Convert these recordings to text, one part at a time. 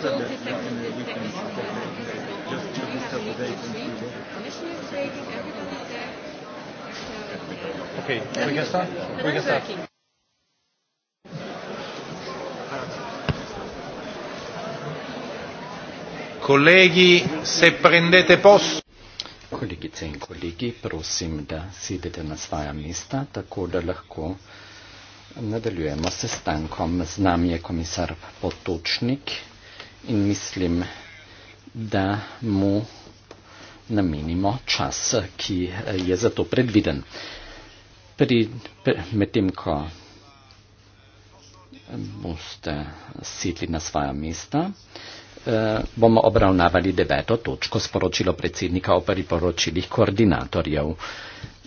subject is something that we can talk about just to this couple of days and see what Okay, can we get started? We can start. Colleghi, se prendete posto. Kolegice in kolegi, prosim, da sedete na svoja mesta, tako da lahko nadaljujemo s sestankom. Z nami je komisar Potočnik, in mislim, da mu namenimo čas, ki je za to predviden. Pri, pri, medtem, ko boste sedli na svoja mesta, eh, bomo obravnavali deveto točko sporočilo predsednika o priporočilih koordinatorjev.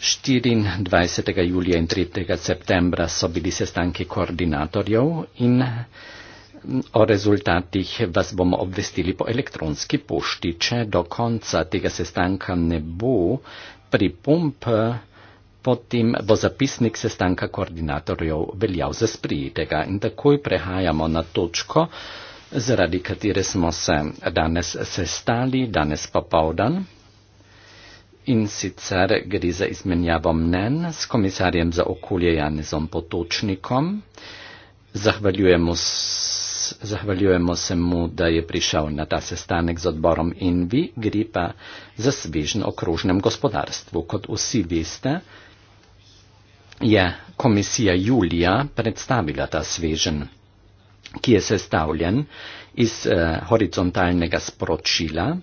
24. julija in 3. septembra so bili sestanki koordinatorjev in o rezultatih vas bomo obvestili po elektronski pošti. Če do konca tega sestanka ne bo pripomp, potem bo zapisnik sestanka koordinatorjev veljal za sprijetega. In takoj prehajamo na točko, zaradi katere smo se danes sestali, danes popovdan. In sicer gre za izmenjavo mnen s komisarjem za okolje Janezom Potočnikom. Zahvaljujemo zahvaljujemo se mu, da je prišel na ta sestanek z odborom Invi Gripa za svižno okrožnem gospodarstvu. Kot vsi veste, je komisija Julija predstavila ta svežen, ki je sestavljen iz eh, horizontalnega sporočila,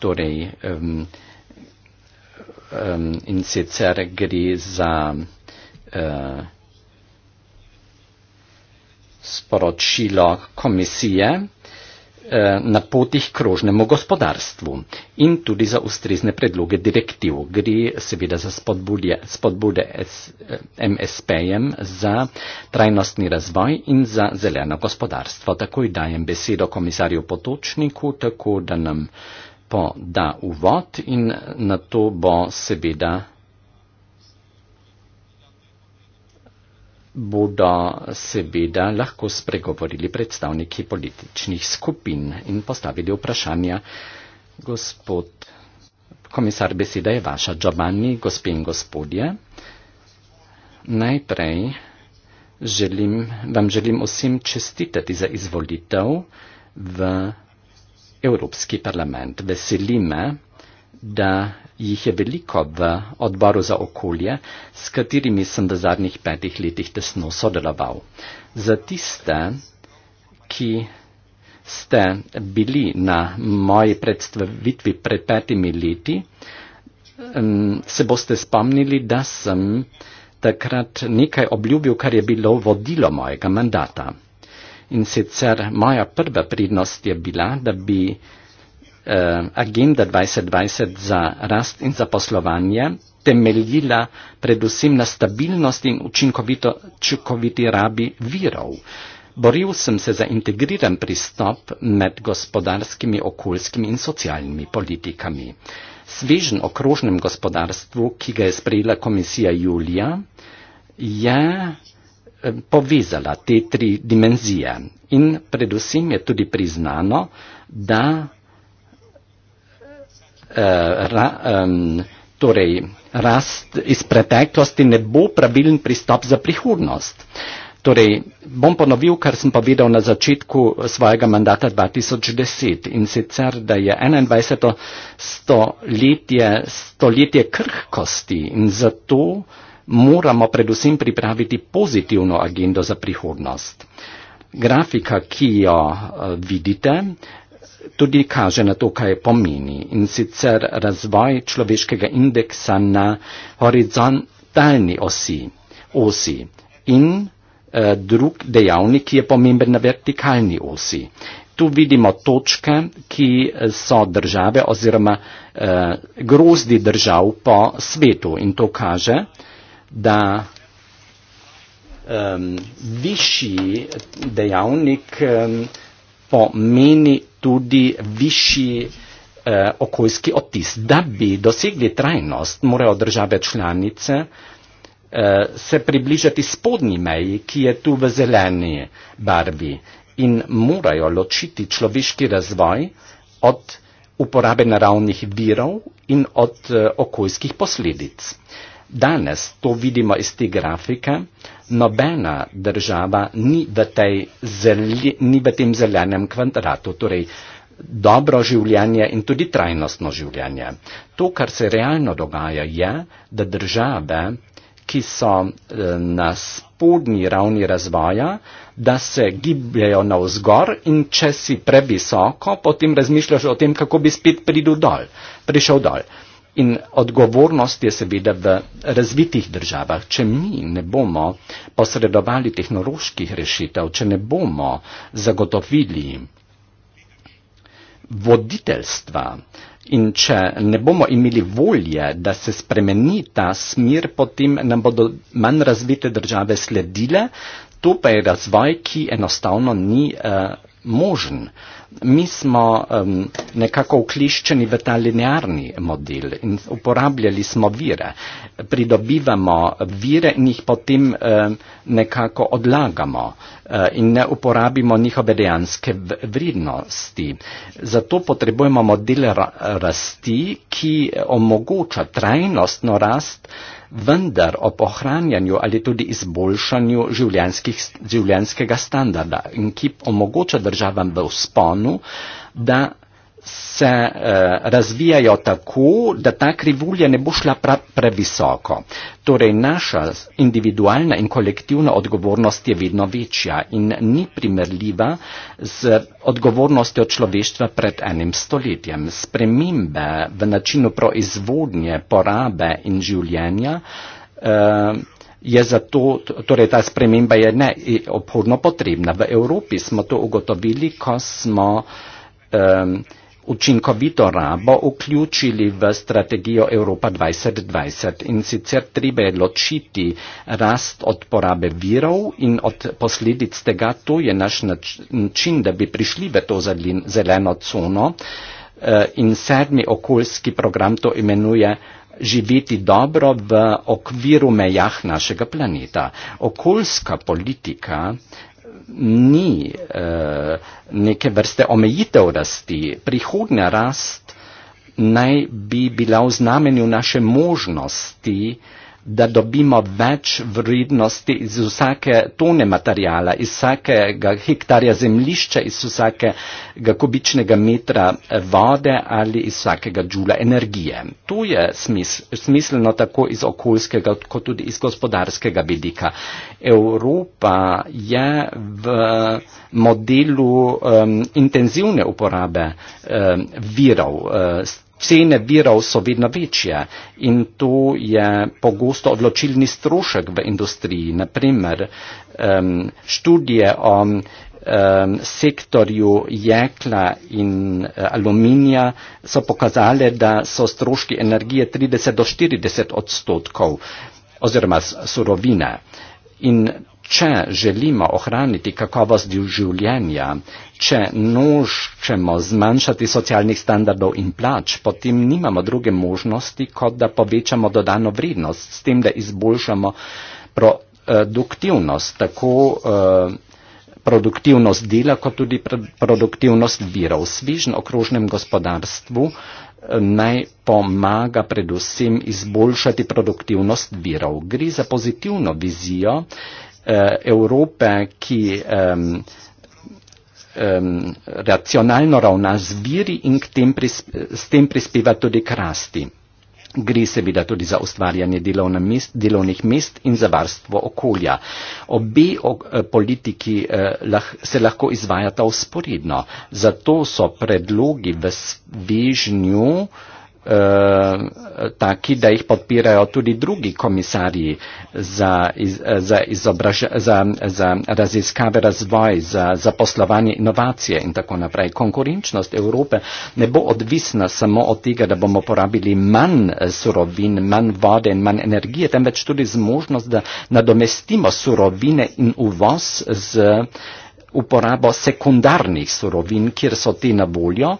torej um, um, in sicer gre za uh, sporočilo komisije eh, na potih k rožnemu gospodarstvu in tudi za ustrezne predloge direktiv. Gre seveda za spodbude, spodbude eh, MSP-jem za trajnostni razvoj in za zeleno gospodarstvo. Takoj dajem besedo komisarju Potočniku, tako da nam poda uvod in eh, na to bo seveda bodo seveda lahko spregovorili predstavniki političnih skupin in postavili vprašanja. Gospod komisar, beseda je vaša, Giovanni, gospe in gospodje. Najprej želim, vam želim vsem čestitati za izvolitev v Evropski parlament. Veselime da jih je veliko v odboru za okolje, s katerimi sem v zadnjih petih letih tesno sodeloval. Za tiste, ki ste bili na moji predstavitvi pred petimi leti, se boste spomnili, da sem takrat nekaj obljubil, kar je bilo vodilo mojega mandata. In sicer moja prva prednost je bila, da bi Eh, agenda 2020 za rast in zaposlovanje temeljila predvsem na stabilnosti in učinkovito čukoviti rabi virov. Boril sem se za integriran pristop med gospodarskimi, okoljskimi in socialnimi politikami. Svežen okrožnem gospodarstvu, ki ga je sprejela komisija julija, je eh, povezala te tri dimenzije in predvsem je tudi priznano, da Eh, ra, um, torej, rast iz preteklosti ne bo pravilen pristop za prihodnost. Torej, bom ponovil, kar sem povedal na začetku svojega mandata 2010 in sicer, da je 21. stoletje stoletje krhkosti in zato moramo predvsem pripraviti pozitivno agendo za prihodnost. Grafika, ki jo eh, vidite, tudi kaže na to, kaj pomeni in sicer razvoj človeškega indeksa na horizontalni osi, osi in eh, drug dejavnik, ki je pomemben na vertikalni osi. Tu vidimo točke, ki eh, so države oziroma eh, grozdi držav po svetu in to kaže, da eh, višji dejavnik eh, pomeni tudi višji eh, okoljski otis. Da bi dosegli trajnost, morajo države članice eh, se približati spodnji meji, ki je tu v zeleni barvi in morajo ločiti človeški razvoj od uporabe naravnih virov in od eh, okoljskih posledic. Danes to vidimo iz te grafike nobena država ni v, zelje, ni v tem zelenem kvadratu, torej dobro življenje in tudi trajnostno življenje. To, kar se realno dogaja, je, da države, ki so eh, na spodnji ravni razvoja, da se gibljajo na vzgor in če si previsoko, potem razmišljaš o tem, kako bi spet dol, prišel dol. In odgovornost je seveda v razvitih državah. Če mi ne bomo posredovali tehnoloških rešitev, če ne bomo zagotovili voditeljstva in če ne bomo imeli volje, da se spremeni ta smer, potem nam bodo manj razvite države sledile, to pa je razvoj, ki enostavno ni uh, možen. Uh, mi smo um, nekako ukliščeni v ta linearni model in uporabljali smo vire, pridobivamo vire in jih potem um, nekako odlagamo eh, in ne uporabimo njihove dejanske vrednosti. Zato potrebujemo model ra rasti, ki omogoča trajnostno rast uh, vendar ob ohranjanju ali tudi izboljšanju življenskega standarda in ki omogoča državam v vzponu, da se eh, razvijajo tako, da ta krivulja ne bo šla pra, previsoko. Torej, naša individualna in kolektivna odgovornost je vedno večja in ni primerljiva z odgovornostjo človeštva pred enim stoletjem. Spremembe v načinu proizvodnje, porabe in življenja eh, je zato, torej ta sprememba je neobhodno potrebna. V Evropi smo to ugotovili, ko smo eh, učinkovito rabo vključili v strategijo Evropa 2020 in sicer treba je ločiti rast od porabe virov in od posledic tega, to je naš način, da bi prišli v to zeleno cono eh, in sedmi okoljski program to imenuje živeti dobro v okviru mejah našega planeta. Okoljska politika ni eh, neke vrste omejitev rasti. Prihodnja rast naj bi bila v znamenju naše možnosti eh, da dobimo več vrednosti iz vsake tone materijala, iz vsakega hektarja zemlišča, iz vsakega kubičnega metra eh, vode ali iz vsakega džula energije. To je smiselno tako iz okoljskega, kot tudi iz gospodarskega vidika. Evropa je v modelu um, intenzivne uporabe um, virov. Um, cene virov so vedno večje in to je pogosto odločilni strošek v industriji. Naprimer, um, študije o um, sektorju jekla in eh, aluminija so pokazale, da so stroški energije 30 do 40 odstotkov oziroma surovine. In Če želimo ohraniti kakovost življenja, če nočemo zmanjšati socialnih standardov in plač, potem nimamo druge možnosti, kot da povečamo dodano vrednost, s tem, da izboljšamo produktivnost, tako eh, produktivnost dela, kot tudi produktivnost virov. Svižen okrožnem gospodarstvu eh, naj pomaga predvsem izboljšati produktivnost virov. Gre za pozitivno vizijo, eh, Evrope, ki eh, Um, racionalno ravna z viri in tem s tem prispeva tudi k rasti. Gre seveda tudi za ustvarjanje mest, delovnih mest in za varstvo okolja. Obe ok, eh, politiki eh, lah, se lahko izvajata usporedno. Zato so predlogi v svežnju eh, Eh, taki, da jih podpirajo tudi drugi komisarji za, iz, eh, za, izobraž, za, za raziskave, razvoj, za, za poslovanje, inovacije in tako naprej. Konkurenčnost Evrope ne bo odvisna samo od tega, da bomo porabili manj eh, surovin, manj vode in manj energije, temveč tudi z možnost, da nadomestimo surovine in uvoz z uh, uporabo sekundarnih surovin, kjer so ti na voljo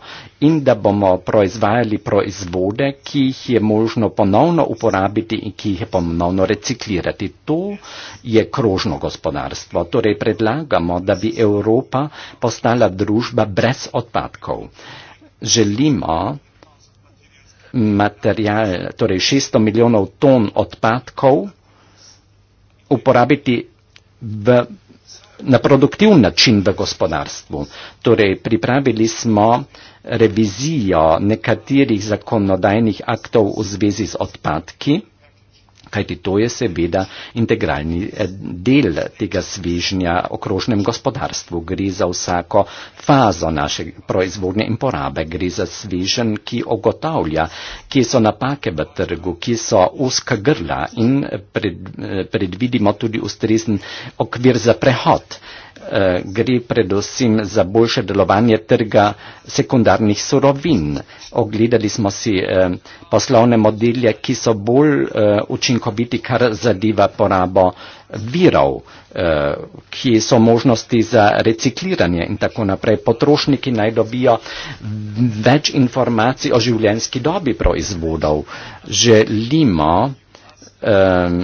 in da bomo proizvajali proizvode, ki jih je možno ponovno uporabiti in ki jih je ponovno reciklirati. To je krožno gospodarstvo. Torej predlagamo, da bi Evropa postala družba brez odpadkov. Želimo material, torej 600 milijonov ton odpadkov uporabiti v na produktiv način v gospodarstvu. Torej, pripravili smo revizijo nekaterih zakonodajnih aktov v zvezi z odpadki kajti to je seveda integralni eh, del tega svežnja okrožnem gospodarstvu. Gre za vsako fazo naše proizvodnje in porabe, gre za svežen, ki ogotavlja, kje so napake v trgu, kje so uska grla in eh, predvidimo tudi ustrezen okvir za prehod. Eh, gre predvsem za boljše delovanje trga sekundarnih surovin. Ogledali smo si eh, poslovne modelje, ki so bolj eh, učinkoviti, kar zadeva porabo virov, ki so možnosti za recikliranje in tako naprej. Potrošniki naj dobijo več informacij o življenski dobi proizvodov. Želimo um,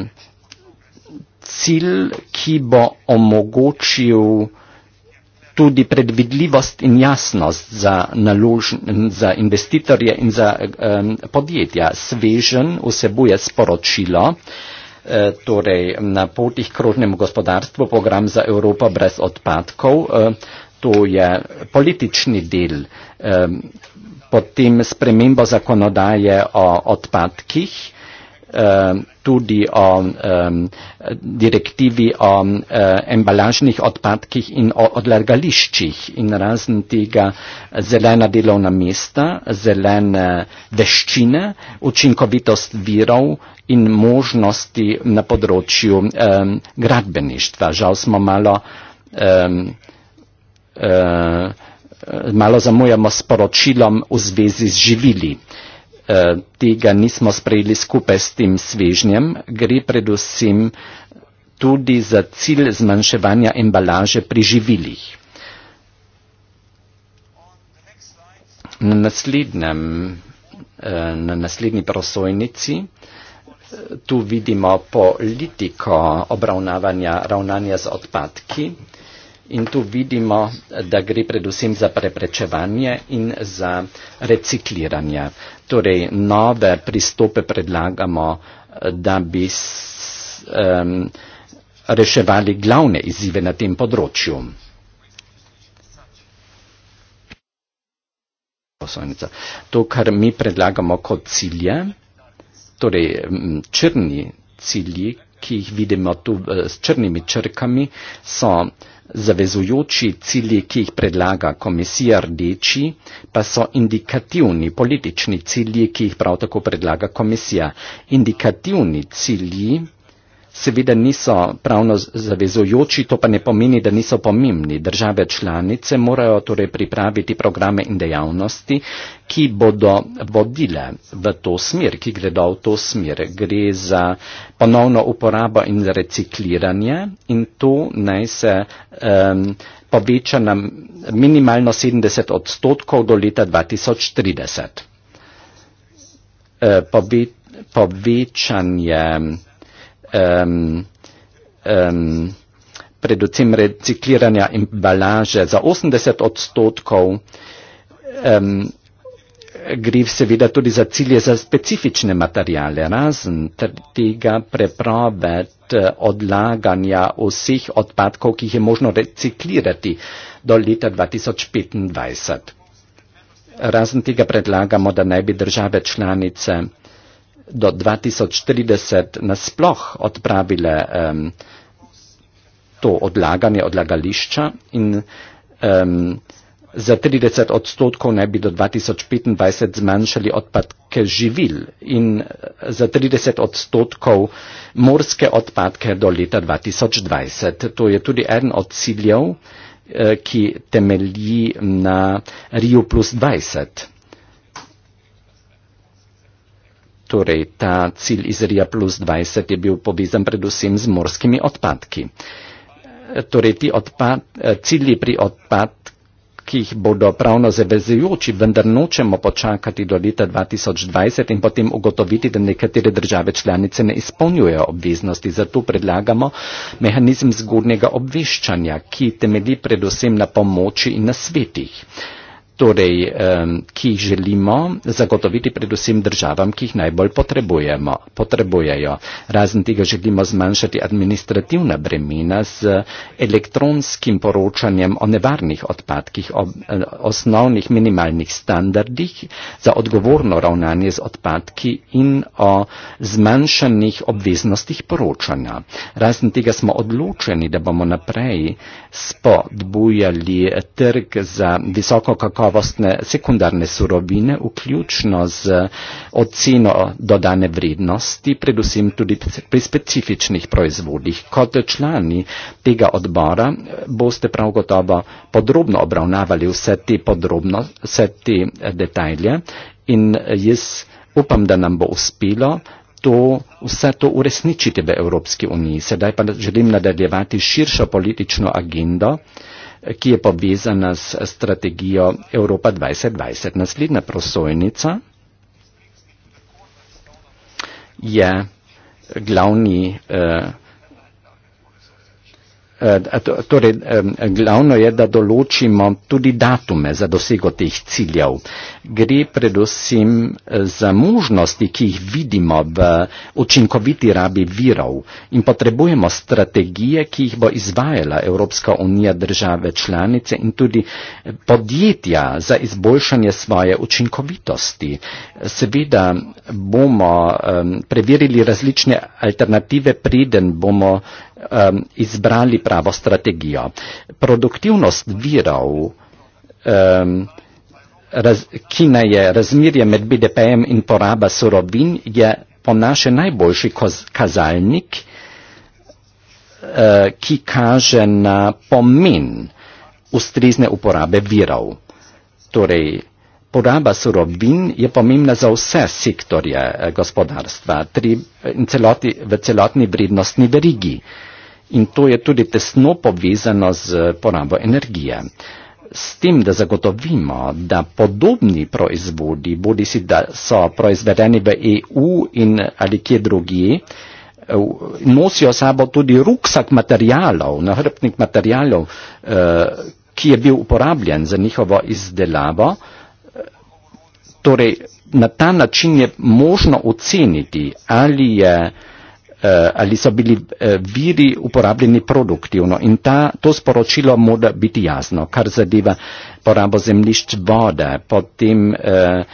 cilj, ki bo omogočil tudi predvidljivost in jasnost za, nalož, za investitorje in za um, podjetja. Svežen vsebuje sporočilo, e, torej na potih krožnemu gospodarstvu program za Evropo brez odpadkov, e, to je politični del, e, potem spremembo zakonodaje o odpadkih, um, tudi o um, direktivi o um, embalažnih odpadkih in o odlagališčih in razen tega zelena delovna mesta, zelene veščine, učinkovitost virov in možnosti na področju um, gradbeništva. Žal smo malo. Um, um, malo zamujamo s poročilom v zvezi z živili. Uh, Eh, tega nismo sprejeli skupaj s tem svežnjem, gre predvsem tudi za cilj zmanjševanja embalaže pri živilih. Na, naslednjem, eh, na naslednji prosojnici eh, tu vidimo politiko obravnavanja ravnanja z odpadki in tu vidimo, da gre predvsem za preprečevanje in za recikliranje. Torej, nove pristope predlagamo, da bi s, um, reševali glavne izzive na tem področju. To, kar mi predlagamo kot cilje, torej črni cilji, ki jih vidimo tu eh, s črnimi črkami, so Zavezujoči cilji, ki jih predlaga komisija rdeči, pa so indikativni politični cilji, ki jih prav tako predlaga komisija. Indikativni cilji seveda niso pravno zavezujoči, to pa ne pomeni, da niso pomembni. Države članice morajo torej pripraviti programe in dejavnosti, ki bodo vodile v to smer, ki gredo v to smer. Gre za ponovno uporabo in recikliranje in to naj se. Um, poveča nam minimalno 70 odstotkov do leta 2030. E, pove, povečanje um, um, predvsem recikliranja embalaže. Za 80 odstotkov um, gre seveda tudi za cilje za specifične materijale, razen tega preprobet eh, odlaganja vseh odpadkov, ki jih je možno reciklirati do leta 2025. Razen tega predlagamo, da naj bi države članice do 2030 nasploh odpravile um, to odlaganje odlagališča in um, za 30 odstotkov naj bi do 2025 zmanjšali odpadke živil in eh, za 30 odstotkov morske odpadke do leta 2020. To je tudi en od ciljev, eh, ki temelji na Rio Plus 20. Torej, ta cilj Izrija plus 20 je bil povezan predvsem z morskimi odpadki. Torej, ti odpad, cilji pri odpadkih bodo pravno zavezujoči, vendar nočemo počakati do leta 2020 in potem ugotoviti, da nekatere države članice ne izpolnjujejo obveznosti. Zato predlagamo mehanizem zgodnega obveščanja, ki temelji predvsem na pomoči in na svetih torej, ki jih želimo zagotoviti predvsem državam, ki jih najbolj potrebujejo. Razen tega želimo zmanjšati administrativna bremena z elektronskim poročanjem o nevarnih odpadkih, o osnovnih minimalnih standardih za odgovorno ravnanje z odpadki in o zmanjšanih obveznostih poročanja. Razen tega smo odločeni, da bomo naprej spodbujali trg za visoko kakovost kakovostne sekundarne surovine, vključno z eh, oceno dodane vrednosti, predvsem tudi pri specifičnih proizvodih. Kot člani tega odbora eh, boste prav gotovo podrobno obravnavali vse te, podrobno, vse te eh, detalje in jaz upam, da nam bo uspelo. To, vse to uresničiti v Evropski uniji. Sedaj pa želim nadaljevati širšo politično agendo ki je povezana s strategijo Evropa 2020. Naslednja prosojnica je glavni eh, Eh, torej, eh, glavno je, da določimo tudi datume za dosego teh ciljev. Gre predvsem eh, za možnosti, ki jih vidimo v učinkoviti rabi virov in potrebujemo strategije, ki jih bo izvajala Evropska unija države članice in tudi podjetja za izboljšanje svoje učinkovitosti. Seveda bomo preverili različne alternative, preden bomo um, izbrali pravo strategijo. Produktivnost virov, um, raz, ki naj je razmerje med BDP-jem in poraba surovin, je po naše najboljši kazalnik, uh, ki kaže na pomen ustrezne uporabe virov. Torej, Poraba surovin je pomembna za vse sektorje eh, gospodarstva tri, celoti, v celotni vrednostni verigi. Uh, in to je tudi tesno povezano z porabo energije. S tem, da zagotovimo, da podobni proizvodi, bodi si, da so proizvedeni v EU in ali kje drugje, nosijo sabo tudi ruksak materialov, nahrbnik materialov, eh, ki je bil uporabljen za njihovo izdelavo. Torej, na ta način je možno oceniti, ali je eh, ali so bili eh, viri uporabljeni produktivno. In ta, to sporočilo mora biti jasno, kar zadeva porabo zemljišč vode, potem eh,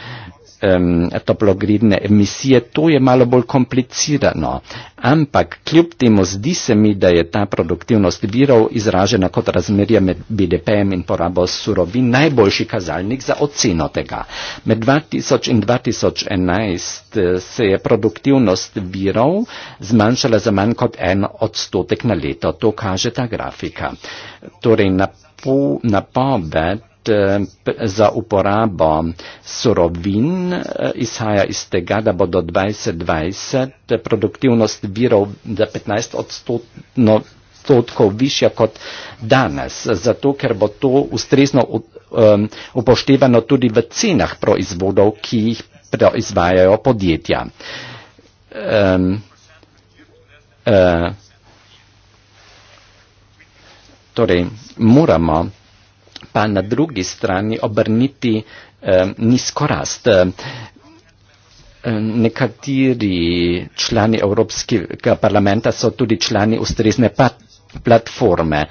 um, toplogridne emisije, to je malo bolj komplicirano. Ampak kljub temu zdi se mi, da je ta produktivnost virov izražena kot razmerje med BDP-jem in porabo surovin najboljši kazalnik za oceno tega. Med 2000 in 2011 eh, se je produktivnost virov zmanjšala za manj kot en odstotek na leto. To kaže ta grafika. Torej, napoved Eh, za uporabo surovin eh, izhaja iz tega, da bo do 2020 produktivnost virov za 15 odstotkov višja kot danes, zato ker bo to ustrezno upoštevano tudi v cenah proizvodov, ki jih proizvajajo podjetja. Um, uh, torej, moramo pa na drugi strani obrniti eh, nizko rast. Eh, nekateri člani Evropskega parlamenta so tudi člani ustrezne platforme,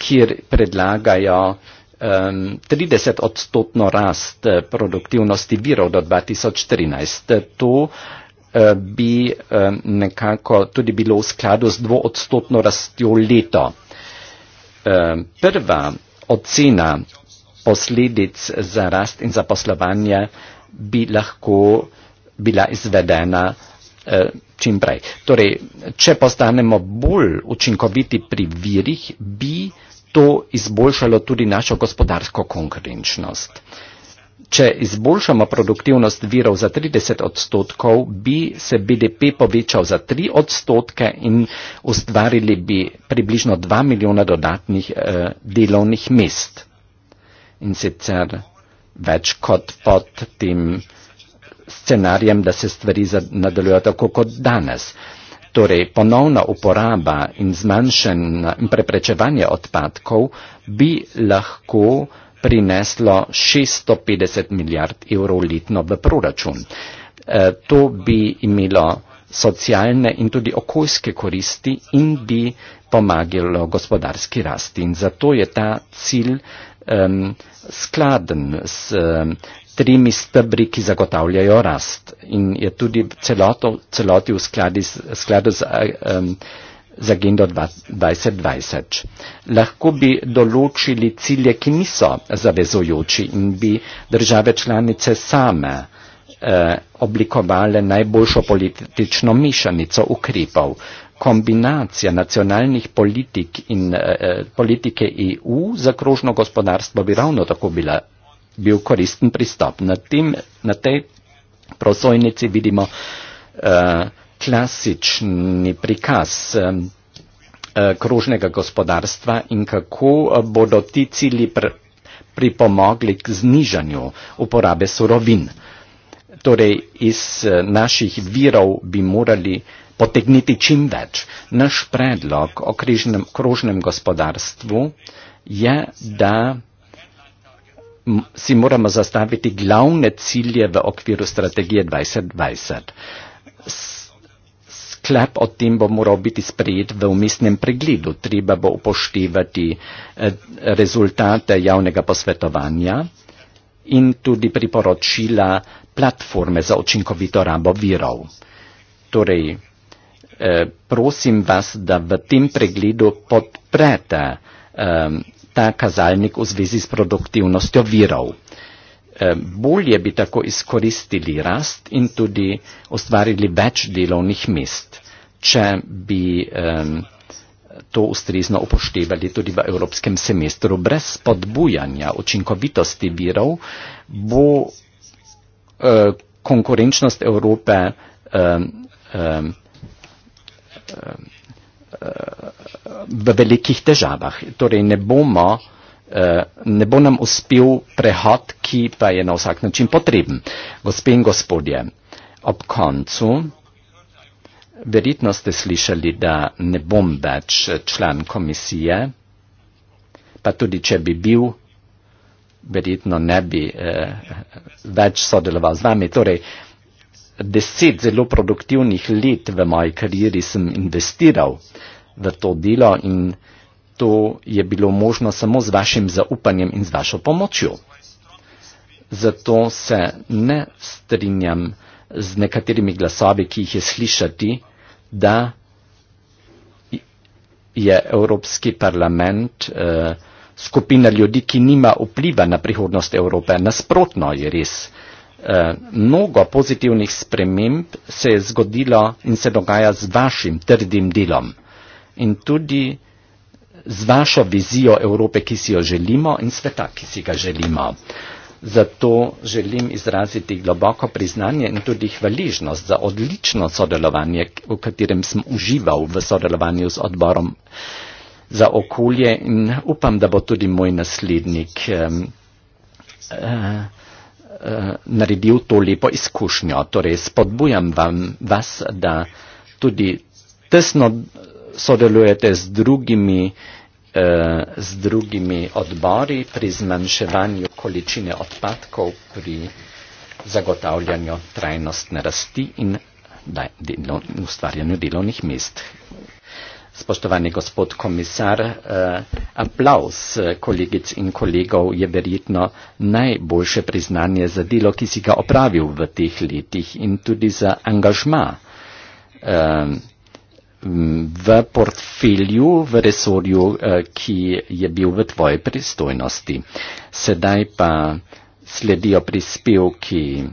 kjer predlagajo um, ehm, 30 odstotno rast eh, produktivnosti virov do 2013. Eh, to uh, bi um, nekako tudi bilo v skladu z dvoodstotno rastjo leto. Um, prva ocena posledic za rast in zaposlovanje bi lahko bila izvedena eh, čim prej. Torej, če postanemo bolj učinkoviti pri virih, bi to izboljšalo tudi našo gospodarsko konkurenčnost. Če izboljšamo produktivnost virov za 30 odstotkov, bi se BDP povečal za 3 odstotke in ustvarili bi približno 2 milijona dodatnih eh, delovnih mest. In sicer več kot pod tem scenarijem, da se stvari nadaljujejo tako kot danes. Torej, ponovna uporaba in zmanjšanje in preprečevanje odpadkov bi lahko prineslo 650 milijard evrov letno v proračun. E, to bi imelo socialne in tudi okoljske koristi in bi pomagalo gospodarski rasti. In zato je ta cilj um, skladen s um, trimi stebri, ki zagotavljajo rast. In je tudi celoto, celoti v skladu z. Um, z agendo 2020. Lahko bi določili cilje, ki niso zavezojoči in bi države članice same eh, oblikovale najboljšo politično mešanico ukrepov. Kombinacija nacionalnih politik in eh, eh politike EU za krožno gospodarstvo bi ravno tako bila, bil koristen pristop. Na, tem, na tej prosojnici vidimo eh, klasični prikaz e, krožnega gospodarstva in kako e, bodo ti cilji pr pripomogli k znižanju uporabe surovin. Torej, iz e, naših virov bi morali potegniti čim več. Naš predlog o križnem, krožnem gospodarstvu je, da si moramo zastaviti glavne cilje v okviru strategije 2020 sklep o tem bo moral biti sprejet v umestnem pregledu. Treba bo upoštevati eh, rezultate javnega posvetovanja in tudi priporočila platforme za očinkovito rabo virov. Torej, eh, prosim vas, da v tem pregledu podprete eh, ta kazalnik v zvezi s produktivnostjo virov. Eh, bolje bi tako izkoristili rast in tudi ustvarili več delovnih mest, če bi to ustrezno upoštevali tudi v evropskem semestru. Brez spodbujanja učinkovitosti virov bo eh, konkurenčnost Evrope eh, v velikih težavah. Torej ne bomo Eh, ne bo nam uspel prehod, ki pa je na vsak način potreben. Gospe in gospodje, ob koncu verjetno ste slišali, da ne bom več član komisije, pa tudi če bi bil, verjetno ne bi eh, več sodeloval z vami. Torej, deset zelo produktivnih let v moji karieri sem investiral v to delo in to je bilo možno samo z vašim zaupanjem in z vašo pomočjo. Zato se ne strinjam z nekaterimi glasovi, ki jih je slišati, da je Evropski parlament eh, skupina ljudi, ki nima vpliva na prihodnost Evrope. Nasprotno je res. Eh, mnogo pozitivnih sprememb se je zgodilo in se dogaja z vašim trdim delom. In tudi z vašo vizijo Evrope, ki si jo želimo in sveta, ki si ga želimo. Zato želim izraziti globoko priznanje in tudi hvaližnost za odlično sodelovanje, v katerem sem užival v sodelovanju z odborom za okolje in upam, da bo tudi moj naslednik um, uh, uh, naredil to lepo izkušnjo. Torej, spodbujam vam, vas, da tudi tesno sodelujete z drugimi, eh, z drugimi odbori pri zmanjševanju količine odpadkov, pri zagotavljanju trajnostne rasti in ustvarjanju delovnih mest. Spoštovani gospod komisar, eh, aplaus eh, kolegic in kolegov je verjetno najboljše priznanje za delo, ki si ga opravil v teh letih in tudi za angažma v portfelju, v resorju, eh, ki je bil v tvoji pristojnosti. Sedaj pa sledijo prispevki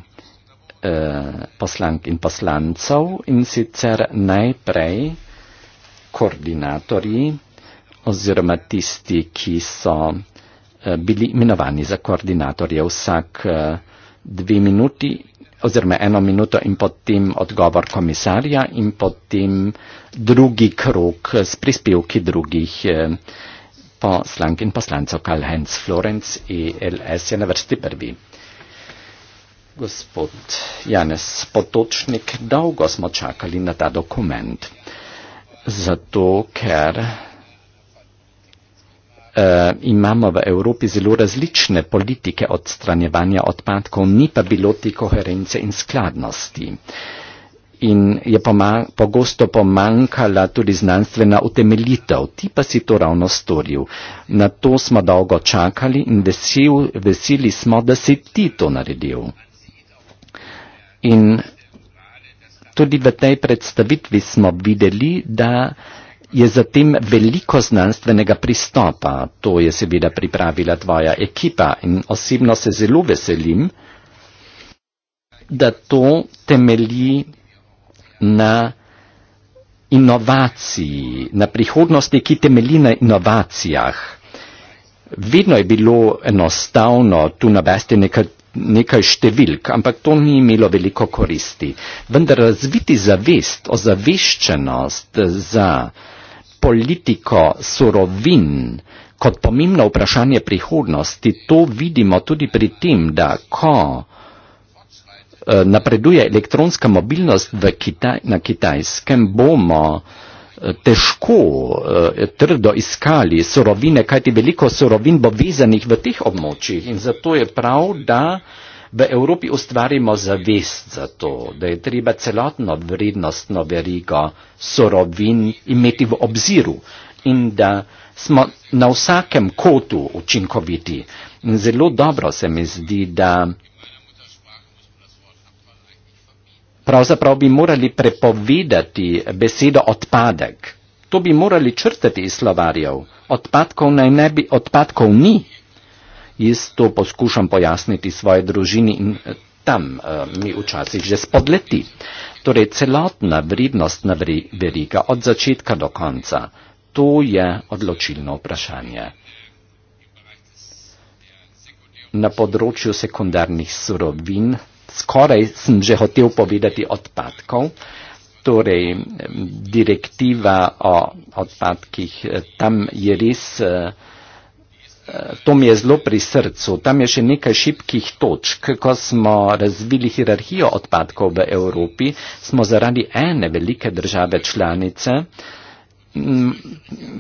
eh, poslank in poslancev in sicer najprej koordinatorji oziroma tisti, ki so eh, bili imenovani za koordinatorje. Vsak dve minuti oziroma eno minuto in potem odgovor komisarja in potem drugi krok s prispevki drugih eh, poslank in poslancev, Karl Heinz Florenc in e LS je na vrsti prvi. Gospod Janez Potočnik, dolgo smo čakali na ta dokument, zato ker uh, imamo v Evropi zelo različne politike odstranjevanja odpadkov, ni pa bilo te koherence in skladnosti. In je poma, pogosto pomankala tudi znanstvena utemeljitev, ti pa si to ravno storil. Na to smo dolgo čakali in vesel, veseli smo, da si ti to naredil. In tudi v tej predstavitvi smo videli, da je zatem veliko znanstvenega pristopa, to je seveda pripravila tvoja ekipa in osebno se zelo veselim, da to temelji na inovaciji, na prihodnosti, ki temelji na inovacijah. Vedno je bilo enostavno tu navesti nekaj, nekaj številk, ampak to ni imelo veliko koristi. Vendar razviti zavest, ozaveščenost za politiko surovin kot pomembno vprašanje prihodnosti, to vidimo tudi pri tem, da ko eh, napreduje elektronska mobilnost Kitaj, na kitajskem, bomo eh, težko eh, trdo iskali surovine, kajti veliko surovin bo vezanih v teh območjih in zato je prav, da V Evropi ustvarimo zavest za to, da je treba celotno vrednostno verigo sorovin imeti v obziru in da smo na vsakem kotu učinkoviti. In zelo dobro se mi zdi, da pravzaprav bi morali prepovedati besedo odpadek. To bi morali črtati iz slovarjev. Odpadkov naj ne bi, odpadkov ni jaz to poskušam pojasniti svoji družini in eh, tam uh, mi včasih že spodleti. Torej, celotna vrednost na veriga od začetka do konca, to je odločilno vprašanje. Na področju sekundarnih surovin, skoraj sem že hotel povedati odpadkov, torej eh, direktiva o odpadkih, tam je res. Uh, Eh, to mi je zelo pri srcu. Tam je še nekaj šibkih točk. Ko smo razvili hierarhijo odpadkov v Evropi, smo zaradi ene velike države članice mm,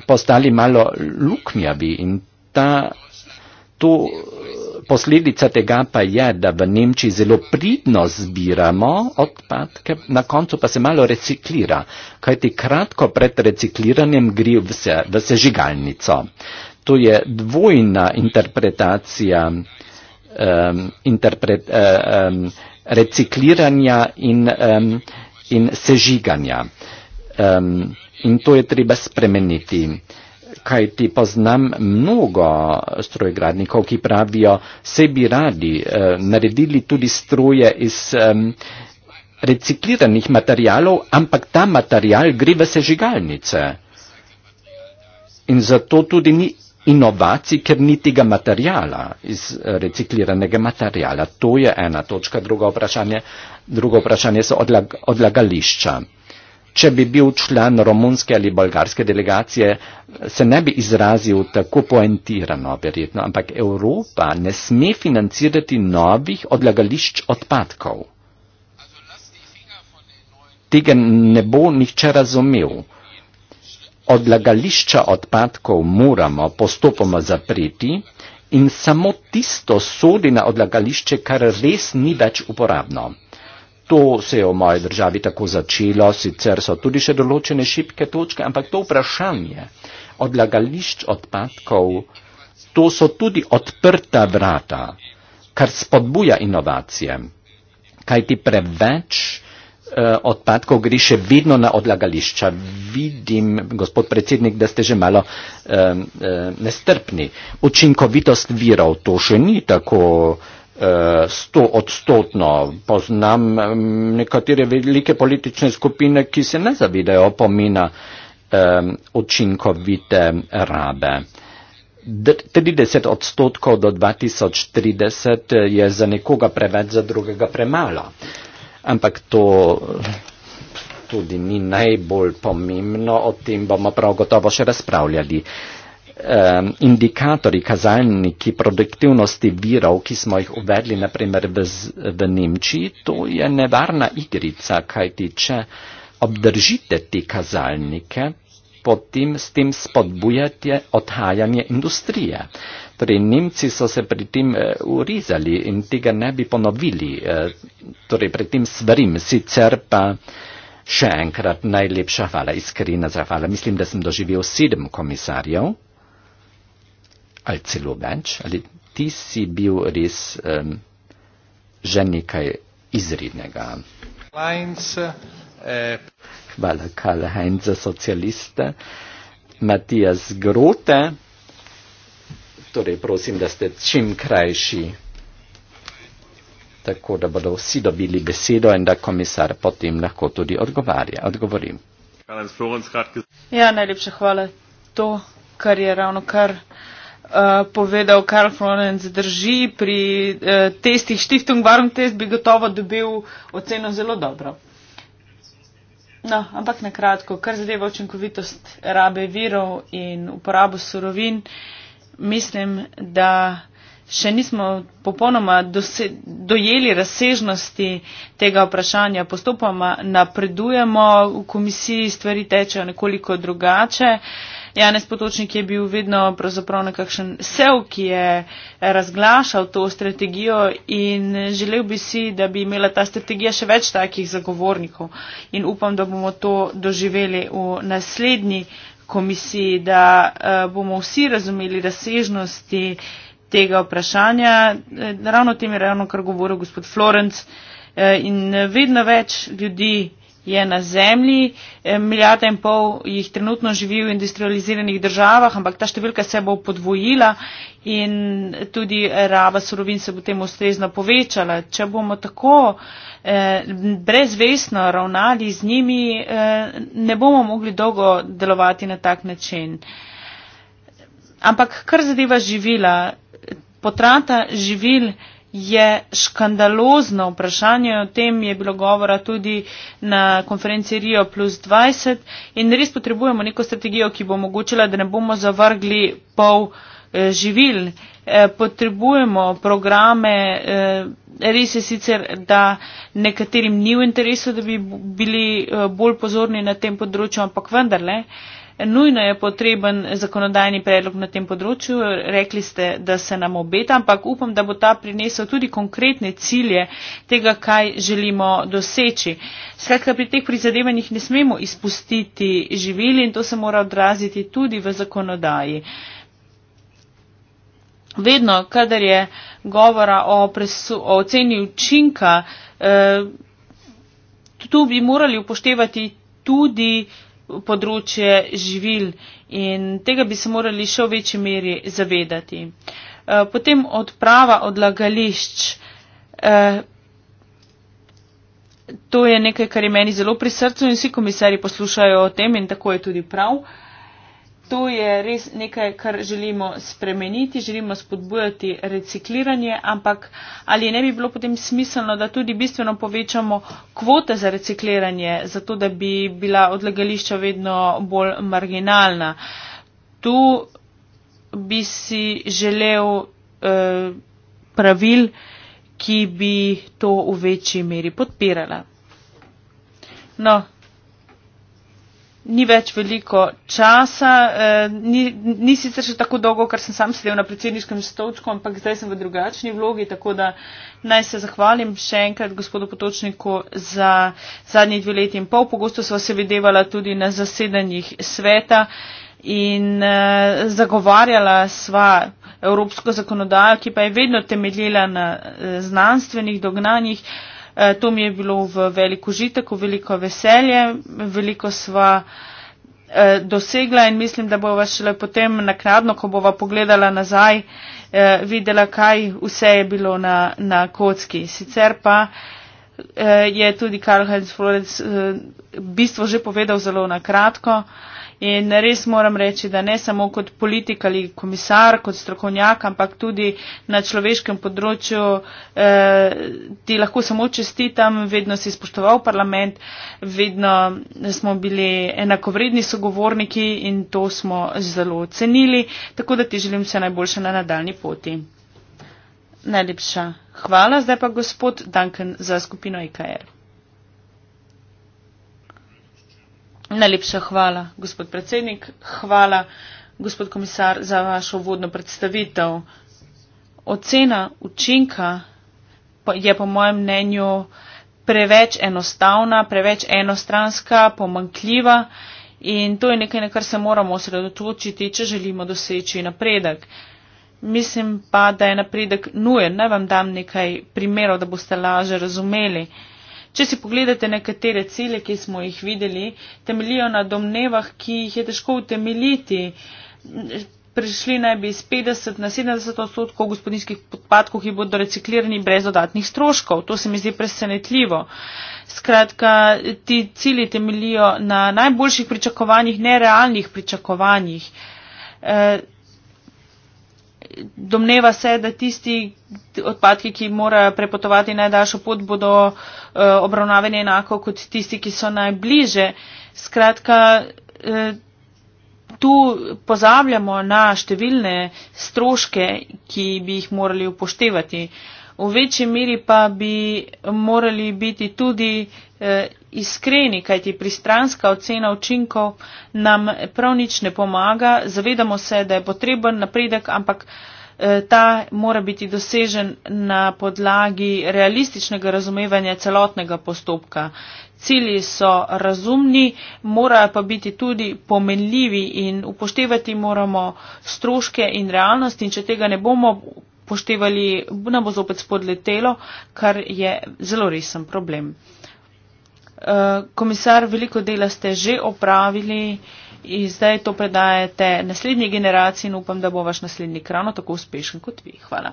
postali malo lukmjavi in ta, to, eh, posledica tega pa je, da v Nemčiji zelo pridno zbiramo odpadke, na koncu pa se malo reciklira, kajti kratko pred recikliranjem gre v sežigalnico. Se to je dvojna interpretacija um, interpret, um, recikliranja in, um, in sežiganja. Um, in to je treba spremeniti. Kaj ti poznam mnogo strojgradnikov, ki pravijo, se bi radi eh, naredili tudi stroje iz eh, recikliranih materijalov, ampak ta material gre v sežigalnice. In zato tudi ni inovacij, ker ni tega materijala iz eh, recikliranega materijala. To je ena točka. Drugo vprašanje, drugo vprašanje so odlag, odlagališča. Če bi bil član romunske ali bolgarske delegacije, se ne bi izrazil tako poentirano, verjetno, ampak Evropa ne sme financirati novih odlagališč odpadkov. Tega ne bo nihče razumel odlagališča odpadkov moramo postopoma zapreti in samo tisto sodi na odlagališče, kar res ni več uporabno. To se je v moji državi tako začelo, sicer so tudi še določene šipke točke, ampak to vprašanje odlagališč odpadkov, to so tudi odprta vrata, kar spodbuja inovacije, kajti preveč Eh, odpadkov gre še vedno na odlagališča. Vidim, gospod predsednik, da ste že malo eh, eh, nestrpni. Učinkovitost virov to še ni tako sto eh, odstotno. Poznam eh, nekatere velike politične skupine, ki se ne zavidajo pomena eh, učinkovite rabe. 30 odstotkov do 2030 je za nekoga preveč, za drugega premalo ampak to tudi ni najbolj pomembno, o tem bomo prav gotovo še razpravljali. Um, indikatori, kazalniki produktivnosti virov, ki smo jih uvedli naprimer v, v Nemčiji, to je nevarna igrica, kajti če obdržite te kazalnike, potem s tem spodbujate odhajanje industrije. Torej, Nemci so se pri tem eh, urizali in tega ne bi ponovili, eh, torej pri tem stvarim, sicer pa še enkrat najlepša hvala, iskrena zahvala. Mislim, da sem doživel sedem komisarjev ali celo več, ali ti si bil res um, že nekaj izrednega. Eh, hvala, Karl Heinz, socialiste. Matijas Grote. Torej, prosim, da ste čim krajši, tako da bodo vsi dobili besedo in da komisar potem lahko tudi odgovarja. Odgovorim. Ja, najlepša hvala. To, kar je ravno kar uh, povedal Karl Florenc, drži. Pri uh, testih Stiftung Warm Test bi gotovo dobil oceno zelo dobro. No, ampak na kratko, kar zadeva učinkovitost rabe virov in uporabo surovin. Uh, mislim, da še nismo popolnoma dojeli razsežnosti tega vprašanja. Postopoma napredujemo, v komisiji stvari tečejo nekoliko drugače. Janez Potočnik je bil vedno pravzaprav nekakšen sev, ki je razglašal to strategijo in želel bi si, da bi imela ta strategija še več takih zagovornikov. In upam, da bomo to doživeli v naslednji komisiji, da uh, bomo vsi razumeli razsežnosti tega vprašanja. Eh, ravno o tem je ravno kar govoril gospod Florenc. Eh, in vedno več ljudi je na zemlji, eh, milijarda in pol jih trenutno živi v industrializiranih državah, ampak ta številka se bo podvojila in tudi raba surovin se bo tem ustrezno povečala. Če bomo tako eh, brezvesno ravnali z njimi, eh, ne bomo mogli dolgo delovati na tak način. Ampak kar zadeva živila, potrata živil, eh, je škandalozno vprašanje. O tem je bilo govora tudi na konferenci Rio plus 20 in res potrebujemo neko strategijo, ki bo omogočila, da ne bomo zavrgli pol eh, živil. Eh, potrebujemo programe, eh, res je sicer, da nekaterim ni v interesu, da bi bili bolj pozorni na tem področju, ampak vendarle nujno je potreben zakonodajni predlog na tem področju. Rekli ste, da se nam obeta, ampak upam, da bo ta prinesel tudi konkretne cilje tega, kaj želimo doseči. Skratka, pri teh prizadevanjih ne smemo izpustiti živili in to se mora odraziti tudi v zakonodaji. Vedno, kadar je govora o, presu, o oceni učinka, eh, tu bi morali upoštevati tudi eh, področje živil in tega bi se morali še v večji meri zavedati. Eh, potem odprava odlagališč. Eh, to je nekaj, kar je meni zelo pri srcu in vsi komisari poslušajo o tem in tako je tudi prav to je res nekaj, kar želimo spremeniti, želimo spodbujati recikliranje, ampak ali ne bi bilo potem smiselno, da tudi bistveno povečamo kvote za recikliranje, zato da bi bila odlagališča vedno bolj marginalna. Tu bi si želel eh, pravil, ki bi to v večji meri podpirala. No, ni več veliko časa, eh, ni, ni sicer še tako dolgo, ker sem sam sedel na predsedniškem stolčku, ampak zdaj sem v drugačni vlogi, tako da naj se zahvalim še enkrat gospodu Potočniku za zadnji dve leti in pol. Pogosto sva se videvala tudi na zasedanjih sveta in eh, zagovarjala sva evropsko zakonodajo, ki pa je vedno temeljila na eh, znanstvenih dognanjih. Eh, to mi je bilo v veliko užitek, v veliko veselje, veliko sva eh, dosegla in mislim, da bova šele potem nakladno, ko bova pogledala nazaj, eh, videla, kaj vse je bilo na, na kocki. Sicer pa je tudi Karl Heinz Florenc v bistvu že povedal zelo nakratko. In res moram reči, da ne samo kot politik ali komisar, kot strokovnjak, ampak tudi na človeškem področju eh, ti lahko samo čestitam, vedno si spoštoval parlament, vedno smo bili enakovredni sogovorniki in to smo zelo cenili, tako da ti želim vse najboljše na nadaljni poti. Najlepša hvala, zdaj pa gospod Duncan za skupino IKR. E Najlepša hvala, gospod predsednik. Hvala, gospod komisar, za vašo vodno predstavitev. Ocena učinka je po mojem mnenju preveč enostavna, preveč enostranska, pomankljiva in to je nekaj, na kar se moramo osredotočiti, če želimo doseči napredek. Mislim pa, da je napredek nujen. Naj vam dam nekaj primerov, da boste laže razumeli. Če si pogledate nekatere cilje, ki smo jih videli, temeljijo na domnevah, ki jih je težko utemeljiti. Prišli naj bi iz 50 na 70 odstotkov gospodinskih podpadkov, ki bodo reciklirani brez dodatnih stroškov. To se mi zdi presenetljivo. Skratka, ti cilji temeljijo na najboljših pričakovanjih, nerealnih pričakovanjih. E, domneva se, da tisti odpadki, ki morajo prepotovati najdaljšo pot, bodo eh, obravnavani enako kot tisti, ki so najbliže. Skratka, eh, tu pozabljamo na številne stroške, ki bi jih morali upoštevati. V večji meri pa bi morali biti tudi Eh, iskreni, kajti pristranska ocena učinkov nam prav nič ne pomaga. Zavedamo se, da je potreben napredek, ampak eh, ta mora biti dosežen na podlagi realističnega razumevanja celotnega postopka. Cilji so razumni, morajo pa biti tudi pomenljivi in upoštevati moramo stroške in realnost in če tega ne bomo upoštevali, nam bo zopet spodletelo, kar je zelo resen problem. Eh, komisar, veliko dela ste že opravili in zdaj to predajate naslednji generaciji in upam, da bo vaš naslednji ravno tako uspešen kot vi. Hvala.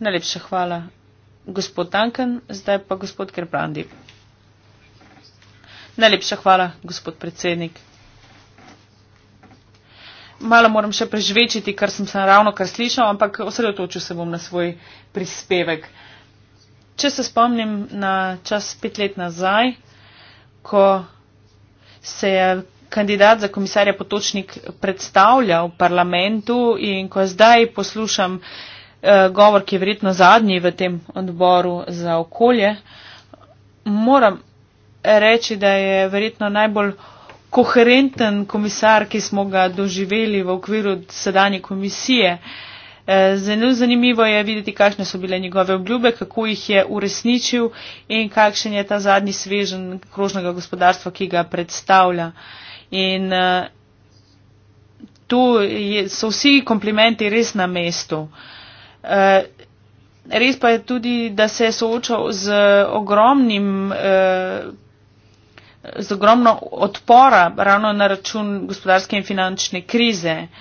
Najlepša hvala, gospod Duncan. Zdaj pa gospod Kerbrandi. Najlepša hvala, gospod predsednik. Malo moram še prežvečiti, kar sem se ravno kar slišal, ampak osredotočil se bom na svoj prispevek če se spomnim na čas pet let nazaj, ko se je kandidat za komisarja Potočnik predstavljal v parlamentu in ko zdaj poslušam eh, govor, ki je verjetno zadnji v tem odboru za okolje, moram reči, da je verjetno najbolj koherenten komisar, ki smo ga doživeli v okviru sedanje komisije. Eh, Zelo zanimivo je videti, kakšne so bile njegove obljube, kako jih je uresničil in kakšen je ta zadnji svežen krožnega gospodarstva, ki ga predstavlja. In eh, tu je, so vsi komplimenti res na mestu. Eh, res pa je tudi, da se je soočal z ogromnim. Eh, z ogromno odpora ravno na račun gospodarske in finančne krize. Uh,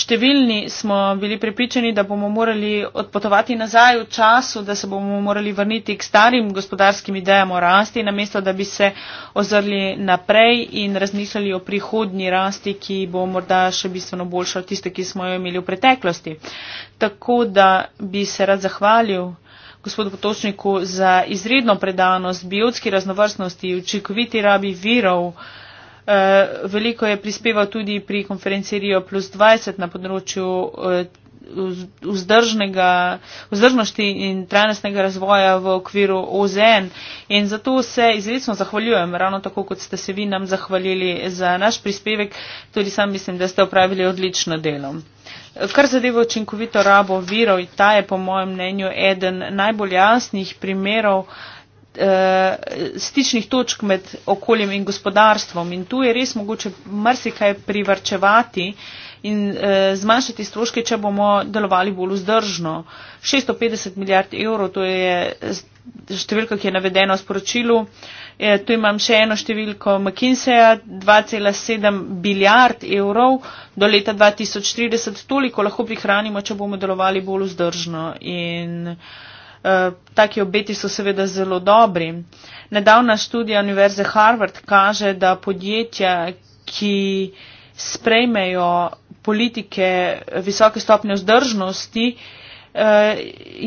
Številni smo bili prepričani, da bomo morali odpotovati nazaj v času, da se bomo morali vrniti k starim gospodarskim idejam o rasti, namesto da bi se ozrli naprej in razmišljali o prihodnji rasti, ki bo morda še bistveno boljša od tiste, ki smo jo imeli v preteklosti. Tako da bi se rad zahvalil gospodu Potočniku za izredno predanost biotski raznovrstnosti, učinkoviti rabi virov, Eh, veliko je prispeval tudi pri konferenci Rio plus 20 na področju eh, vzdržnosti in trajnostnega razvoja v okviru OZN. In zato se izredno zahvaljujem, ravno tako kot ste se vi nam zahvalili za naš prispevek, tudi sam mislim, da ste opravili odlično delo. Kar zadeva učinkovito rabo virov, ta je po mojem mnenju eden najbolj jasnih primerov uh, Eh, stičnih točk med okoljem in gospodarstvom. In tu je res mogoče marsikaj privrčevati in eh, zmanjšati stroške, če bomo delovali bolj vzdržno. 650 milijard evrov, to je eh, številka, ki je navedena v sporočilu. E, tu imam še eno številko McKinseya, 2,7 milijard evrov do leta 2030, toliko lahko prihranimo, če bomo delovali bolj vzdržno. In, eh, Eh, taki obeti so seveda zelo dobri. Nedavna študija Univerze Harvard kaže, da podjetja, ki sprejmejo politike visoke stopnje vzdržnosti, eh,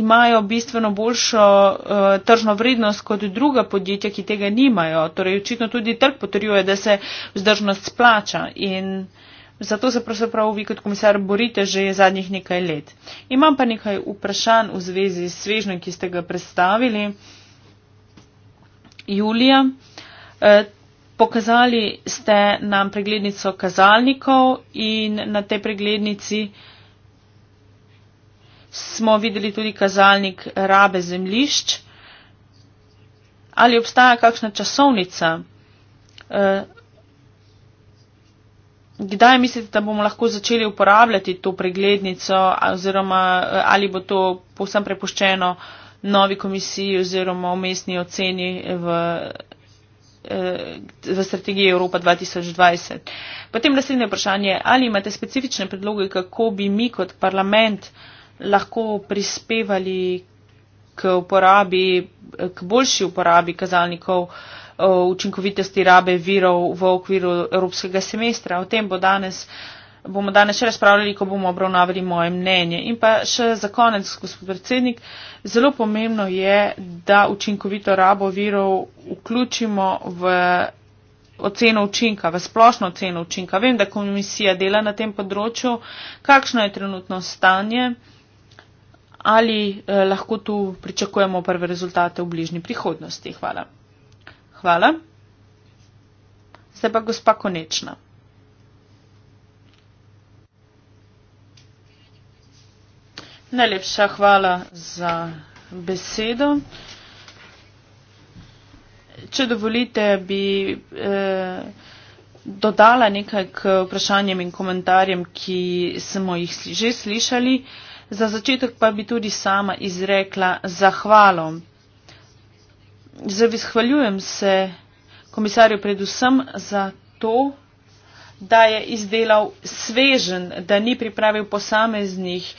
imajo bistveno boljšo eh, tržno vrednost kot druga podjetja, ki tega nimajo. Torej, očitno tudi trg potrjuje, da se vzdržnost splača. In, eh, Zato se pravzaprav vi kot komisar borite že zadnjih nekaj let. Imam pa nekaj vprašanj v zvezi s svežnjem, ki ste ga predstavili. Julija, eh, pokazali ste nam preglednico kazalnikov in na tej preglednici smo videli tudi kazalnik rabe zemlišč. Ali obstaja kakšna časovnica? Eh, Kdaj mislite, da bomo lahko začeli uporabljati to preglednico oziroma eh, ali bo to povsem prepuščeno novi komisiji oziroma umestni oceni v, eh, v strategiji Evropa 2020? Potem naslednje vprašanje, ali imate specifične predloge, kako bi mi kot parlament lahko prispevali k uporabi, k boljši uporabi kazalnikov? učinkovitosti rabe virov v okviru evropskega semestra. O tem bo danes, bomo danes še razpravljali, ko bomo obravnavali moje mnenje. In pa še za konec, gospod predsednik, zelo pomembno je, da učinkovito rabo virov vključimo v oceno učinka, v splošno oceno učinka. Vem, da komisija dela na tem področju. Kakšno je trenutno stanje? Ali eh, lahko tu pričakujemo prve rezultate v bližnji prihodnosti? Hvala hvala. Zdaj pa gospa Konečna. Najlepša hvala za besedo. Če dovolite, bi eh, dodala nekaj k vprašanjem in komentarjem, ki smo jih že slišali. Za začetek pa bi tudi sama izrekla zahvalo Zavizhvaljujem se komisarju predvsem za to, da je izdelal svežen, da ni pripravil posameznih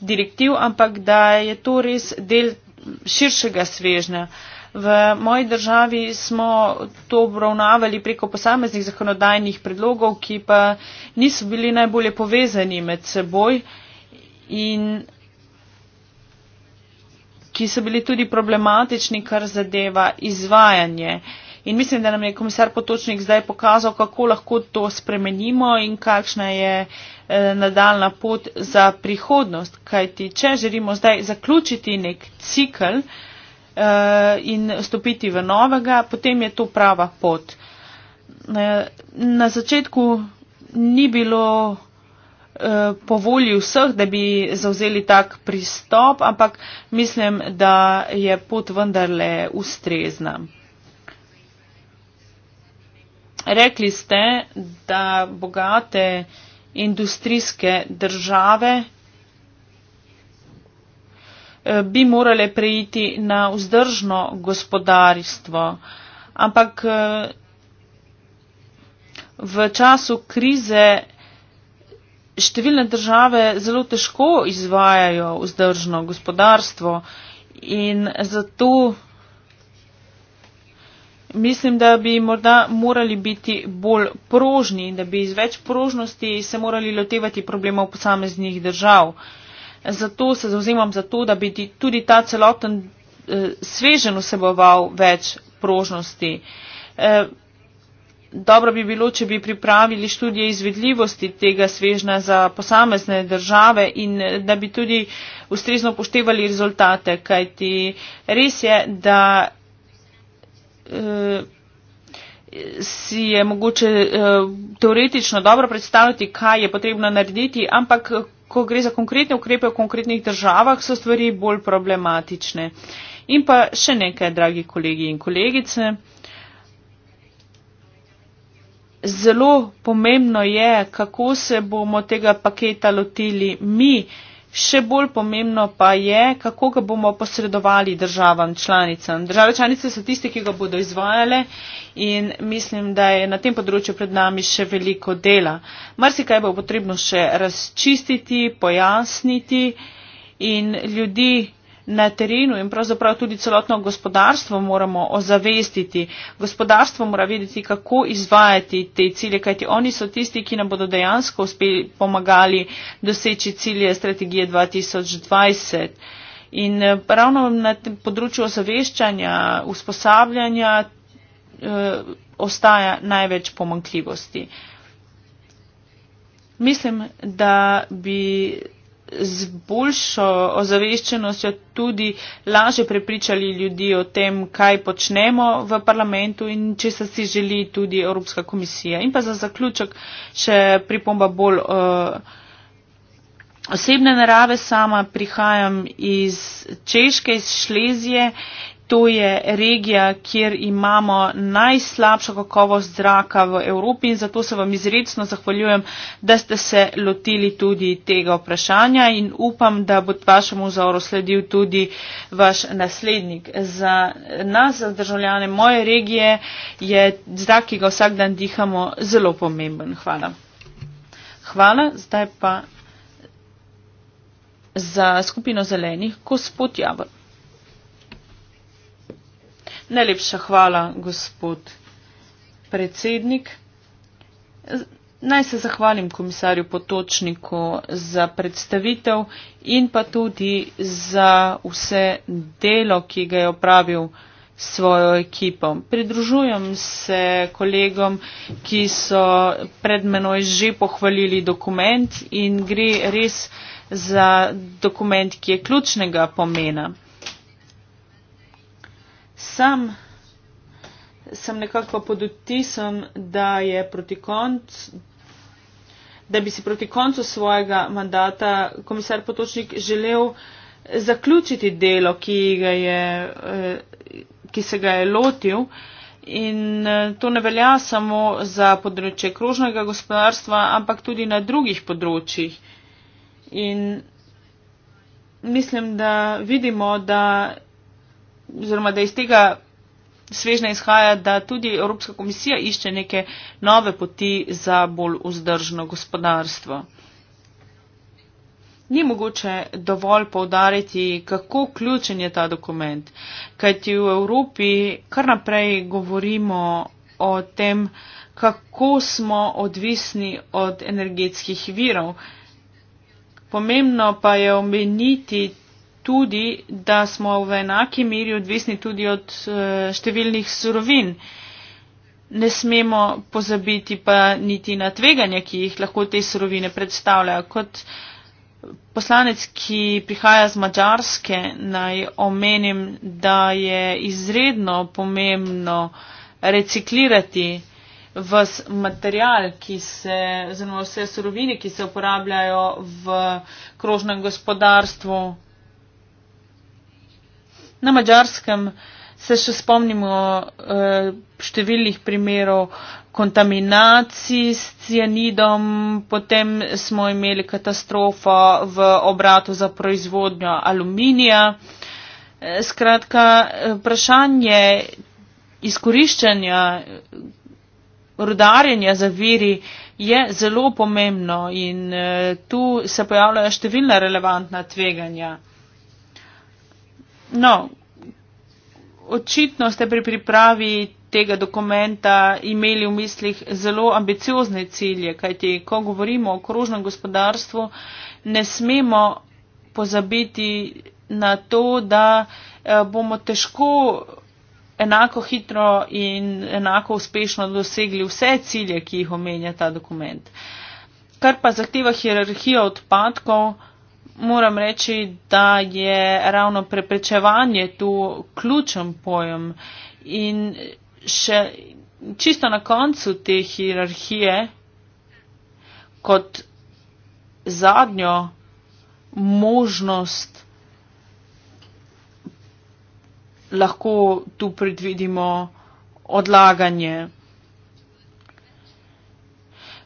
direktiv, ampak da je to res del širšega svežnja. V moji državi smo to obravnavali preko posameznih zakonodajnih predlogov, ki pa niso bili najbolje povezani med seboj in ki so bili tudi problematični, kar zadeva izvajanje. In mislim, da nam je komisar Potočnik zdaj pokazal, kako lahko to spremenimo in kakšna je eh, nadaljna pot za prihodnost. Kajti, če želimo zdaj zaključiti nek cikl eh, in stopiti v novega, potem je to prava pot. Eh, na začetku ni bilo Eh, po volji vseh, da bi zauzeli tak pristop, ampak mislim, da je pot vendarle ustrezna. Rekli ste, da bogate industrijske države eh, bi morale preiti na vzdržno gospodarstvo, ampak eh, v času krize številne države zelo težko izvajajo vzdržno gospodarstvo in zato mislim, da bi morda morali biti bolj prožni, da bi iz več prožnosti se morali lotevati problemov posameznih držav. Zato se zauzemam za to, da bi tudi ta celoten eh, svežen vseboval več prožnosti. Eh, dobro bi bilo, če bi pripravili študije izvedljivosti tega svežna za posamezne države in eh, da bi tudi ustrezno upoštevali rezultate, kajti res je, da eh, si je mogoče eh, teoretično dobro predstaviti, kaj je potrebno narediti, ampak ko gre za konkretne ukrepe v konkretnih državah, so stvari bolj problematične. In pa še nekaj, dragi kolegi in kolegice zelo pomembno je, kako se bomo tega paketa lotili mi, še bolj pomembno pa je, kako ga bomo posredovali državam članicam. Države članice so tiste, ki ga bodo izvajale in mislim, da je na tem področju pred nami še veliko dela. Marsikaj bo potrebno še razčistiti, pojasniti in ljudi na terenu in pravzaprav tudi celotno gospodarstvo moramo ozavestiti. Gospodarstvo mora vedeti, kako izvajati te cilje, kajti oni so tisti, ki nam bodo dejansko uspeli pomagali doseči cilje strategije 2020. In eh, ravno na področju ozaveščanja, usposabljanja eh, ostaja največ pomankljivosti. Mislim, da bi z boljšo ozaveščenostjo tudi lažje prepričali ljudi o tem, kaj počnemo v parlamentu in če se si želi tudi Evropska komisija. In pa za zaključek še pripomba bolj uh, osebne narave. Sama prihajam iz Češke, iz Šlezije To je regija, kjer imamo najslabšo kakovost zraka v Evropi in zato se vam izredno zahvaljujem, da ste se lotili tudi tega vprašanja in upam, da bo vašemu vzoru sledil tudi vaš naslednik. Za nas, za državljane moje regije, je zrak, ki ga vsak dan dihamo, zelo pomemben. Hvala. Hvala, zdaj pa za skupino zelenih, gospod Javor. Najlepša hvala, gospod predsednik. Naj se zahvalim komisarju Potočniku za predstavitev in pa tudi za vse delo, ki ga je opravil svojo ekipo. Pridružujem se kolegom, ki so pred menoj že pohvalili dokument in gre res za dokument, ki je ključnega pomena sam sem nekako pod vtisom, da je proti koncu da bi si proti koncu svojega mandata komisar Potočnik želel zaključiti delo, ki, je, eh, ki se ga je lotil. In eh, to ne velja samo za področje krožnega gospodarstva, ampak tudi na drugih področjih. In mislim, da vidimo, da oziroma da iz tega svežna izhaja, da tudi Evropska komisija išče neke nove poti za bolj vzdržno gospodarstvo. Ni mogoče dovolj povdariti, kako ključen je ta dokument, kajti v Evropi kar naprej govorimo o tem, kako smo odvisni od energetskih virov. Pomembno pa je omeniti tudi, da smo v enaki miri odvisni tudi od eh, številnih surovin. Ne smemo pozabiti pa niti na tveganja, ki jih lahko te surovine predstavljajo. Kot poslanec, ki prihaja z Mačarske, naj omenim, da je izredno pomembno reciklirati vas material, ki se, zelo vse surovine, ki se uporabljajo v krožnem gospodarstvu, Na mačarskem se še spomnimo eh, številnih primerov kontaminacij s cianidom, potem smo imeli katastrofo v obratu za proizvodnjo aluminija. Eh, skratka, eh, vprašanje izkoriščanja rudarjenja za viri je zelo pomembno in tu se pojavljajo številna relevantna tveganja. No, očitno ste pri pripravi tega dokumenta imeli v mislih zelo ambiciozne cilje, kajti ko govorimo o krožnem gospodarstvu, ne smemo pozabiti na to, da eh, bomo težko enako hitro in enako uspešno dosegli vse cilje, ki jih omenja ta dokument. Kar pa zahteva hierarhija odpadkov, moram reči, da je ravno preprečevanje tu ključen pojem. In še čisto na koncu te hierarhije, kot zadnjo možnost, lahko tu predvidimo odlaganje.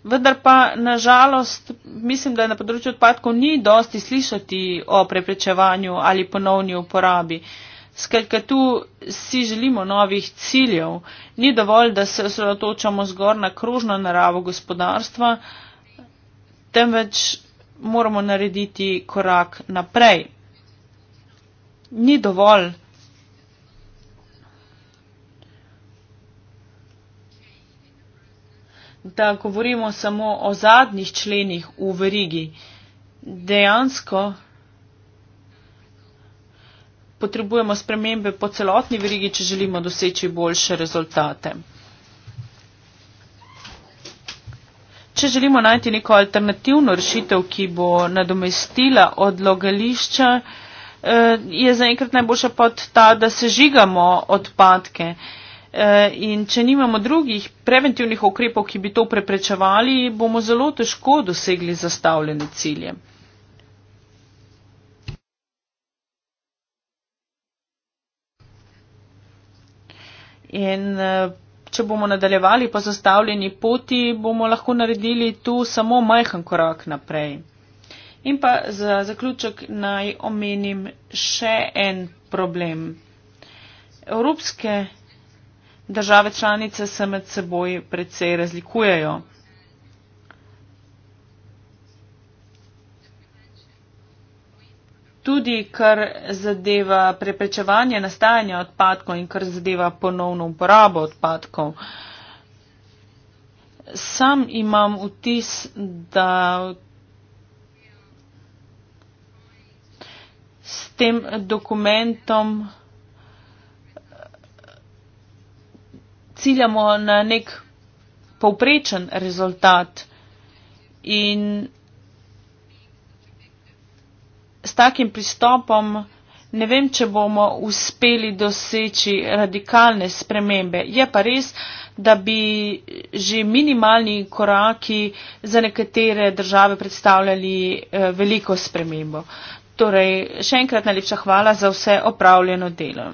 Vendar pa nažalost mislim, da na področju odpadkov ni dosti slišati o preprečevanju ali ponovni uporabi. Skratka, tu si želimo novih ciljev. Ni dovolj, da se osredotočamo zgor na krožno naravo gospodarstva, temveč moramo narediti korak naprej. Ni dovolj. da govorimo samo o zadnjih členih v verigi. Dejansko potrebujemo spremembe po celotni verigi, če želimo doseči boljše rezultate. Če želimo najti neko alternativno rešitev, ki bo nadomestila odlogališča, eh, je zaenkrat najboljša pot ta, da se žigamo odpadke. Eh, in če nimamo drugih preventivnih ukrepov, ki bi to preprečevali, bomo zelo težko dosegli zastavljene cilje. In eh, če bomo nadaljevali po zastavljeni poti, bomo lahko naredili tu samo majhen korak naprej. In pa za zaključek naj omenim še en problem. Evropske Države članice se med seboj precej razlikujejo. Tudi kar zadeva preprečevanje nastajanja odpadkov in kar zadeva ponovno uporabo odpadkov. Sam imam vtis, da s tem dokumentom ciljamo na nek povprečen rezultat in s takim pristopom ne vem, če bomo uspeli doseči radikalne spremembe. Je pa res, da bi že minimalni koraki za nekatere države predstavljali eh, veliko spremembo. Torej, še enkrat najlepša hvala za vse opravljeno delo.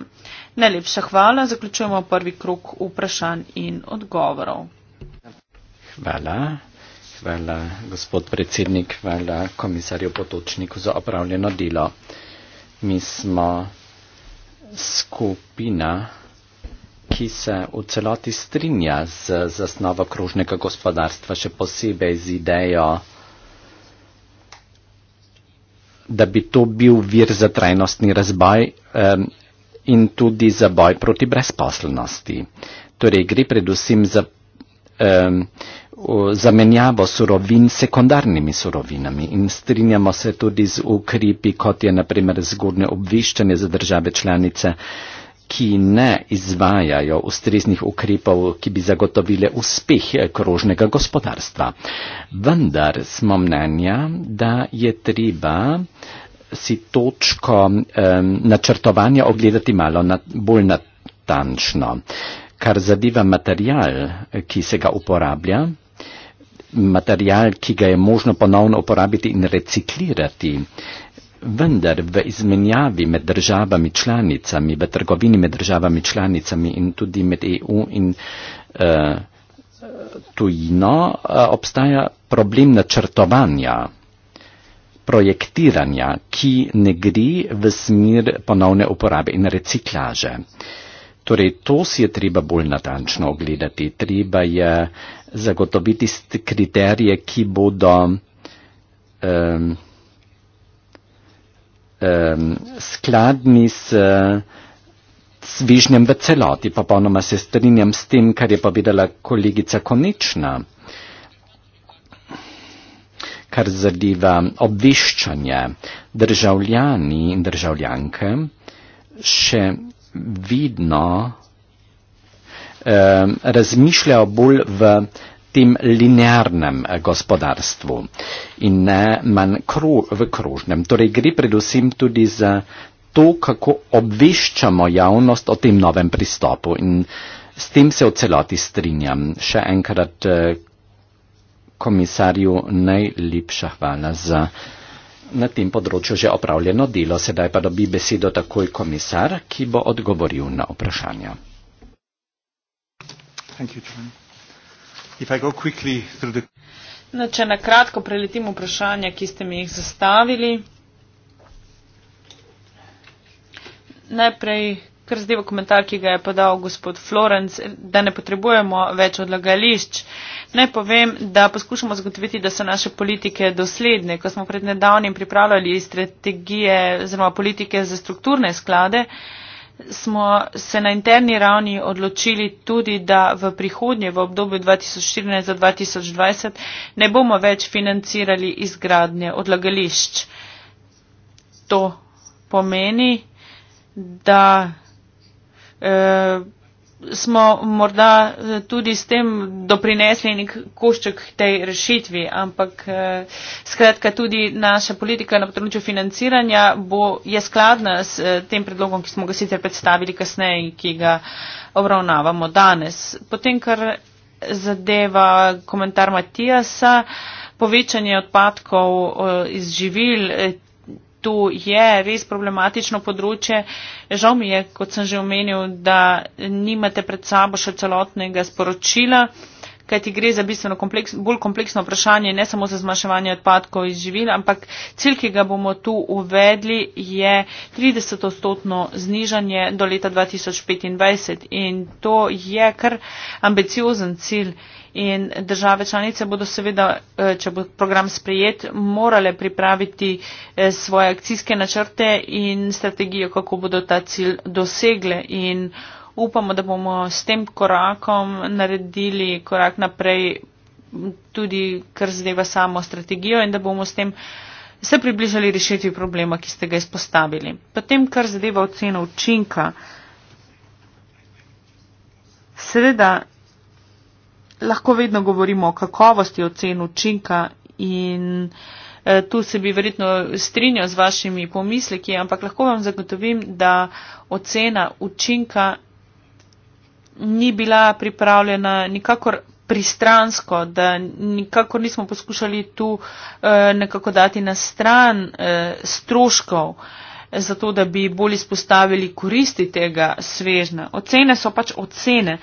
Najlepša hvala. Zaključujemo prvi krok vprašanj in odgovorov. Hvala. Hvala, gospod predsednik. Hvala komisarju Potočniku za opravljeno delo. Mi smo skupina, ki se v celoti strinja z zasnovo krožnega gospodarstva, še posebej z idejo, da bi to bil vir za trajnostni razboj, in tudi za boj proti brezposelnosti. Torej gre predvsem za eh, zamenjavo surovin s sekundarnimi surovinami in strinjamo se tudi z ukrepi, kot je naprimer zgodne obveščanje za države članice, ki ne izvajajo ustreznih ukrepov, ki bi zagotovile uspeh eh, krožnega gospodarstva. Vendar smo mnenja, da je treba eh, si točko um, načrtovanja ogledati malo na, bolj natančno. Kar zadeva material, ki se ga uporablja, material, ki ga je možno ponovno uporabiti in reciklirati, vendar v izmenjavi med državami članicami, v trgovini med državami članicami in tudi med EU in uh, tujino uh, obstaja problem načrtovanja projektiranja, ki ne gre v smer ponovne uporabe in reciklaže. Torej, to si je treba bolj natančno ogledati. Treba je zagotoviti kriterije, ki bodo um, um, skladni s, s vižnjem v celoti. Popolnoma se strinjam s tem, kar je povedala kolegica Konečna kar zadeva obveščanje državljani in državljanke, še vidno eh, razmišljajo bolj v tem linearnem eh, gospodarstvu in ne manj kro, v krožnem. Torej gre predvsem tudi za to, kako obveščamo javnost o tem novem pristopu in s tem se v celoti strinjam. Še enkrat, eh, komisarju najlepša hvala za na tem področju že opravljeno delo. Sedaj pa dobi besedo takoj komisar, ki bo odgovoril na vprašanja. No, če na kratko preletim vprašanja, ki ste mi jih zastavili. Najprej, kar zdiva komentar, ki ga je podal gospod Florence, da ne potrebujemo več odlagališč. Naj povem, da poskušamo zagotoviti, da so naše politike dosledne. Ko smo pred nedavnim pripravljali strategije oziroma politike za strukturne sklade, smo se na interni ravni odločili tudi, da v prihodnje, v obdobju 2014-2020, ne bomo več financirali izgradnje odlagališč. To pomeni, da Eh, smo morda eh, tudi s tem doprinesli nek košček tej rešitvi, ampak eh, skratka tudi naša politika na področju financiranja bo, je skladna s tem predlogom, ki smo ga sicer predstavili kasneje in ki ga obravnavamo danes. Potem, kar zadeva komentar Matijasa, povečanje odpadkov iz živil tu je res problematično področje. Žal mi je, kot sem že omenil, da nimate pred sabo še celotnega sporočila, kajti gre za bistveno kompleks, bolj kompleksno vprašanje, ne samo za zmanjševanje odpadkov iz živil, ampak cilj, ki ga bomo tu uvedli, je 30-stotno znižanje do leta 2025 in to je kar ambiciozen cilj in države članice bodo seveda, eh, če bo program sprejet, morale pripraviti eh, svoje akcijske načrte in strategijo, kako bodo ta cilj dosegle. In upamo, da bomo s tem korakom naredili korak naprej tudi, kar zadeva samo strategijo in da bomo s tem se približali rešitvi problema, ki ste ga izpostavili. Potem, kar zadeva oceno učinka. Seveda lahko vedno govorimo o kakovosti ocen učinka in eh, tu se bi verjetno strinjal z vašimi pomisleki, ampak lahko vam zagotovim, da ocena učinka ni bila pripravljena nikakor pristransko, da nikakor nismo poskušali tu eh, nekako dati na stran eh, stroškov zato da bi bolj izpostavili koristi tega svežna. Ocene so pač ocene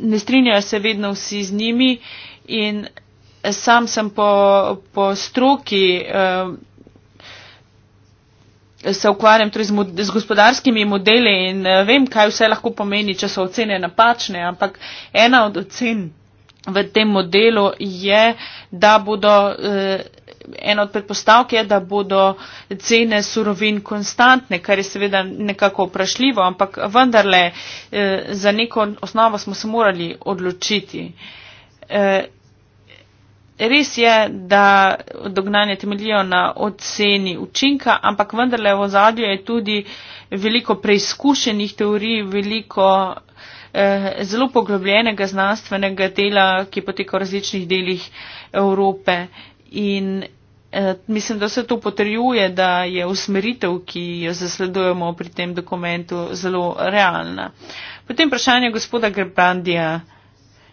ne strinjajo se vedno vsi z njimi in sam sem po, po stroki, eh, se ukvarjam torej z, z gospodarskimi modeli in eh, vem, kaj vse lahko pomeni, če so ocene napačne, ampak ena od ocen v tem modelu je, da bodo. Eh, ena od predpostavk je, da bodo cene surovin konstantne, kar je seveda nekako vprašljivo, ampak vendarle eh, za neko osnovo smo se morali odločiti. Eh, res je, da dognanje temeljijo na oceni učinka, ampak vendarle v ozadju je tudi veliko preizkušenih teorij, veliko eh, zelo poglobljenega znanstvenega dela, ki poteka v različnih delih Evrope. Eh, In eh, mislim, da se to potrjuje, da je usmeritev, ki jo zasledujemo pri tem dokumentu, zelo realna. Potem vprašanje gospoda Grbandija.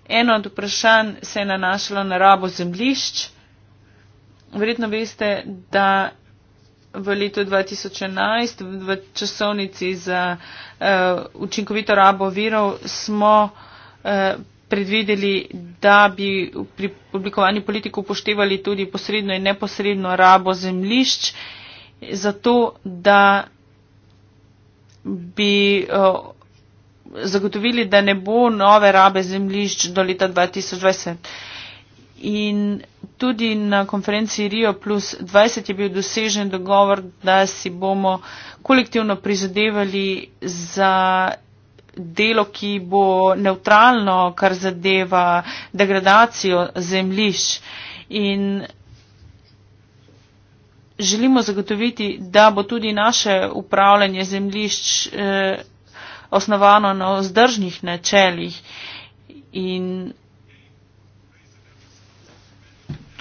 Eno od vprašanj se je nanašalo na rabo zemlišč. Verjetno veste, da v letu 2011 v časovnici za uh, učinkovito rabo virov smo uh, predvideli, da bi pri oblikovanju politik upoštevali tudi posredno in neposredno rabo zemlišč, zato da bi eh, zagotovili, da ne bo nove rabe zemlišč do leta 2020. In tudi na konferenci Rio plus 20 je bil dosežen dogovor, da si bomo kolektivno prizadevali za delo, ki bo neutralno, kar zadeva degradacijo zemljišč. In želimo zagotoviti, da bo tudi naše upravljanje zemljišč eh, osnovano na vzdržnih načelih. In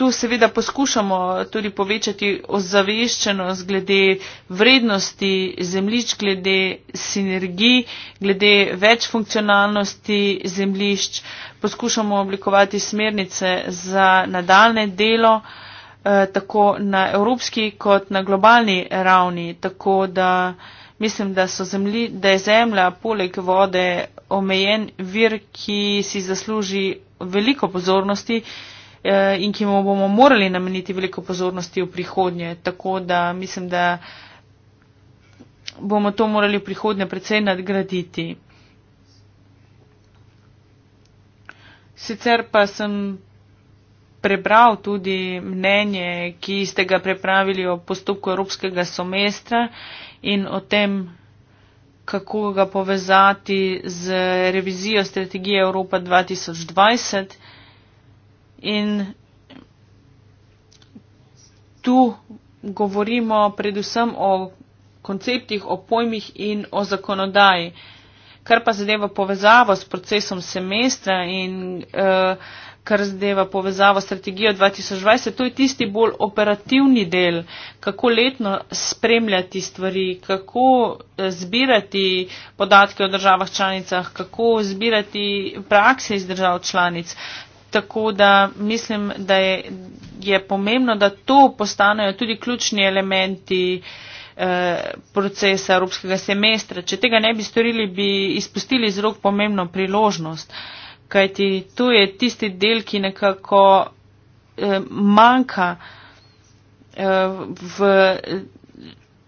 tu seveda poskušamo tudi povečati ozaveščenost glede vrednosti zemljišč, glede sinergij, glede večfunkcionalnosti zemljišč. Poskušamo oblikovati smernice za nadaljne delo eh, tako na evropski kot na globalni ravni, tako da mislim, da, zemlji, da je zemlja poleg vode omejen vir, ki si zasluži veliko pozornosti. Eh, in ki mu bomo morali nameniti veliko pozornosti v prihodnje. Tako da mislim, da bomo to morali v prihodnje predvsej nadgraditi. Sicer pa sem prebral tudi mnenje, ki ste ga prepravili o postopku Evropskega somestra in o tem, kako ga povezati z revizijo strategije Evropa 2020 in tu govorimo predvsem o konceptih, o pojmih in o zakonodaji. Kar pa zadeva povezavo s procesom semestra in uh, kar zadeva povezavo s strategijo 2020, to je tisti bolj operativni del, kako letno spremljati stvari, kako eh, zbirati podatke o državah članicah, kako zbirati prakse iz držav članic. Tako da mislim, da je, je pomembno, da to postanejo tudi ključni elementi eh, procesa evropskega semestra. Če tega ne bi storili, bi izpustili z rok pomembno priložnost, kajti to je tisti del, ki nekako eh, manjka eh, v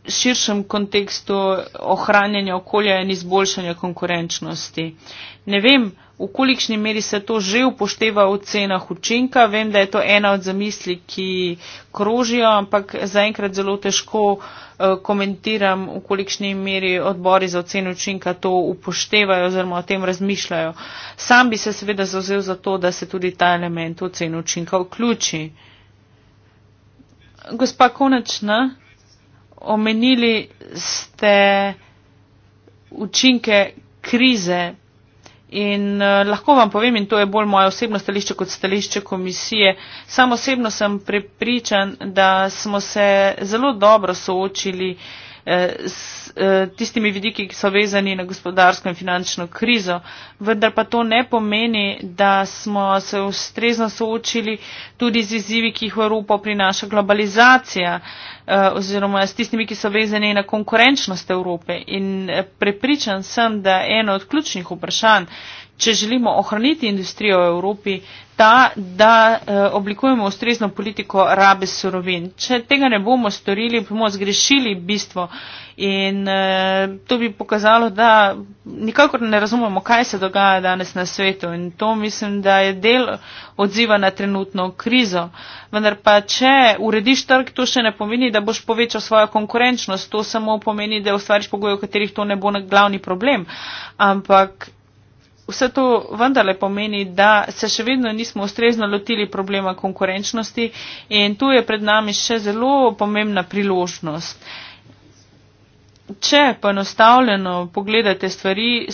širšem kontekstu ohranjanja okolja in izboljšanja konkurenčnosti. Ne vem, v kolikšni meri se to že upošteva v cenah učinka. Vem, da je to ena od zamisli, ki krožijo, ampak zaenkrat zelo težko eh, komentiram, v kolikšni meri odbori za ocen učinka to upoštevajo oziroma o tem razmišljajo. Sam bi se seveda zauzel za to, da se tudi ta element ocen učinka vključi. Gospa Konačna, omenili ste učinke krize In uh, lahko vam povem, in to je bolj moje osebno stališče kot stališče komisije, samo osebno sem prepričan, da smo se zelo dobro soočili uh, Eh, s eh, tistimi vidiki, ki so vezani na gospodarsko in finančno krizo. Vendar pa to ne pomeni, da smo se ustrezno soočili tudi z izzivi, ki jih v Evropo prinaša globalizacija eh, oziroma s tistimi, ki so vezani na konkurenčnost Evrope. In prepričan sem, da eno od ključnih vprašanj, če želimo ohraniti industrijo v Evropi, ta, da eh, oblikujemo ustrezno politiko rabe surovin. Če tega ne bomo storili, bomo zgrešili bistvo in eh, to bi pokazalo, da nikakor ne razumemo, kaj se dogaja danes na svetu in to mislim, da je del odziva na trenutno krizo. Vendar pa, če urediš trg, to še ne pomeni, da boš povečal svojo konkurenčnost, to samo pomeni, da ustvariš pogoje, v katerih to ne bo glavni problem. Ampak vse to vendarle pomeni, da se še vedno nismo ustrezno lotili problema konkurenčnosti in tu je pred nami še zelo pomembna priložnost. Če poenostavljeno pogledate stvari,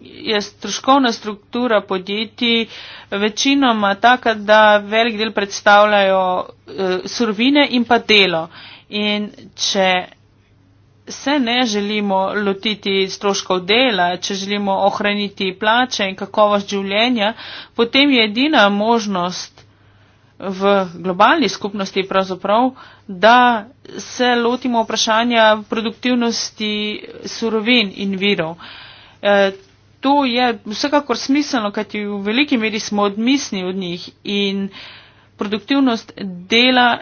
je stroškovna struktura podjetij večinoma taka, da velik del predstavljajo eh, surovine in pa delo. In če se ne želimo lotiti stroškov dela, če želimo ohraniti plače in kakovost življenja, potem je edina možnost v globalni skupnosti pravzaprav, da se lotimo vprašanja produktivnosti surovin in virov. E, to je vsekakor smiselno, kajti v veliki meri smo odmisni od njih in produktivnost dela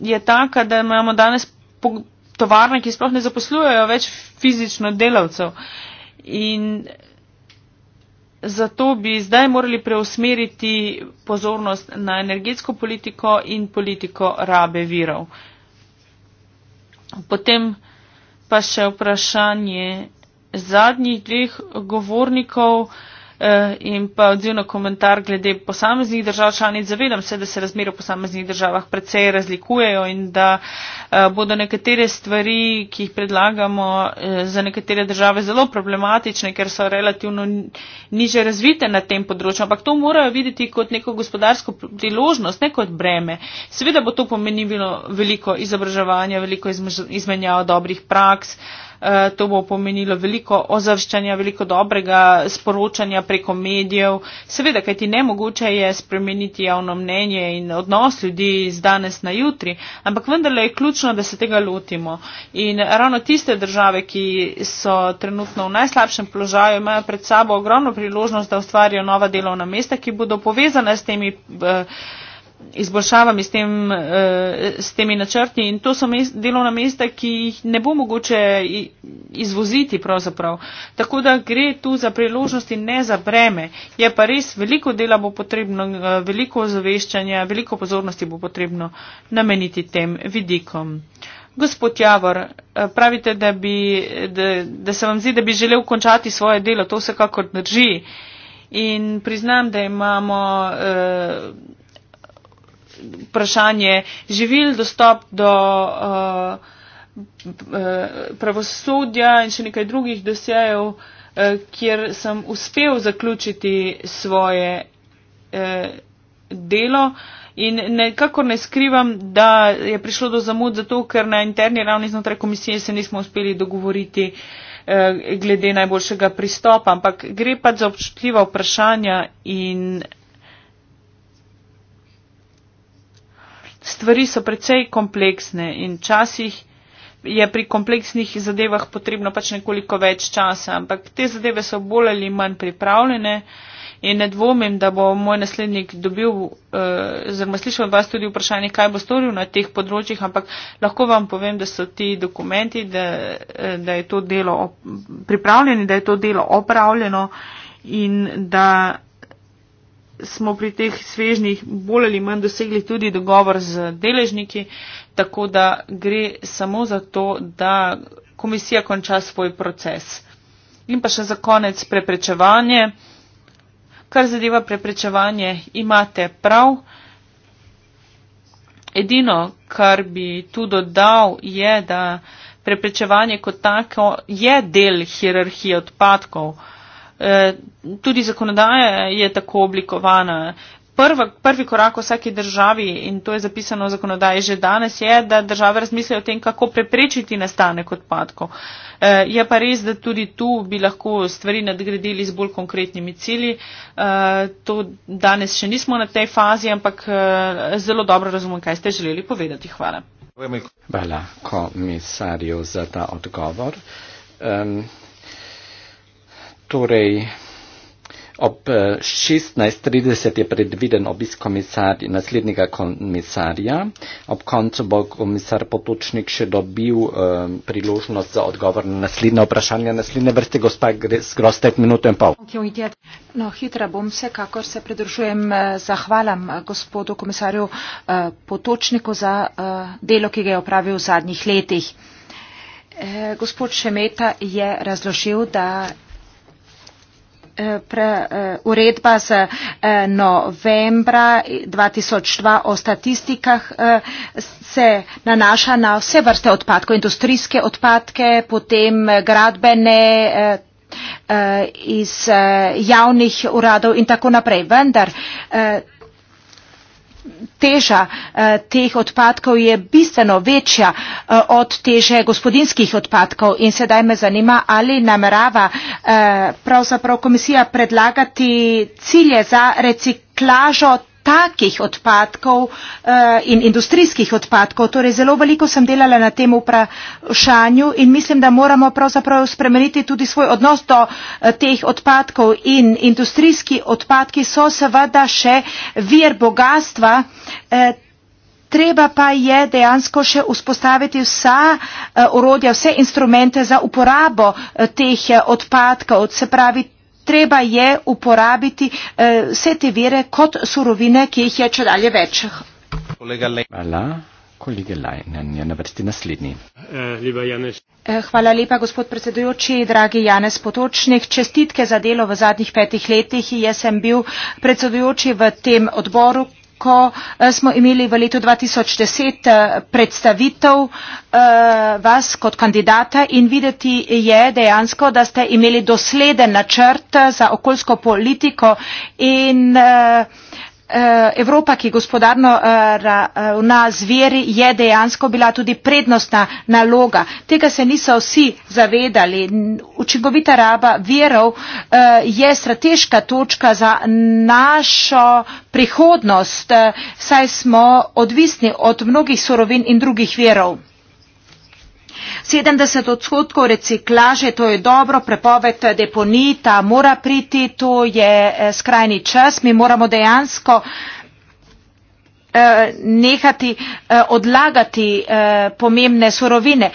je taka, da imamo danes tovarne, ki sploh ne zaposlujejo več fizično delavcev. In zato bi zdaj morali preusmeriti pozornost na energetsko politiko in politiko rabe virov. Potem pa še vprašanje zadnjih dveh govornikov. Uh, Eh, in pa odziv na komentar glede posameznih držav članic. Zavedam se, da se razmere v posameznih državah precej razlikujejo in da eh, bodo nekatere stvari, ki jih predlagamo, eh, za nekatere države zelo problematične, ker so relativno niže razvite na tem področju. Ampak to morajo videti kot neko gospodarsko priložnost, ne kot breme. Seveda bo to pomenilo veliko izobraževanja, veliko izmenjava dobrih praks. Eh, to bo pomenilo veliko ozaveščanja, veliko dobrega sporočanja preko medijev. Seveda, kajti nemogoče je spremeniti javno mnenje in odnos ljudi iz danes na jutri, ampak vendarle je ključno, da se tega lotimo. In ravno tiste države, ki so trenutno v najslabšem položaju, imajo pred sabo ogromno priložnost, da ustvarijo nova delovna mesta, ki bodo povezane s temi. Eh, izboljšavami s, tem, eh, s temi načrti in to so mest, delovna mesta, ki jih ne bo mogoče izvoziti pravzaprav. Tako da gre tu za priložnosti, ne za breme. Je pa res veliko dela bo potrebno, eh, veliko ozaveščanja, veliko pozornosti bo potrebno nameniti tem vidikom. Gospod Javor, eh, pravite, da, bi, da, da se vam zdi, da bi želel končati svoje delo, to vsekakor drži. In priznam, da imamo. Eh, vprašanje živil, dostop do uh, uh, pravosodja in še nekaj drugih dosjejev, uh, kjer sem uspel zaključiti svoje delo. In nekako ne skrivam, da je prišlo do zamud zato, ker na interni ravni znotraj komisije se nismo uspeli dogovoriti eh, glede najboljšega pristopa, ampak gre pa za občutljiva vprašanja in stvari so precej kompleksne in časih je pri kompleksnih zadevah potrebno pač nekoliko več časa, ampak te zadeve so bolj ali manj pripravljene in ne dvomim, da bo moj naslednik dobil, eh, oziroma eh, slišal od vas tudi vprašanje, kaj bo storil na teh področjih, ampak lahko vam povem, da so ti dokumenti, da, eh, da je to delo op, pripravljeno, da je to delo opravljeno in da smo pri teh svežnjih bolj ali manj dosegli tudi dogovor z deležniki, tako da gre samo za to, da komisija konča svoj proces. In pa še za konec preprečevanje. Kar zadeva preprečevanje, imate prav. Edino, kar bi tu dodal, je, da preprečevanje kot tako je del hierarhije odpadkov. Eh, tudi zakonodaja je tako oblikovana. Prva, prvi korak v vsaki državi, in to je zapisano v zakonodaji že danes, je, da države razmislijo o tem, kako preprečiti nastanek odpadkov. E, je pa res, da tudi tu bi lahko stvari nadgradili z bolj konkretnimi cilji. E, to danes še nismo na tej fazi, ampak e, zelo dobro razumem, kaj ste želeli povedati. Hvala. Hvala komisarju za ta odgovor. Um, torej ob 16.30 eh, je predviden obisk komisarja, naslednjega komisarja. Ob koncu bo komisar Potočnik še dobil um, priložnost za odgovor na naslednje vprašanje. Naslednje vrste, gospa, gre skroz 5 minut in pol. No, hitra bom se, kakor se pridružujem, eh, zahvalam gospodu komisarju uh, Potočniku za uh, delo, ki ga je opravil v zadnjih letih. E, gospod Šemeta je razložil, da pre, eh, uredba z eh, novembra 2002 o statistikah eh, se nanaša na vse vrste odpadkov, industrijske odpadke, potem gradbene iz javnih uradov in tako naprej. Vendar teža eh, teh odpadkov je bistveno večja eh, od teže gospodinskih odpadkov in sedaj me zanima, ali namerava eh, pravzaprav komisija predlagati cilje za reciklažo takih odpadkov eh, in industrijskih odpadkov. Torej, zelo veliko sem delala na tem vprašanju in mislim, da moramo pravzaprav spremeniti tudi svoj odnos do eh, teh odpadkov. In industrijski odpadki so seveda še vir bogatstva. Eh, treba pa je dejansko še vzpostaviti vsa orodja, vse instrumente za uporabo teh odpadkov. Se pravi, treba je uporabiti eh, vse te vire kot surovine, ki jih je če dalje več. Hvala. Kolege Lajnen je na vrsti naslednji. Eh, eh, hvala lepa, gospod predsedujoči, dragi Janez Potočnik. Čestitke za delo v zadnjih petih letih. Jaz sem bil predsedujoči v tem odboru ko eh, smo imeli v letu 2010 eh, predstavitev eh, vas kot kandidata in videti je dejansko, da ste imeli dosleden načrt za okoljsko politiko in uh, Eh, evropa ki gospodarno eh, ravna eh, z veri je dejansko bila tudi prednostna naloga tega se niso vsi zavedali učinkovita raba virov je strateška točka za našo prihodnost saj smo odvisni od mnogih surovin in drugih virov sedemdeset odstotkov reciklaže to je dobro prepoved deponij ta mora priti to je eh, skrajni čas mi moramo dejansko eh, nehati eh, odlagati pomembne surovine.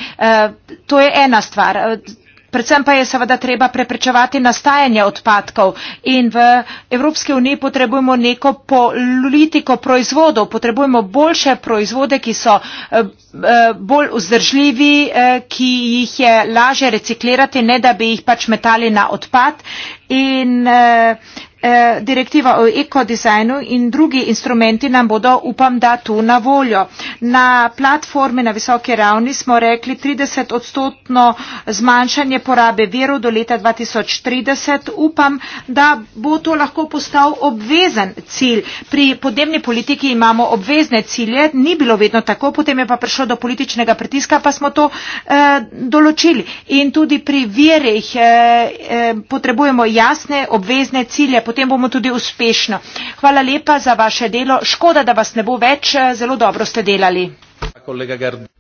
To je ena stvar. Predvsem pa je seveda treba preprečevati nastajanje odpadkov in v Evropski uniji potrebujemo neko politiko proizvodov, potrebujemo boljše proizvode, ki so eh, eh, bolj vzdržljivi, eh, ki jih je laže reciklirati, ne da bi jih pač metali na odpad. In Eh, direktiva o ekodizajnu in drugi instrumenti nam bodo, upam, da tu na voljo. Na platformi na visoki ravni smo rekli 30 odstotno zmanjšanje porabe verov do leta 2030. Upam, da bo to lahko postal obvezen cilj. Pri podnebni politiki imamo obvezne cilje, ni bilo vedno tako, potem je pa prišlo do političnega pritiska, pa smo to eh, določili. In tudi pri verih eh, eh, potrebujemo jasne obvezne cilje potem bomo tudi uspešni. Hvala lepa za vaše delo. Škoda, da vas ne bo več, zelo dobro ste delali.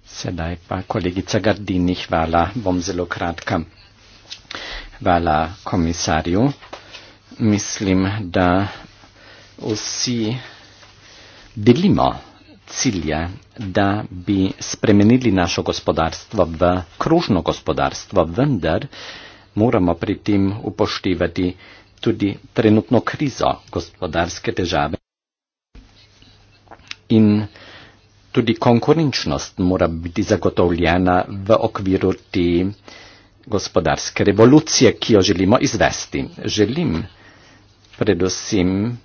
Sedaj pa kolegica Gardini, hvala, bom zelo kratka. Hvala komisarju. Mislim, da vsi delimo cilje, da bi spremenili našo gospodarstvo v kružno gospodarstvo, vendar moramo pri tem upoštevati tudi trenutno krizo, gospodarske težave. In tudi konkurenčnost mora biti zagotovljena v okviru te gospodarske revolucije, ki jo želimo izvesti. Želim predvsem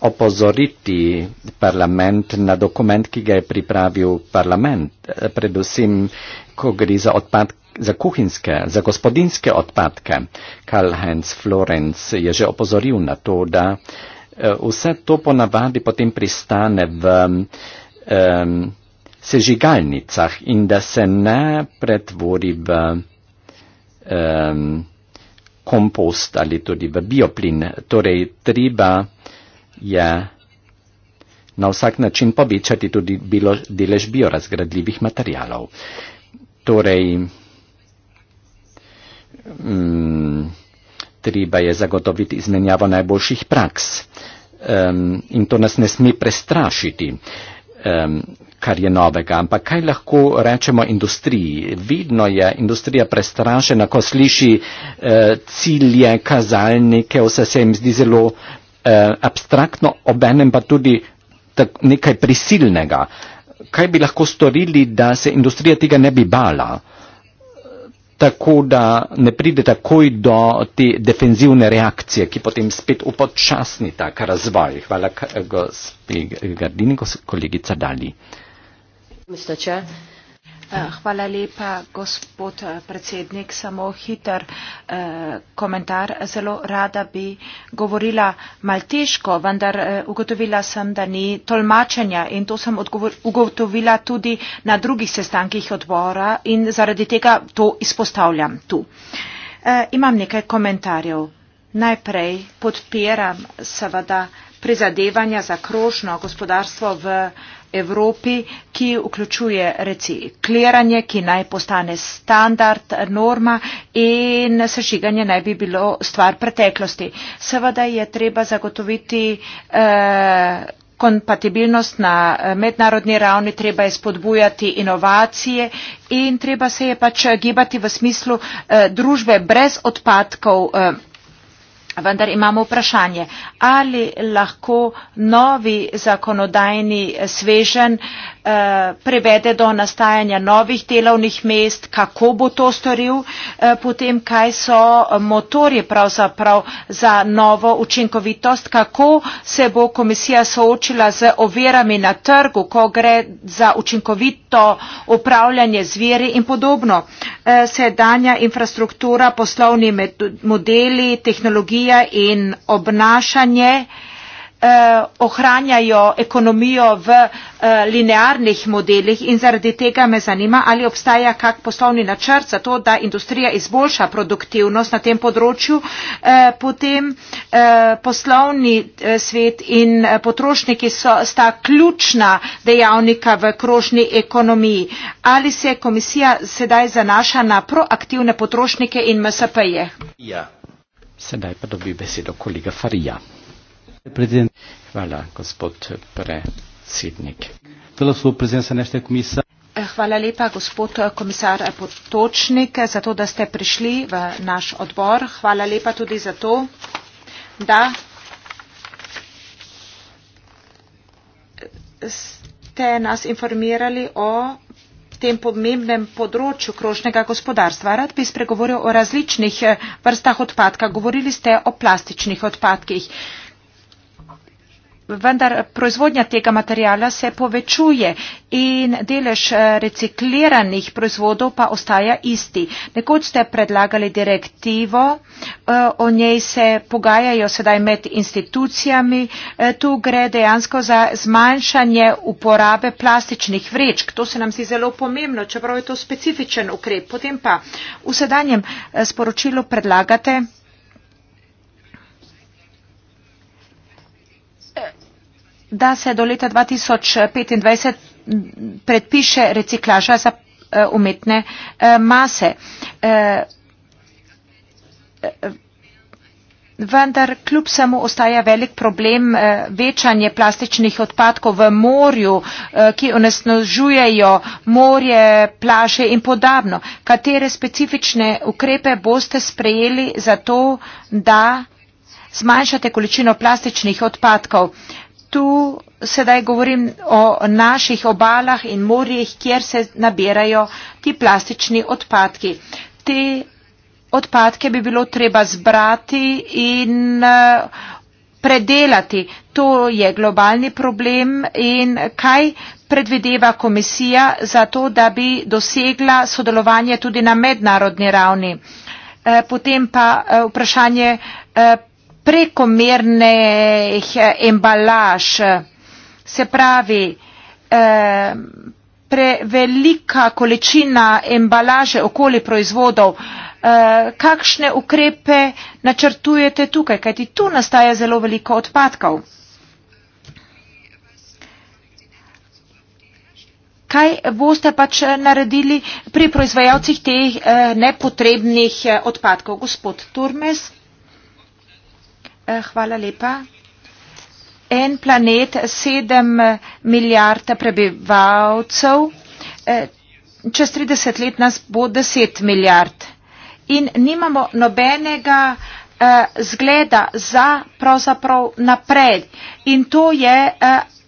opozoriti parlament na dokument, ki ga je pripravil parlament, eh, predvsem, ko gre za odpadke za kuhinske, za gospodinske odpadke. Karl Heinz Florenc je že opozoril na to, da eh, vse to ponavadi potem pristane v um, sežigalnicah in da se ne pretvori v um, kompost ali tudi v bioplin. Torej, treba je na vsak način povečati tudi bilo, delež biorazgradljivih materialov. Torej, Mm, treba je zagotoviti izmenjavo najboljših praks um, in to nas ne sme prestrašiti, um, kar je novega. Ampak kaj lahko rečemo industriji? Vidno je industrija prestrašena, ko sliši uh, cilje, kazalnike, vse se jim zdi zelo uh, abstraktno, obenem pa tudi tak, nekaj prisilnega. Kaj bi lahko storili, da se industrija tega ne bi bala? Uh, tako da ne pride takoj do te defenzivne reakcije, ki potem spet upočasni tak razvoj. Hvala, gospod Gardini, gospod kolegica Dali. Mr. Chair, Eh, hvala lepa, gospod eh, predsednik. Samo hiter eh, komentar. Zelo rada bi govorila maltiško, vendar ugotovila sem, da ni tolmačenja in to sem ugotovila tudi na drugih sestankih odbora in zaradi tega to izpostavljam tu. Imam nekaj komentarjev. Najprej podpiram seveda prizadevanja za krožno gospodarstvo v Evropi, ki vključuje recikliranje, ki naj postane standard, norma in sežiganje naj bi bilo stvar preteklosti. Seveda je treba zagotoviti eh, kompatibilnost na eh, mednarodni ravni, treba je spodbujati inovacije in treba se je pač gibati v smislu eh, družbe brez odpadkov. Eh, Vendar imamo vprašanje, ali lahko novi zakonodajni svežen eh, prevede do nastajanja novih delovnih mest, kako bo to storil, eh, potem kaj so motorje pravzaprav za novo učinkovitost, kako se bo komisija soočila z ovirami na trgu, ko gre za učinkovitost učinkovito upravljanje zveri in podobno. E, sedanja infrastruktura, poslovni modeli, tehnologija in obnašanje eh, ohranjajo ekonomijo v eh, linearnih modelih in zaradi tega me zanima, ali obstaja kak poslovni načrt za to, da industrija izboljša produktivnost na tem področju, eh, potem eh, poslovni eh, svet in eh, potrošniki so, sta ključna dejavnika v krožni ekonomiji. Ali se komisija sedaj zanaša na proaktivne potrošnike in MSP-je? Ja. Sedaj pa dobi besedo kolega Farija. Presidente. Hvala, gospod predsednik. Hvala svoj prezidenca nešte komisa. Eh, hvala lepa, gospod eh, komisar eh, Potočnik, za to, da ste prišli v naš odbor. Hvala lepa tudi za to, da ste nas informirali o tem pomembnem področju krožnega gospodarstva. Rad bi spregovoril o različnih vrstah odpadka. Govorili ste o plastičnih odpadkih vendar proizvodnja tega materijala se povečuje in delež eh, recikliranih proizvodov pa ostaja isti. Nekoč ste predlagali direktivo, eh, o njej se pogajajo sedaj med institucijami. Eh, tu gre dejansko za zmanjšanje uporabe plastičnih vrečk. To se nam zdi zelo pomembno, čeprav je to specifičen ukrep. Potem pa v sedanjem sporočilu predlagate da se do leta 2025 predpiše reciklaža za eh, umetne eh, mase. Eh, vendar kljub samo ostaja velik problem večanje plastičnih odpadkov v morju, ki onesnožujejo morje, plaže in podobno. Katere specifične ukrepe boste sprejeli za to, da zmanjšate količino plastičnih odpadkov? tu sedaj govorim o naših obalah in morjih, kjer se nabirajo ti plastični odpadki. Te odpadke bi bilo treba zbrati in eh, predelati. To je globalni problem in kaj predvideva komisija za to, da bi dosegla sodelovanje tudi na mednarodni ravni. Eh, potem pa eh, vprašanje prekomernih embalaž, se pravi, eh, prevelika količina embalaže okoli proizvodov. Eh, kakšne ukrepe načrtujete tukaj, kajti tu nastaja zelo veliko odpadkov? Kaj boste pač naredili pri proizvajalcih teh eh, nepotrebnih odpadkov? Gospod Turmes. Eh, hvala lepa. En planet, sedem eh, milijard prebivalcev, eh, čez 30 let nas bo 10 milijard. In nimamo nobenega zgleda za pravzaprav naprej. In to je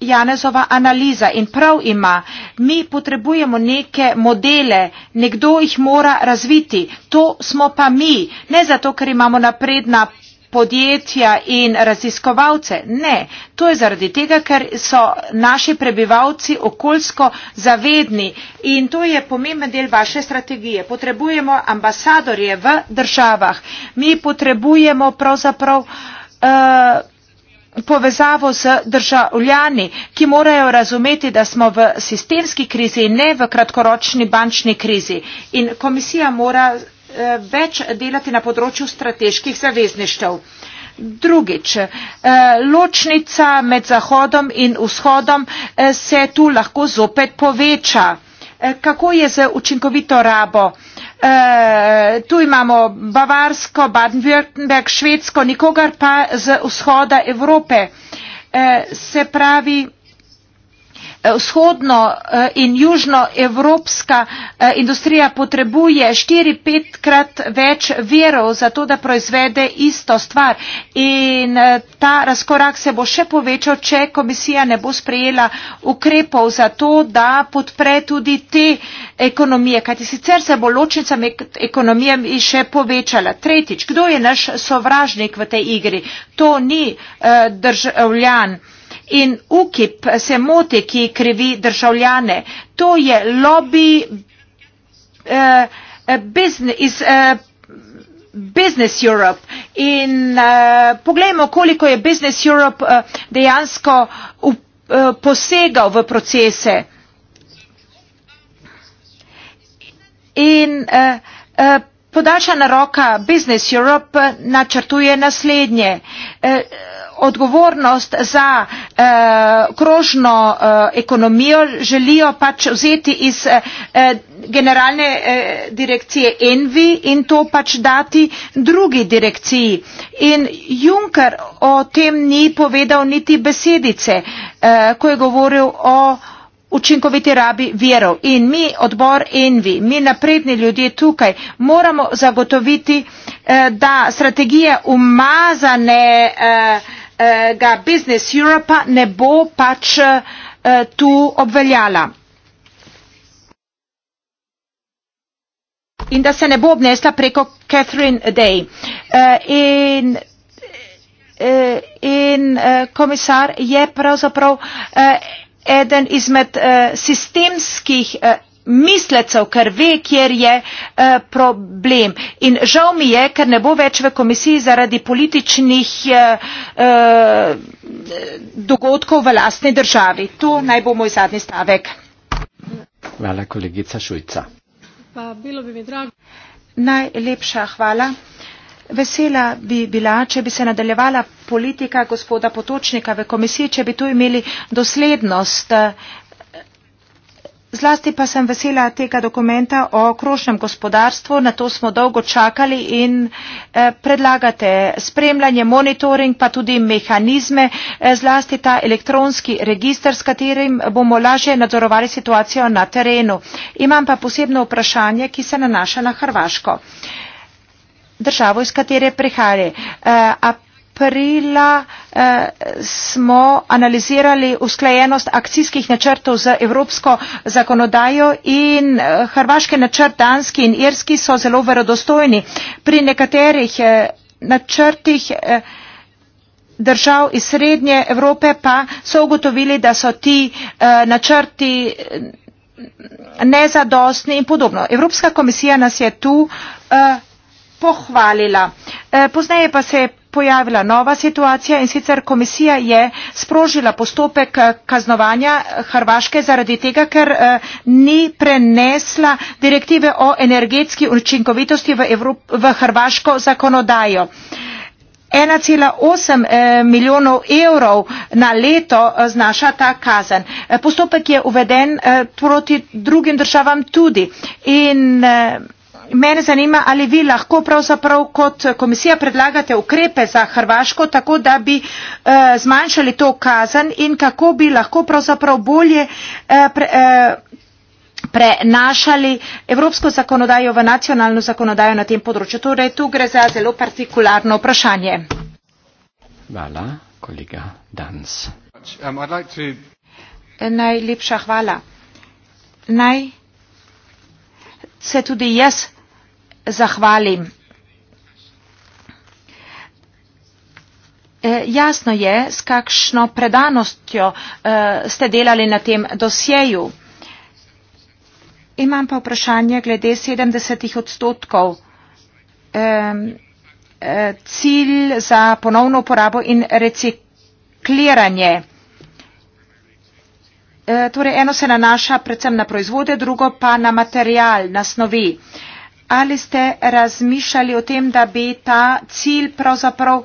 Janezova analiza. In prav ima, mi potrebujemo neke modele, nekdo jih mora razviti. To smo pa mi. Ne zato, ker imamo napredna podjetja in raziskovalce. Ne, to je zaradi tega, ker so naši prebivalci okoljsko zavedni in to je pomemben del vaše strategije. Potrebujemo ambasadorje v državah. Mi potrebujemo pravzaprav. Uh, povezavo z državljani, ki morajo razumeti, da smo v sistemski krizi in ne v kratkoročni bančni krizi. In komisija mora Eh, več delati na področju strateških zavezništev. Drugič, eh, ločnica med Zahodom in Vzhodom eh, se tu lahko zopet poveča. Kako je z učinkovito rabo? Tu imamo Bavarsko, Baden-Württemberg, Švedsko, nikogar pa z Vzhoda Evrope. Se pravi, Eh, vzhodno eh, in južnoevropska eh, industrija potrebuje štiri petkrat več verov za to, da proizvede isto stvar in ta razkorak se bo še povečal, če komisija ne bo sprejela ukrepov za to, da podpre tudi te ekonomije, kajti sicer se bo ločnica med ekonomijami še povečala. Tretjič, kdo je naš sovražnik v tej igri? To ni uh, državljan. Uh, in UKIP se moti, ki krivi državljane. To je lobby uh, business, iz uh, Business Europe in uh, eh, pogledajmo, koliko je Business Europe uh, dejansko uh, uh, posegal v procese. In uh, uh, Podaljšana roka Business Europe načrtuje naslednje. Eh, odgovornost za eh, krožno eh, ekonomijo želijo pač vzeti iz generalne direkcije Envi in to pač dati drugi direkciji. In Juncker o tem ni povedal niti besedice, ko je govoril o učinkoviti rabi vjerov. In mi, odbor Envi, mi napredni ljudje tukaj, moramo zagotoviti, eh, da strategije umazane eh, eh, ga Business Europa ne bo pač tu obveljala. In da se ne bo obnesla preko Catherine Day. In in komisar je pravzaprav eden izmed eh, sistemskih eh, mislecev, ker ve, kjer je eh, problem. In žal mi je, ker ne bo več v komisiji zaradi političnih dogodkov v lastni državi. To naj bo moj zadnji stavek. Hvala, kolegica Šujca. Pa bilo bi mi drago. Najlepša hvala. Vesela bi bila, če bi se nadaljevala politika gospoda Potočnika v komisiji, če bi tu imeli doslednost. Zlasti pa sem vesela tega dokumenta o krožnem gospodarstvu, na to smo dolgo čakali in eh, predlagate spremljanje, monitoring pa tudi mehanizme, eh, zlasti ta elektronski registr, s katerim bomo lažje nadzorovali situacijo na terenu. Imam pa posebno vprašanje, ki se nanaša na Hrvaško državo, iz katere prihaja. Eh, aprila eh, smo analizirali usklajenost akcijskih načrtov z evropsko zakonodajo in eh, hrvaški načrt, danski in irski so zelo verodostojni. Pri nekaterih načrtih držav iz srednje Evrope pa so ugotovili, da so ti načrti nezadostni in podobno. Evropska komisija nas je tu pohvalila. E, pozneje pa se je pojavila nova situacija in sicer komisija je sprožila postopek e, kaznovanja e, Hrvaške zaradi tega, ker ni prenesla direktive o energetski učinkovitosti v, Evrop v Hrvaško zakonodajo. 1,8 milijonov evrov na leto znaša ta kazen. Postopek je uveden proti drugim državam tudi. In, mene zanima, ali vi lahko pravzaprav kot komisija predlagate ukrepe za Hrvaško, tako da bi e, zmanjšali to kazen in kako bi lahko pravzaprav bolje e, pre, e, prenašali evropsko zakonodajo v nacionalno zakonodajo na tem področju. Torej, tu gre za zelo partikularno vprašanje. Hvala, kolega Dans. Um, like to... Najlepša hvala. Naj se tudi jaz. Yes zahvalim. Eh, jasno je, s kakšno predanostjo eh, ste delali na tem dosjeju. Imam pa vprašanje glede 70 odstotkov eh, cilj za ponovno uporabo in recikliranje. Torej, eno se nanaša predvsem na proizvode, drugo pa na material, na snovi ali ste razmišljali o tem, da bi ta cilj pravzaprav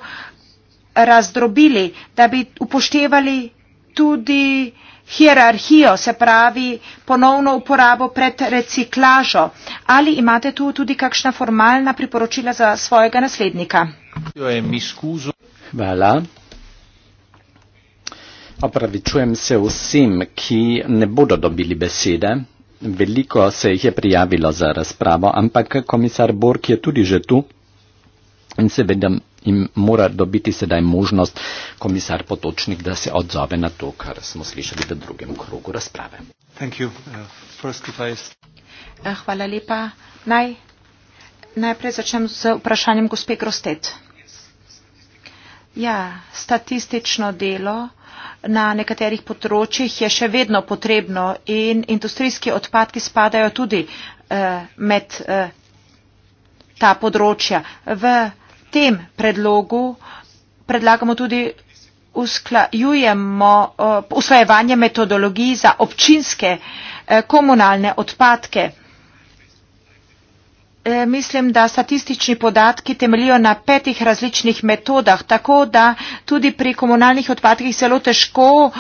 razdrobili, da bi upoštevali tudi hierarhijo, se pravi ponovno uporabo pred reciklažo. Ali imate tu tudi kakšna formalna priporočila za svojega naslednika? Hvala. Opravičujem se vsem, ki ne bodo dobili besede veliko se jih je prijavilo za razpravo, ampak komisar Bork je tudi že tu in seveda jim mora dobiti sedaj možnost komisar Potočnik, da se odzove na to, kar smo slišali v drugem krogu razprave. Uh, eh, hvala lepa. Naj, najprej začnem z vprašanjem gospe Grostet. Ja, statistično delo na nekaterih področjih je še vedno potrebno in industrijski odpadki spadajo tudi eh, med eh, ta področja. V tem predlogu predlagamo tudi usklajujemo uh, eh, usvajevanje metodologij za občinske uh, komunalne odpadke. E, mislim, da statistični podatki temeljijo na petih različnih metodah, tako da tudi pri komunalnih odpadkih zelo težko uh,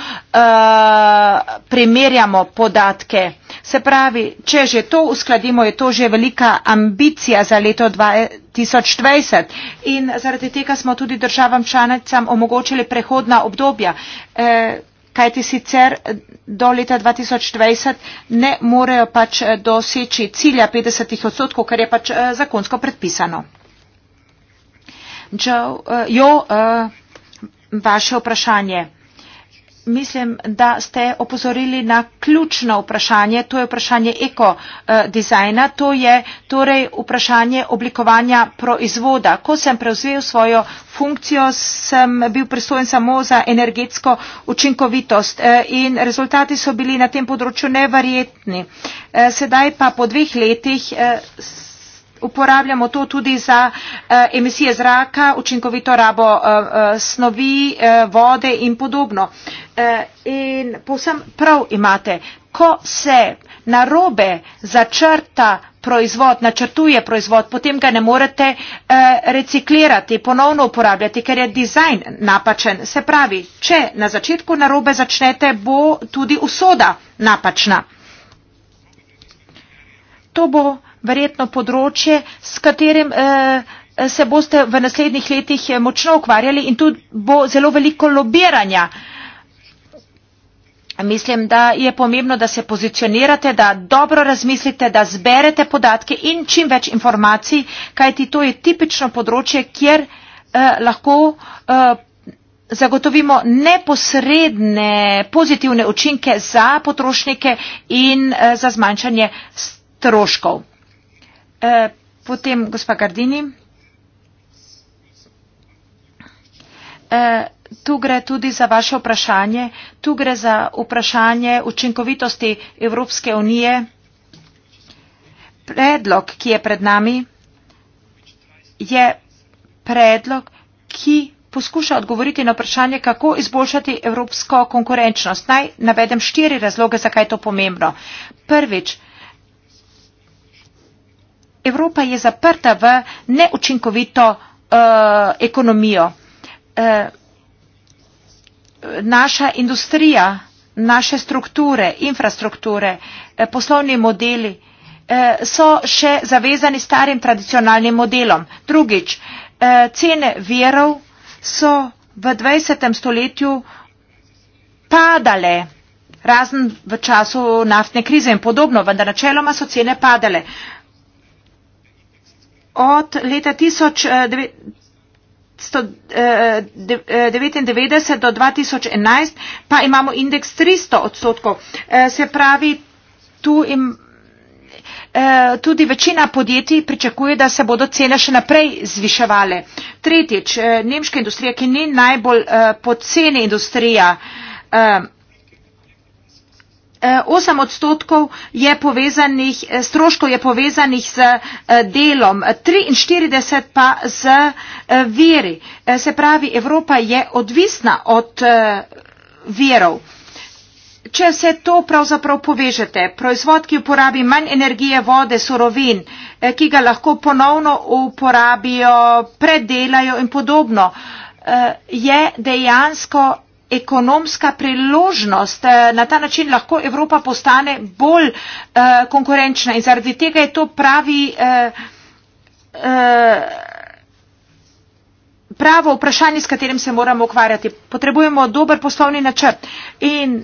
primerjamo podatke. Se pravi, če že to uskladimo, je to že velika ambicija za leto 2020 in zaradi tega smo tudi državam članicam omogočili prehodna obdobja. Uh, kajti sicer do leta 2020 ne morejo pač eh, doseči cilja 50 odstotkov, kar je pač eh, zakonsko predpisano. Joe, eh, jo, vaše vprašanje mislim, da ste opozorili na ključno vprašanje, to je vprašanje ekodizajna, eh, to je torej vprašanje oblikovanja proizvoda. Ko sem prevzel svojo funkcijo, sem bil pristojen samo za energetsko učinkovitost eh, in rezultati so bili na tem področju neverjetni. Eh, sedaj pa po dveh letih uporabljamo to tudi za eh, emisije zraka, učinkovito rabo eh, eh, snovi, vode in podobno. In povsem prav imate, ko se narobe začrta proizvod, načrtuje proizvod, potem ga ne morete reciklirati, ponovno uporabljati, ker je dizajn napačen. Se pravi, če na začetku narobe začnete, bo tudi usoda napačna. To bo verjetno področje, s katerim eh, eh, se boste v naslednjih letih eh, močno ukvarjali in tu bo zelo veliko lobiranja. Mislim, da je pomembno, da se pozicionirate, da dobro razmislite, da zberete podatke in čim več informacij, kajti to je tipično področje, kjer eh, lahko eh, zagotovimo neposredne pozitivne učinke za potrošnike in eh, za zmanjšanje stroškov. Eh, potem gospa Gardini. Eh, tu gre tudi za vaše vprašanje. Tu gre za vprašanje učinkovitosti Evropske unije. Predlog, ki je pred nami, je predlog, ki poskuša odgovoriti na vprašanje, kako izboljšati evropsko konkurenčnost. Naj navedem štiri razloge, zakaj je to pomembno. Prvič, Evropa je zaprta v neučinkovito uh, ekonomijo. Uh, naša industrija, naše strukture, infrastrukture, eh, poslovni modeli so še zavezani starim tradicionalnim modelom. Drugič, cene virov so v 20. stoletju padale, razen v času naftne krize in podobno, vendar načeloma so cene padale od leta 1999 eh, eh, eh, do 2011 pa imamo indeks 300 odstotkov. Se pravi, tu im, tudi večina podjetij pričakuje, da se bodo cene še naprej zviševale. Tretjič, nemška industrija, ki ni najbolj poceni industrija, Eh, osem odstotkov je povezanih, eh, stroškov je povezanih z eh, delom, triinštirideset pa z viri. Se pravi, Evropa je odvisna od virov. Če se to pravzaprav povežete, proizvod, ki uporabi manj energije, vode, surovin, ki ga lahko ponovno uporabijo, predelajo in podobno, je dejansko ekonomska priložnost. Eh, na ta način lahko Evropa postane bolj uh, konkurenčna in zaradi tega je to pravi. Uh, uh, Pravo vprašanje, s katerim se moramo ukvarjati. Potrebujemo dober poslovni načrt in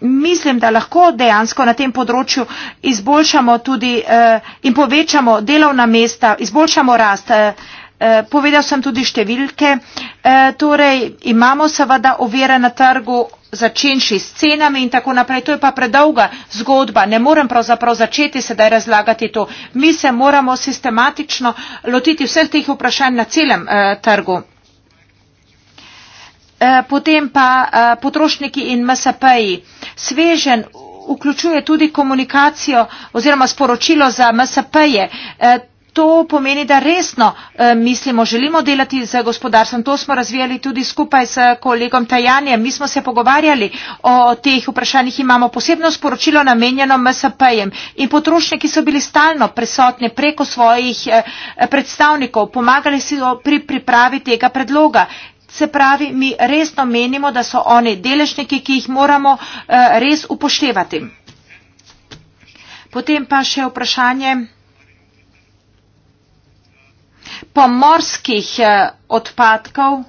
mislim, da lahko dejansko na tem področju izboljšamo tudi eh, in povečamo delovna mesta, izboljšamo rast. Eh, Eh, povedal sem tudi številke. Eh, torej, imamo seveda ovire na trgu, začenši s cenami in tako naprej. To je pa predolga zgodba. Ne morem pravzaprav začeti sedaj razlagati to. Mi se moramo sistematično lotiti vseh teh vprašanj na celem eh, trgu. Potem pa potrošniki in MSP-ji. Svežen vključuje tudi komunikacijo oziroma sporočilo za MSP-je to pomeni, da resno eh, mislimo, želimo delati z gospodarstvom. To smo razvijali tudi skupaj s kolegom Tajanjem. Mi smo se pogovarjali o teh vprašanjih, imamo posebno sporočilo namenjeno MSP-jem in potrošniki so bili stalno prisotni preko svojih eh, predstavnikov, pomagali si pri pripravi tega predloga. Se pravi, mi resno menimo, da so oni deležniki, ki jih moramo eh, res upoštevati. Potem pa še vprašanje pomorskih eh, odpadkov.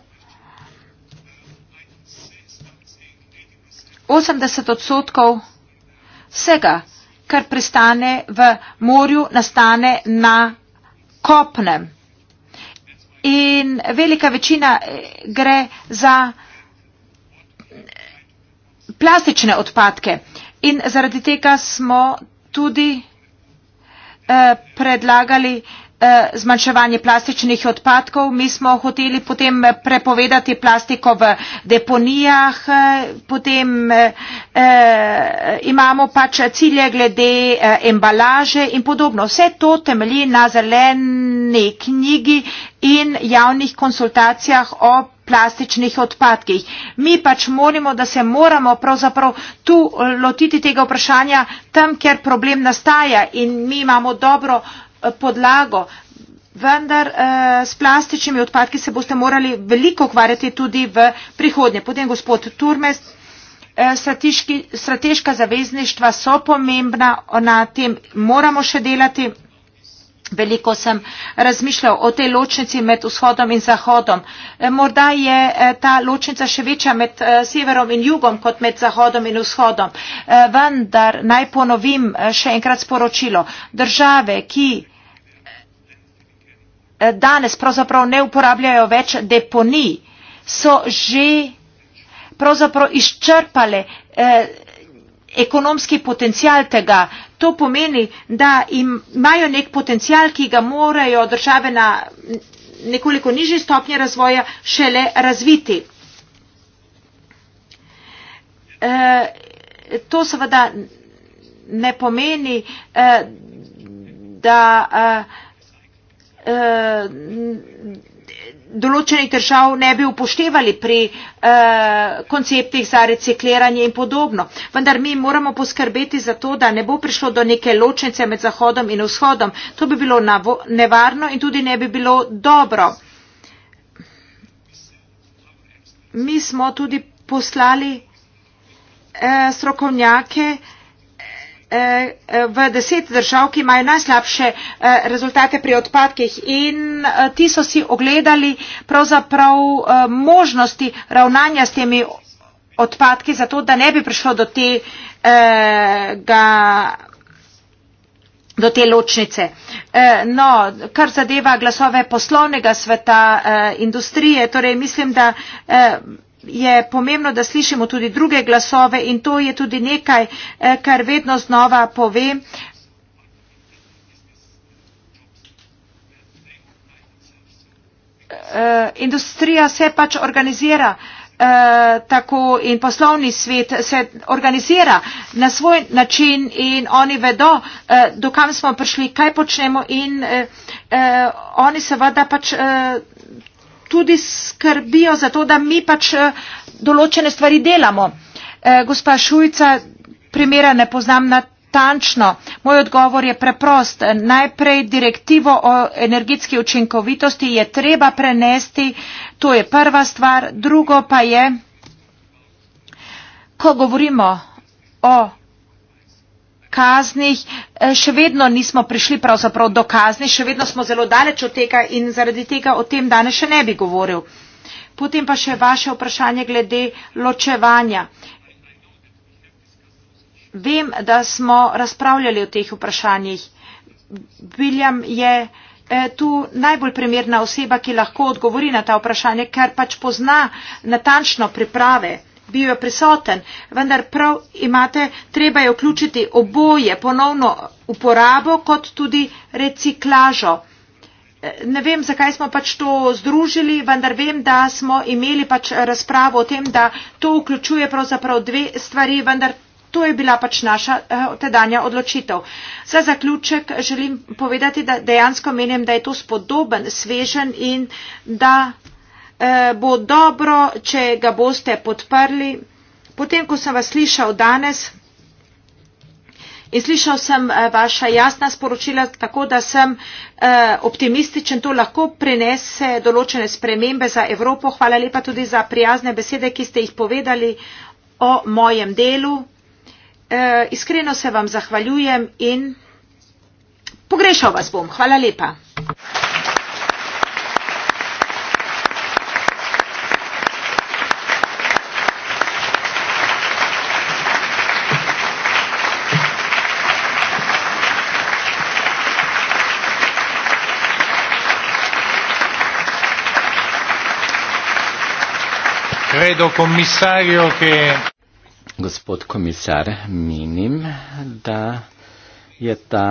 80 odstotkov vsega, kar pristane v morju, nastane na kopnem. In velika večina eh, gre za plastične odpadke. In zaradi tega smo tudi eh, predlagali eh, Eh, zmanjševanje plastičnih odpadkov. Mi smo hoteli potem prepovedati plastiko v deponijah, eh, potem eh, imamo pač cilje glede eh, embalaže in podobno. Vse to temelji na zeleni knjigi in javnih konsultacijah o plastičnih odpadkih. Mi pač moramo, da se moramo pravzaprav tu lotiti tega vprašanja tam, ker problem nastaja in mi imamo dobro podlago. Vendar eh, s plastičnimi odpadki se boste morali veliko ukvarjati tudi v prihodnje. Potem gospod Turmes, eh, strateška zavezništva so pomembna, na tem moramo še delati. Veliko sem razmišljal o tej ločnici med vzhodom in zahodom. E, morda je e, ta ločnica še večja med e, severom in jugom kot med zahodom in vzhodom. Vendar naj ponovim še enkrat sporočilo. Države, ki danes pravzaprav ne uporabljajo več deponi, so že pravzaprav izčrpale ekonomski potencial tega eh, To pomeni, da imajo nek potencial, ki ga morajo države na nekoliko nižji stopnji razvoja šele razviti. E, to seveda ne pomeni, e, da. E, e določenih držav ne bi upoštevali pri uh, konceptih za recikliranje in podobno. Vendar mi moramo poskrbeti za to, da ne bo prišlo do neke ločnice med Zahodom in Vzhodom. To bi bilo nevarno in tudi ne bi bilo dobro. Mi smo tudi poslali uh, strokovnjake uh, Eh, v deset držav, ki imajo najslabše eh, rezultate pri odpadkih in eh, ti so si ogledali pravzaprav možnosti ravnanja s temi odpadki, zato da ne bi prišlo do te, ga, do te ločnice. No, kar zadeva glasove poslovnega sveta industrije, torej mislim, da je pomembno, da slišimo tudi druge glasove in to je tudi nekaj, eh, kar vedno znova pove. Eh, industrija se pač organizira eh, tako in poslovni svet se organizira na svoj način in oni vedo, dokam smo prišli, kaj počnemo in oni seveda pač tudi skrbijo za to, da mi pač eh, določene stvari delamo. Eh, gospa Šujca, primera ne poznam natančno. Moj odgovor je preprost. Najprej direktivo o energetski učinkovitosti je treba prenesti. To je prva stvar. Drugo pa je, ko govorimo o kaznih eh, še vedno nismo prišli pravzaprav do kazni, še vedno smo zelo daleč od tega in zaradi tega o tem danes še ne bi govoril. Potem pa še vaše vprašanje glede ločevanja. Vem, da smo razpravljali o teh vprašanjih. William je eh, tu najbolj primerna oseba, ki lahko odgovori na ta vprašanje, ker pač pozna natančno priprave bil je prisoten, vendar prav imate, treba je vključiti oboje, ponovno uporabo kot tudi reciklažo. Eh, ne vem, zakaj smo pač to združili, vendar vem, da smo imeli pač razpravo o tem, da to vključuje pravzaprav dve stvari, vendar to je bila pač naša eh, tedanja odločitev. Za zaključek želim povedati, da dejansko menim, da je to spodoben, svežen in da. Eh, bo dobro, če ga boste podprli. Potem, ko sem vas slišal danes in slišal sem eh, vaša jasna sporočila, tako da sem eh, optimističen, to lahko prinese določene spremembe za Evropo. Hvala lepa tudi za prijazne besede, ki ste jih povedali o mojem delu. Iskreno se vam zahvaljujem in pogrešal vas bom. Hvala lepa. Predo komisarju, ki je. Gospod komisar, menim, da je ta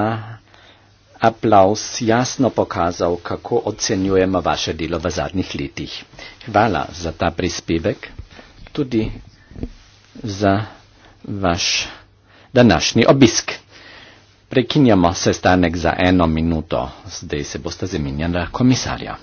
aplaus jasno pokazal, kako ocenjujemo vaše delo v zadnjih letih. Hvala za ta prispevek, tudi za vaš današnji obisk. Prekinjamo sestanek za eno minuto, zdaj se boste zamenjali komisarja.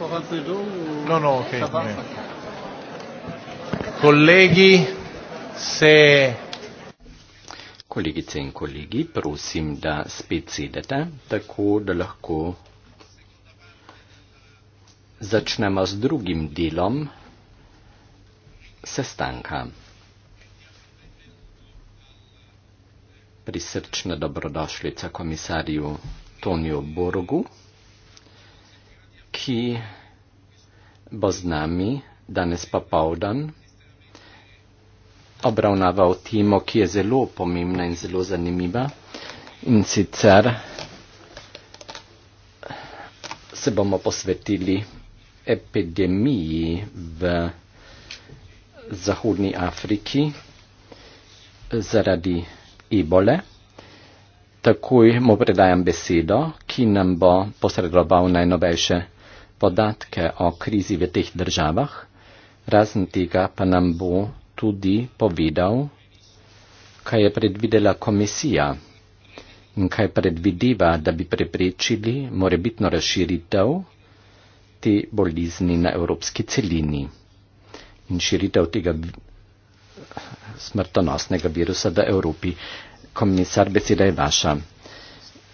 No, no, ok. Colleghi, se... Kolegice in kolegi, prosim, da spet sedete, tako da lahko začnemo s drugim delom sestanka. Prisrčna dobrodošlica komisarju Tonijo Borogu ki bo z nami danes pa povdan, obravnaval temo, ki je zelo pomembna in zelo zanimiva. In sicer se bomo posvetili epidemiji v Zahodni Afriki zaradi ebole. Takoj mu predajam besedo, ki nam bo posredoval najnovejše podatke o krizi v teh državah, razen tega pa nam bo tudi povedal, kaj je predvidela komisija in kaj predvideva, da bi preprečili morebitno razširitev te bolizni na evropski celini in širitev tega smrtonosnega virusa v Evropi. Komisar, beseda je vaša.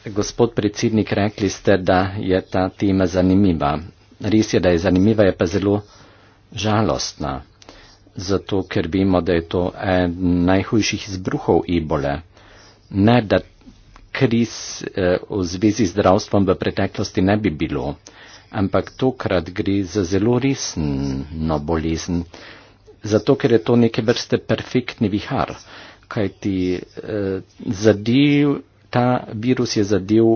Gospod predsednik, rekli ste, da je ta tema zanimiva. Res je, da je zanimiva, je pa zelo žalostna. Zato, ker vemo, da je to eden najhujših izbruhov ebole. Ne, da kriz eh, v zvezi z zdravstvom v preteklosti ne bi bilo, ampak tokrat gre za zelo resno bolezen. Zato, ker je to neke vrste perfektni vihar, kaj ti eh, zadev ta virus je zadev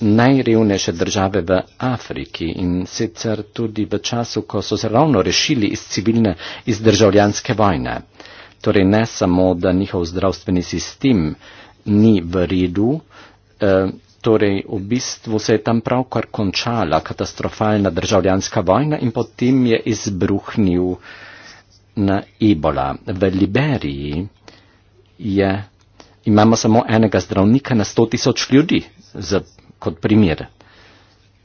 najrevnejše države v Afriki in sicer tudi v času, ko so se ravno rešili iz civilne, iz državljanske vojne. Torej ne samo, da njihov zdravstveni sistem ni v redu, eh, torej v bistvu se je tam pravkar končala katastrofalna državljanska vojna in potem je izbruhnil na ebola. V Liberiji je imamo samo enega zdravnika na sto tisoč ljudi, za, kot primer.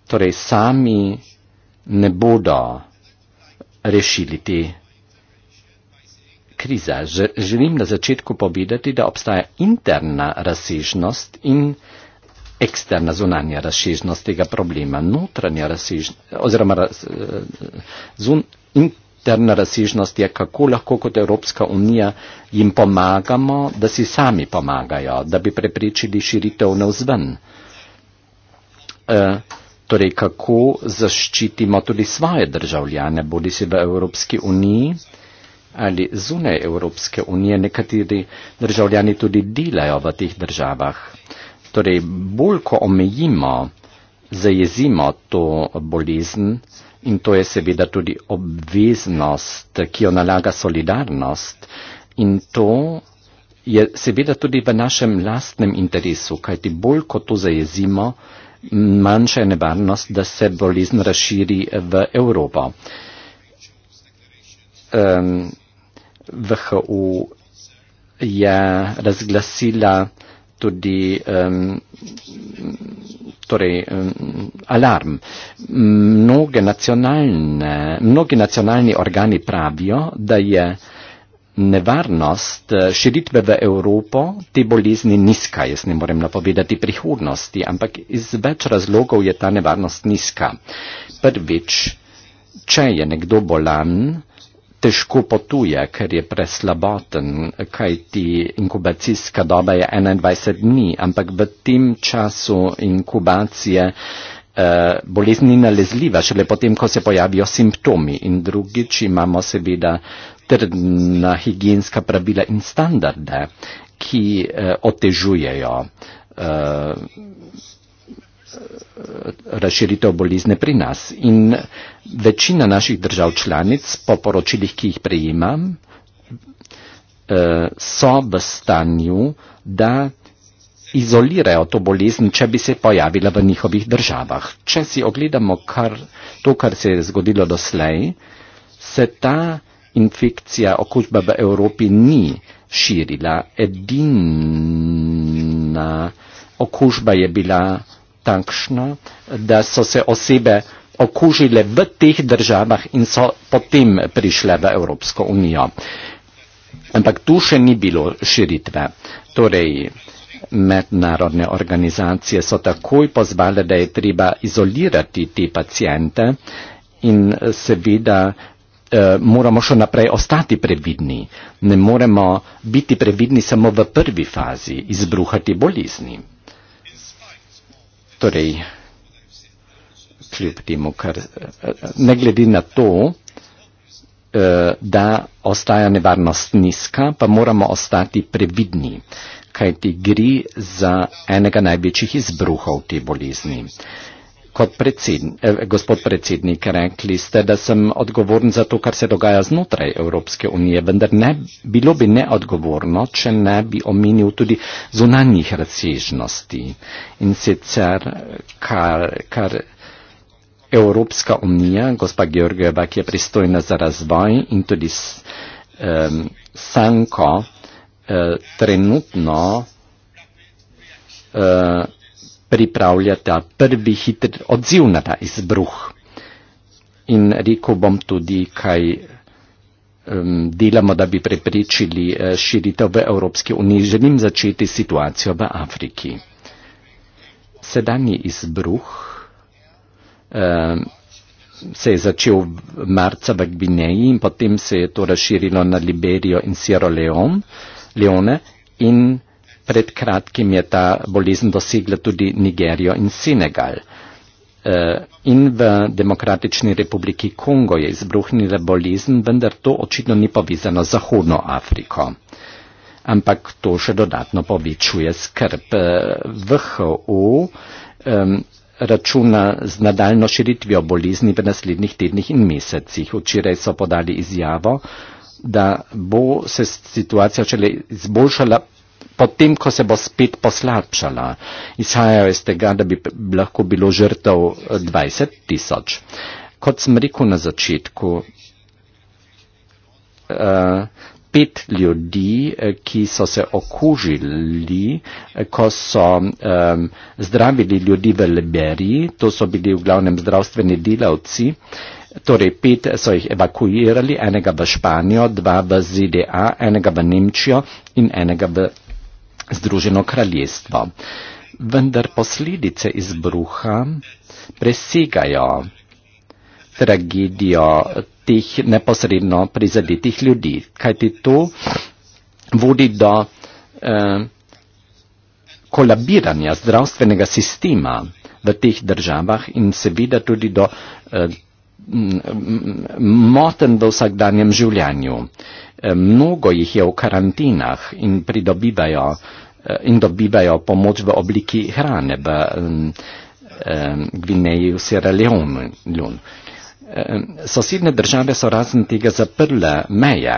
Torej, sami ne bodo rešili te krize. Želim na začetku povedati, da obstaja interna razsežnost in eksterna zunanja razsežnost tega problema. Notranja razsežnost, oziroma raz, eh, zun, in, trn razsežnost je, kako lahko kot Evropska unija jim pomagamo, da si sami pomagajo, da bi preprečili širitev navzven. E, torej, kako zaščitimo tudi svoje državljane, bodi si v Evropski uniji ali zunaj Evropske unije, nekateri državljani tudi delajo v teh državah. Torej, bolj ko omejimo, zajezimo to bolezen, in to je seveda tudi obveznost, ki jo nalaga solidarnost in to je seveda tudi v našem lastnem interesu, kajti bolj ko to zajezimo, manjša je nevarnost, da se bolezen razširi v Evropo. Ehm, VHU je razglasila tudi um, torej, um, alarm. Mnoge nacionalne, mnogi nacionalni organi pravijo, da je nevarnost eh, širitve v Evropo te bolezni nizka. Jaz ne morem napovedati prihodnosti, ampak iz več razlogov je ta nevarnost nizka. Prvič, če je nekdo bolan, težko potuje, ker je preslaboten, kaj ti inkubacijska doba je 21 dni, ampak v tem času inkubacije eh, bolezni nalezljiva, šele potem, ko se pojavijo simptomi. In drugič imamo seveda trdna higijenska pravila in standarde, ki eh, otežujejo eh, razširitev bolizne pri nas. In večina naših držav članic, po poročilih, ki jih prejemam, eh, so v stanju, da izolirajo to bolezen, če bi se pojavila v njihovih državah. Če si ogledamo kar, to, kar se je zgodilo doslej, se ta infekcija okužba v Evropi ni širila. Edina okužba je bila takšna, da so se osebe okužile v teh državah in so potem prišle v Evropsko unijo. Ampak tu še ni bilo širitve. Torej, mednarodne organizacije so takoj pozvale, da je treba izolirati te pacijente in seveda eh, moramo še naprej ostati previdni. Ne moremo biti previdni samo v prvi fazi izbruhati bolezni torej kljub temu, kar ne glede na to, eh, da ostaja nevarnost nizka, pa moramo ostati previdni, kajti gre za enega največjih izbruhov te bolezni kot predsedn, eh, gospod predsednik, rekli ste, da sem odgovoren za to, kar se dogaja znotraj Evropske unije, vendar ne, bilo bi neodgovorno, če ne bi omenil tudi zunanjih razsežnosti. In sicer, kar, kar Evropska unija, gospa Georgieva, ki je pristojna za razvoj in tudi eh, Sanko, eh, trenutno. Eh, pripravljata prvi hiter odziv na ta izbruh. In rekel bom tudi, kaj um, delamo, da bi preprečili eh, širitev v Evropski uniji. Želim začeti situacijo v Afriki. Sedanji izbruh um, se je začel marca v Gvineji in potem se je to razširilo na Liberijo in Sierra Leone. Leone in pred kratkim je ta bolezen dosegla tudi Nigerijo in Senegal. Eh, in v Demokratični republiki Kongo je izbruhnila bolezen, vendar to očitno ni povezano z Zahodno Afriko. Ampak to še dodatno povečuje skrb. Eh, VHO računa z nadaljno širitvijo bolezni v naslednjih tednih in mesecih. Včeraj so podali izjavo, da bo se situacija šele izboljšala potem, ko se bo spet poslabšala. Izhajajo iz tega, da bi lahko bilo žrtev 20 eh, tisoč. Kot sem rekel na začetku, eh, pet ljudi, eh, ki so se okužili, ko so zdravili ljudi v Liberiji, to so bili v glavnem zdravstveni delavci, Torej, pet so jih evakuirali, enega v Španijo, dva v ZDA, enega v Nemčijo in enega v Združeno kraljestvo. Vendar posledice izbruha presegajo tragedijo teh neposredno prizadetih ljudi, kajti to vodi do eh, kolabiranja zdravstvenega sistema v teh državah in seveda tudi do eh, moten v vsakdanjem življenju. E, mnogo jih je v karantinah in pridobivajo e, in dobivajo pomoč v obliki hrane v e, Gvineji v Sierra Leone. Sosedne države so razen tega zaprle meje.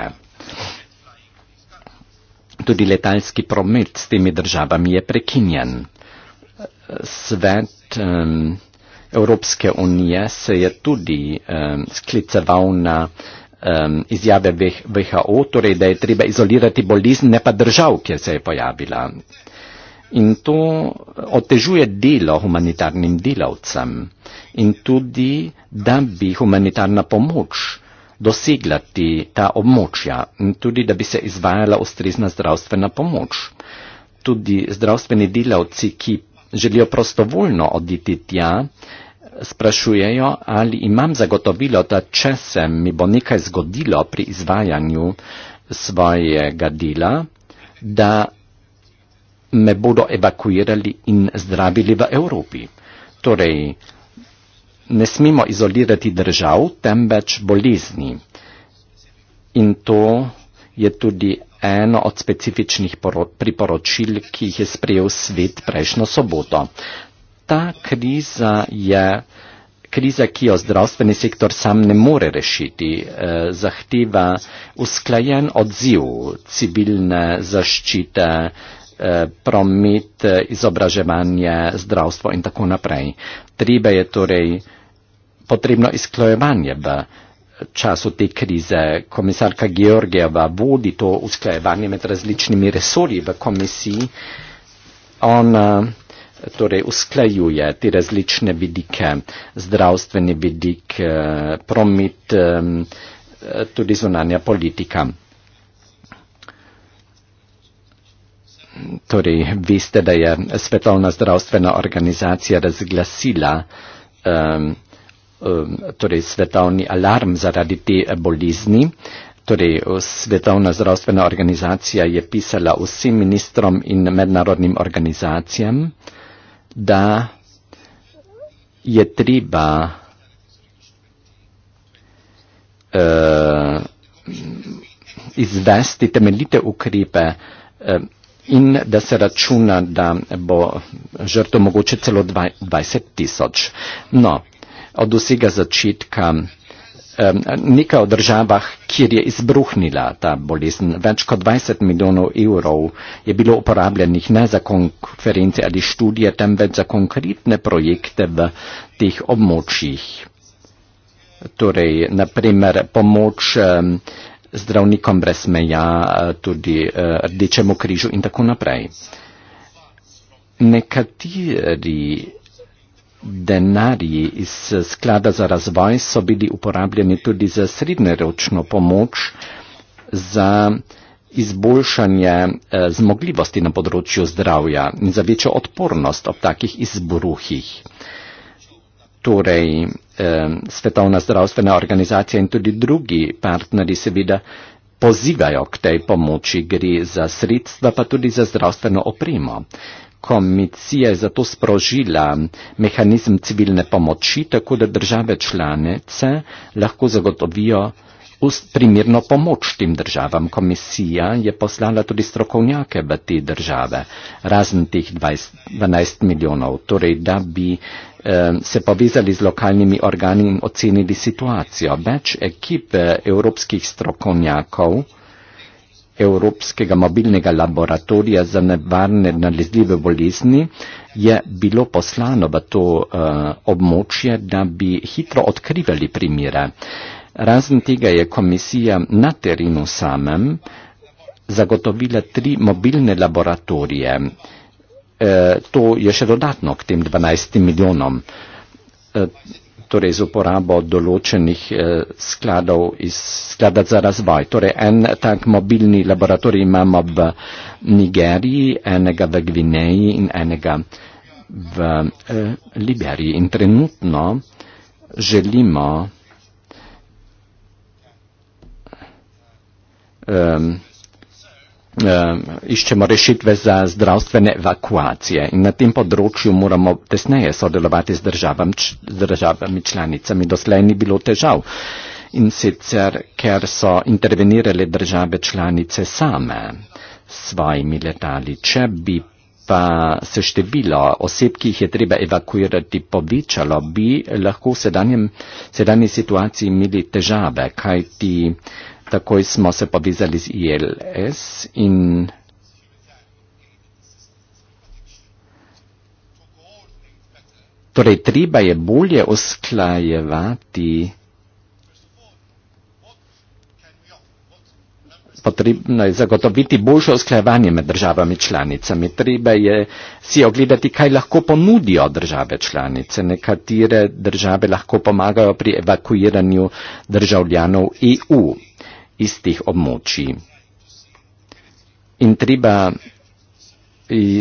Tudi letalski promet s temi državami je prekinjen. Svet um, Evropske unije se je tudi um, skliceval na um, izjave WHO, torej da je treba izolirati bolezen, ne pa držav, kjer se je pojavila. In to otežuje delo humanitarnim delavcem in tudi, da bi humanitarna pomoč dosegla ti, ta območja in tudi, da bi se izvajala ustrezna zdravstvena pomoč. Tudi zdravstveni delavci, ki želijo prostovoljno oditi tja, sprašujejo, ali imam zagotovilo, da če se mi bo nekaj zgodilo pri izvajanju svojega dela, da me bodo evakuirali in zdravili v Evropi. Torej, ne smemo izolirati držav, temveč bolezni. In to je tudi eno od specifičnih priporočil, ki jih je sprejel svet prejšnjo soboto. Ta kriza je kriza, ki jo zdravstveni sektor sam ne more rešiti, eh, zahteva usklajen odziv civilne zaščite, eh, promet, izobraževanje, zdravstvo in tako naprej. Treba je torej potrebno izklojevanje v času te krize. Komisarka Georgijeva vodi to usklajevanje med različnimi resorji v komisiji. Ona torej usklajuje te različne vidike, zdravstveni vidik, eh, promit, eh, tudi zunanja politika. Torej, veste, da je Svetovna zdravstvena organizacija razglasila um, Um, torej svetovni alarm zaradi te bolizni. Torej, Svetovna zdravstvena organizacija je pisala vsem ministrom in mednarodnim organizacijam, da je treba uh, izvesti temeljite ukrepe uh, in da se računa, da bo žrtvo mogoče celo 20 tisoč. No, od vsega začetka neka v državah, kjer je izbruhnila ta bolezen. Več kot 20 milijonov evrov je bilo uporabljenih ne za konference ali študije, temveč za konkretne projekte v teh območjih. Torej, naprimer, pomoč zdravnikom brez meja, tudi e, rdečemu križu in tako naprej. Nekateri Denarji iz eh, sklada za razvoj so bili uporabljeni tudi za srednjeročno pomoč za izboljšanje eh, zmogljivosti na področju zdravja in za večjo odpornost ob takih izbruhih. Torej, eh, Svetovna zdravstvena organizacija in tudi drugi partnerji seveda pozivajo k tej pomoči, gre za sredstva, pa tudi za zdravstveno opremo komisija je zato sprožila mehanizem civilne pomoči, tako da države članice lahko zagotovijo primerno pomoč tem državam. Komisija je poslala tudi strokovnjake v te države, razen teh 12 milijonov, torej da bi eh, se povezali z lokalnimi organi in ocenili situacijo. Več ekip eh, evropskih strokovnjakov Evropskega mobilnega laboratorija za nevarne nalezljive bolezni je bilo poslano v to uh, območje, da bi hitro odkrivali primere. Razen tega je komisija na terenu samem zagotovila tri mobilne laboratorije. E, to je še dodatno k tem 12 milijonom. E, torej z uporabo določenih eh, skladov iz sklada za razvoj. Torej, en tak mobilni laboratorij imamo v Nigeriji, enega v Gvineji in enega v eh, Liberiji. In trenutno želimo eh, Eh, iščemo rešitve za zdravstvene evakuacije in na tem področju moramo tesneje sodelovati z, državam, z državami članicami. Doslej ni bilo težav in sicer, ker so intervenirale države članice same s svojimi letali. Če bi pa se število oseb, ki jih je treba evakuirati, povečalo, bi lahko v sedanjem, sedanji situaciji imeli težave, kajti uh, Takoj smo se povezali z ILS in torej treba je bolje usklajevati potrebno je zagotoviti boljše usklajevanje med državami članicami. Treba je si ogledati, kaj lahko ponudijo države članice. Nekatere države lahko pomagajo pri evakuiranju državljanov EU istih območij. In treba eh,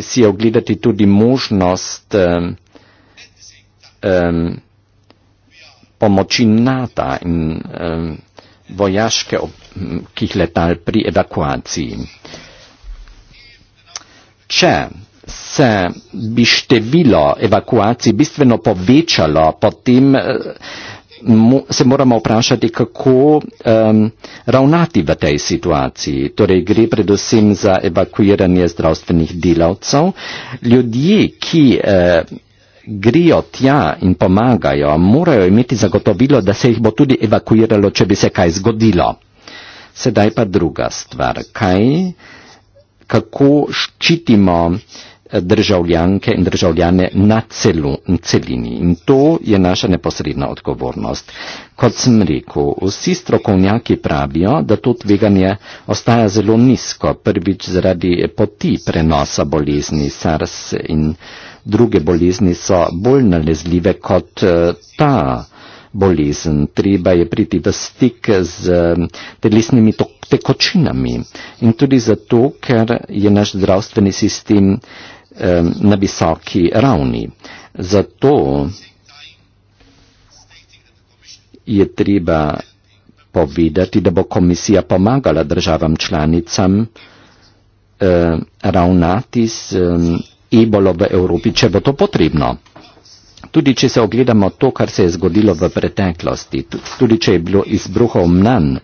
si ogledati tudi možnost um, pomoči NATO in um, vojaške, ki jih letal pri evakuaciji. Če se bi število evakuacij bistveno povečalo, potem uh, se moramo vprašati, kako um, ravnati v tej situaciji. Torej, gre predvsem za evakuiranje zdravstvenih delavcev. Ljudje, ki uh, eh, grijo tja in pomagajo, morajo imeti zagotovilo, da se jih bo tudi evakuiralo, če bi se kaj zgodilo. Sedaj pa druga stvar. Kaj, kako ščitimo uh, državljanke in državljane na celu, celini. In to je naša neposredna odgovornost. Kot sem rekel, vsi strokovnjaki pravijo, da to tveganje ostaja zelo nizko. Prvič zaradi poti prenosa bolezni SARS in druge bolezni so bolj nalezljive kot eh, ta bolezen. Treba je priti v stik z telesnimi tekočinami in tudi zato, ker je naš zdravstveni sistem na visoki ravni. Zato je treba povedati, da bo komisija pomagala državam članicam eh, ravnati z eh, ebolo v Evropi, če bo to potrebno. Tudi če se ogledamo to, kar se je zgodilo v preteklosti, tudi če je bilo izbruhov manj,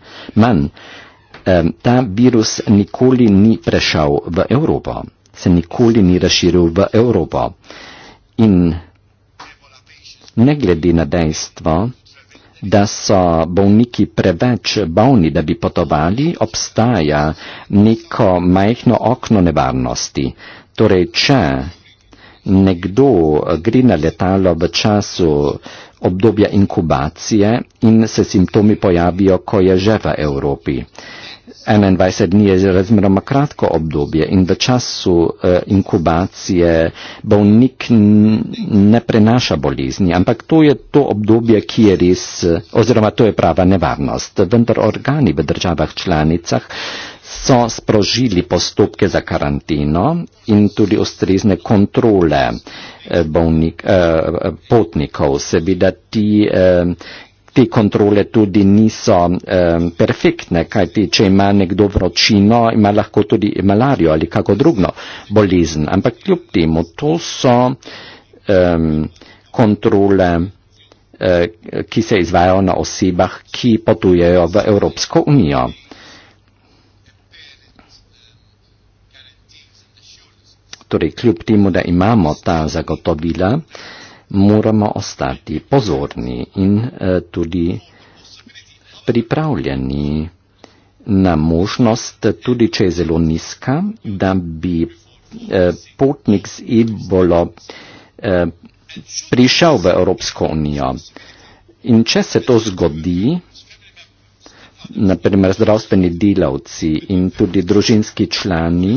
manj eh, ta virus nikoli ni prešel v Evropo, se nikoli ni razširil v Evropo. In ne glede na dejstvo, da so bolniki preveč bolni, da bi potovali, obstaja neko majhno okno nevarnosti. Torej, če nekdo eh, gre na letalo v času obdobja inkubacije in se simptomi pojavijo, ko je že v Evropi. 21 dni je razmeroma kratko obdobje in v času eh, inkubacije bolnik ne prenaša bolezni, ampak to je to obdobje, ki je res, eh, oziroma to je prava nevarnost. Vendar organi v državah članicah so sprožili postopke za karanteno in tudi ustrezne kontrole eh, bolnik, eh, eh, potnikov. Seveda ti, te kontrole tudi niso perfektne, kajti če ima nekdo vročino, ima lahko tudi malarijo ali kako drugno bolezen. Ampak kljub temu, to so kontrole ki se izvajajo na osebah, ki potujejo v Evropsko unijo. Torej, kljub temu, da imamo ta zagotovila, moramo ostati pozorni in uh, tudi pripravljeni na možnost, tudi če je zelo nizka, da bi uh, potnik z Ibolo uh, prišel v Evropsko unijo. In če se to zgodi, naprimer zdravstveni delavci in tudi družinski člani,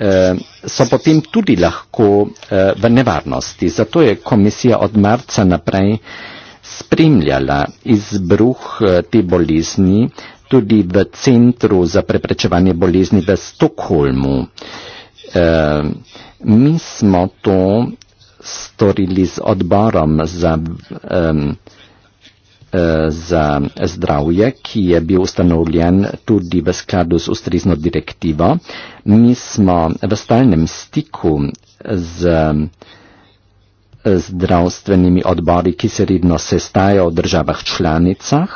Eh, so potem tudi lahko eh, v nevarnosti. Zato je komisija od marca naprej spremljala izbruh eh, te bolezni tudi v Centru za preprečevanje bolezni v Stokholmu. Mi smo to storili z odborom za. Um, Eh, za zdravje, ki je bil ustanovljen tudi v skladu z ustrezno direktivo. Mi smo v stalnem stiku z zdravstvenimi odbori, ki se redno sestajajo v državah članicah,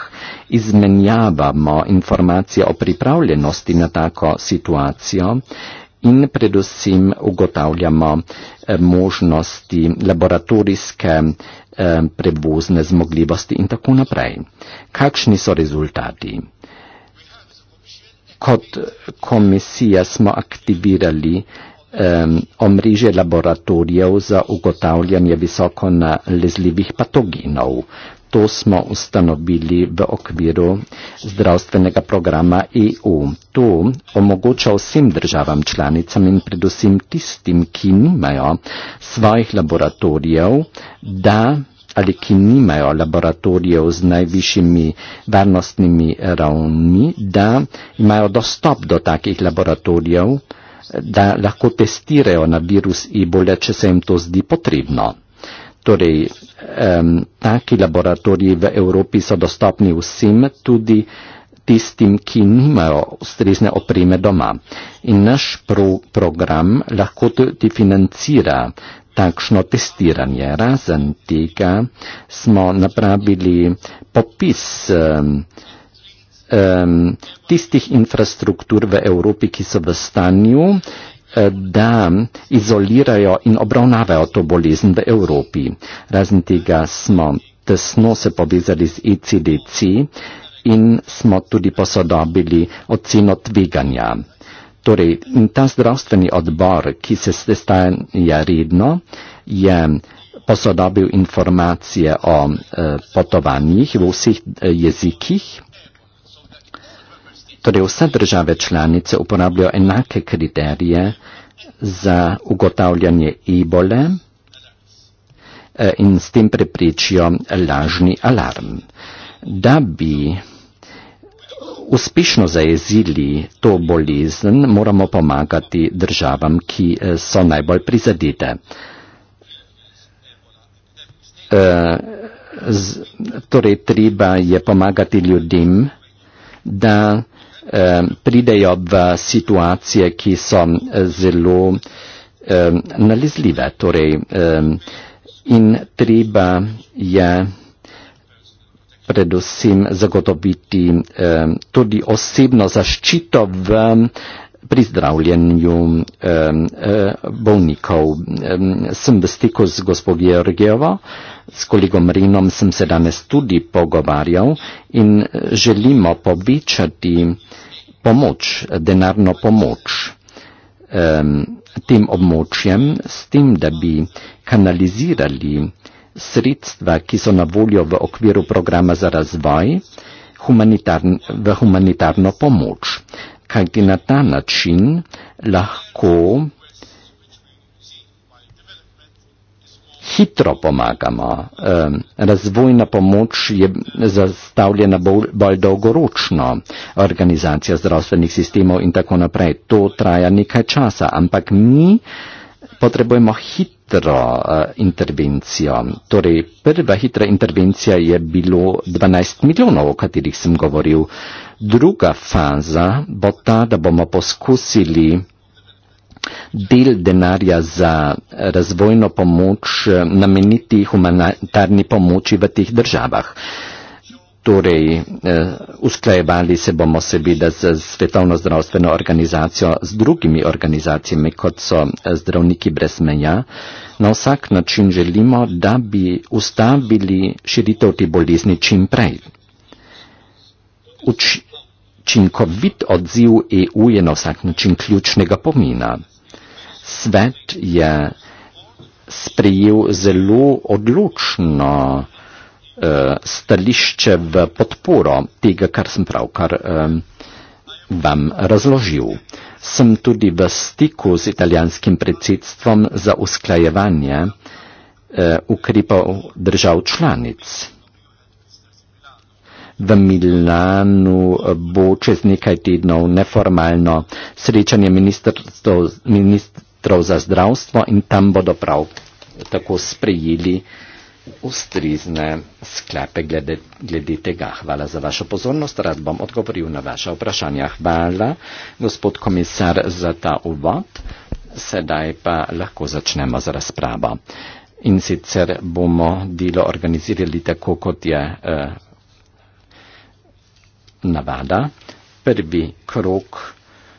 izmenjavamo informacije o pripravljenosti na tako situacijo in predvsem ugotavljamo eh, možnosti laboratorijske eh, prevozne zmogljivosti in tako naprej. Kakšni so rezultati? Kot eh, komisija smo aktivirali omrežje laboratorijev za ugotavljanje visoko nalezljivih patogenov to smo ustanovili v okviru zdravstvenega programa EU. To omogoča vsem državam članicam in predvsem tistim, ki nimajo svojih laboratorijev, da ali ki nimajo laboratorijev z najvišjimi varnostnimi ravni, da imajo dostop do takih laboratorijev, da lahko testirajo na virus ebole, če se jim to zdi potrebno. Torej, um, taki laboratoriji v Evropi so dostopni vsem, tudi tistim, ki nimajo ustrezne opreme doma. In naš pro program lahko tudi financira takšno testiranje. Razen tega smo napravili popis um, um, tistih infrastruktur v Evropi, ki so v stanju, Eh, da izolirajo in obravnavajo to bolezen v Evropi. Razen tega smo tesno se povezali z ECDC in smo tudi posodobili oceno tveganja. Torej, ta zdravstveni odbor, ki se sestaja redno, je posodobil informacije o eh, potovanjih v vseh eh, jezikih. Torej vse države članice uporabljajo enake kriterije za ugotavljanje ibole eh, in s tem prepričijo lažni alarm. Da bi uspešno zajezili to bolezen, moramo pomagati državam, ki eh, so najbolj prizadete. Eh, torej, treba je pomagati ljudem, da Ehm, pridejo v situacije, ki so eh, zelo ehm, nalezljive. Torej, ehm, in treba je predvsem zagotoviti tudi osebno zaščito v pri zdravljenju eh, bolnikov. Sem v stiku z gospod Georgijevo, s kolegom Rinom sem se danes tudi pogovarjal in eh, želimo povečati pomoč, denarno pomoč tem območjem s tem, da bi kanalizirali sredstva, ki so na voljo v okviru programa za razvoj, humanitarn, v humanitarno pomoč kajti na ta način lahko hitro pomagamo. Razvojna pomoč je zastavljena bolj, bolj dolgoročno, organizacija zdravstvenih sistemov in tako naprej. To traja nekaj časa, ampak mi potrebujemo hitro e, intervencijo. Torej, prva hitra intervencija je bilo 12 milijonov, o katerih sem govoril druga faza bo ta, da bomo poskusili del denarja za razvojno pomoč nameniti humanitarni pomoči v teh državah. Torej, eh, usklajevali se bomo seveda z Svetovno zdravstveno organizacijo, z drugimi organizacijami, kot so eh, zdravniki brez meja. Na vsak način želimo, da bi ustavili širitev te bolezni čim prej. Činkovit odziv EU je na vsak način ključnega pomina. Svet je sprejel zelo odločno uh, stališče v podporo tega, kar sem pravkar uh, vam razložil. Sem tudi v stiku z italijanskim predsedstvom za usklajevanje uh, ukrepov držav članic v Milanu eh, bo čez nekaj tednov neformalno srečanje ministrov za zdravstvo in tam bodo prav tako sprejeli ustrizne sklepe glede, glede tega. Hvala za vašo pozornost, rad bom odgovoril na vaše vprašanja. Hvala, gospod komisar, za ta uvod. Sedaj pa lahko začnemo z razpravo. In sicer bomo delo organizirali tako, kot je. Eh, navada. Prvi krok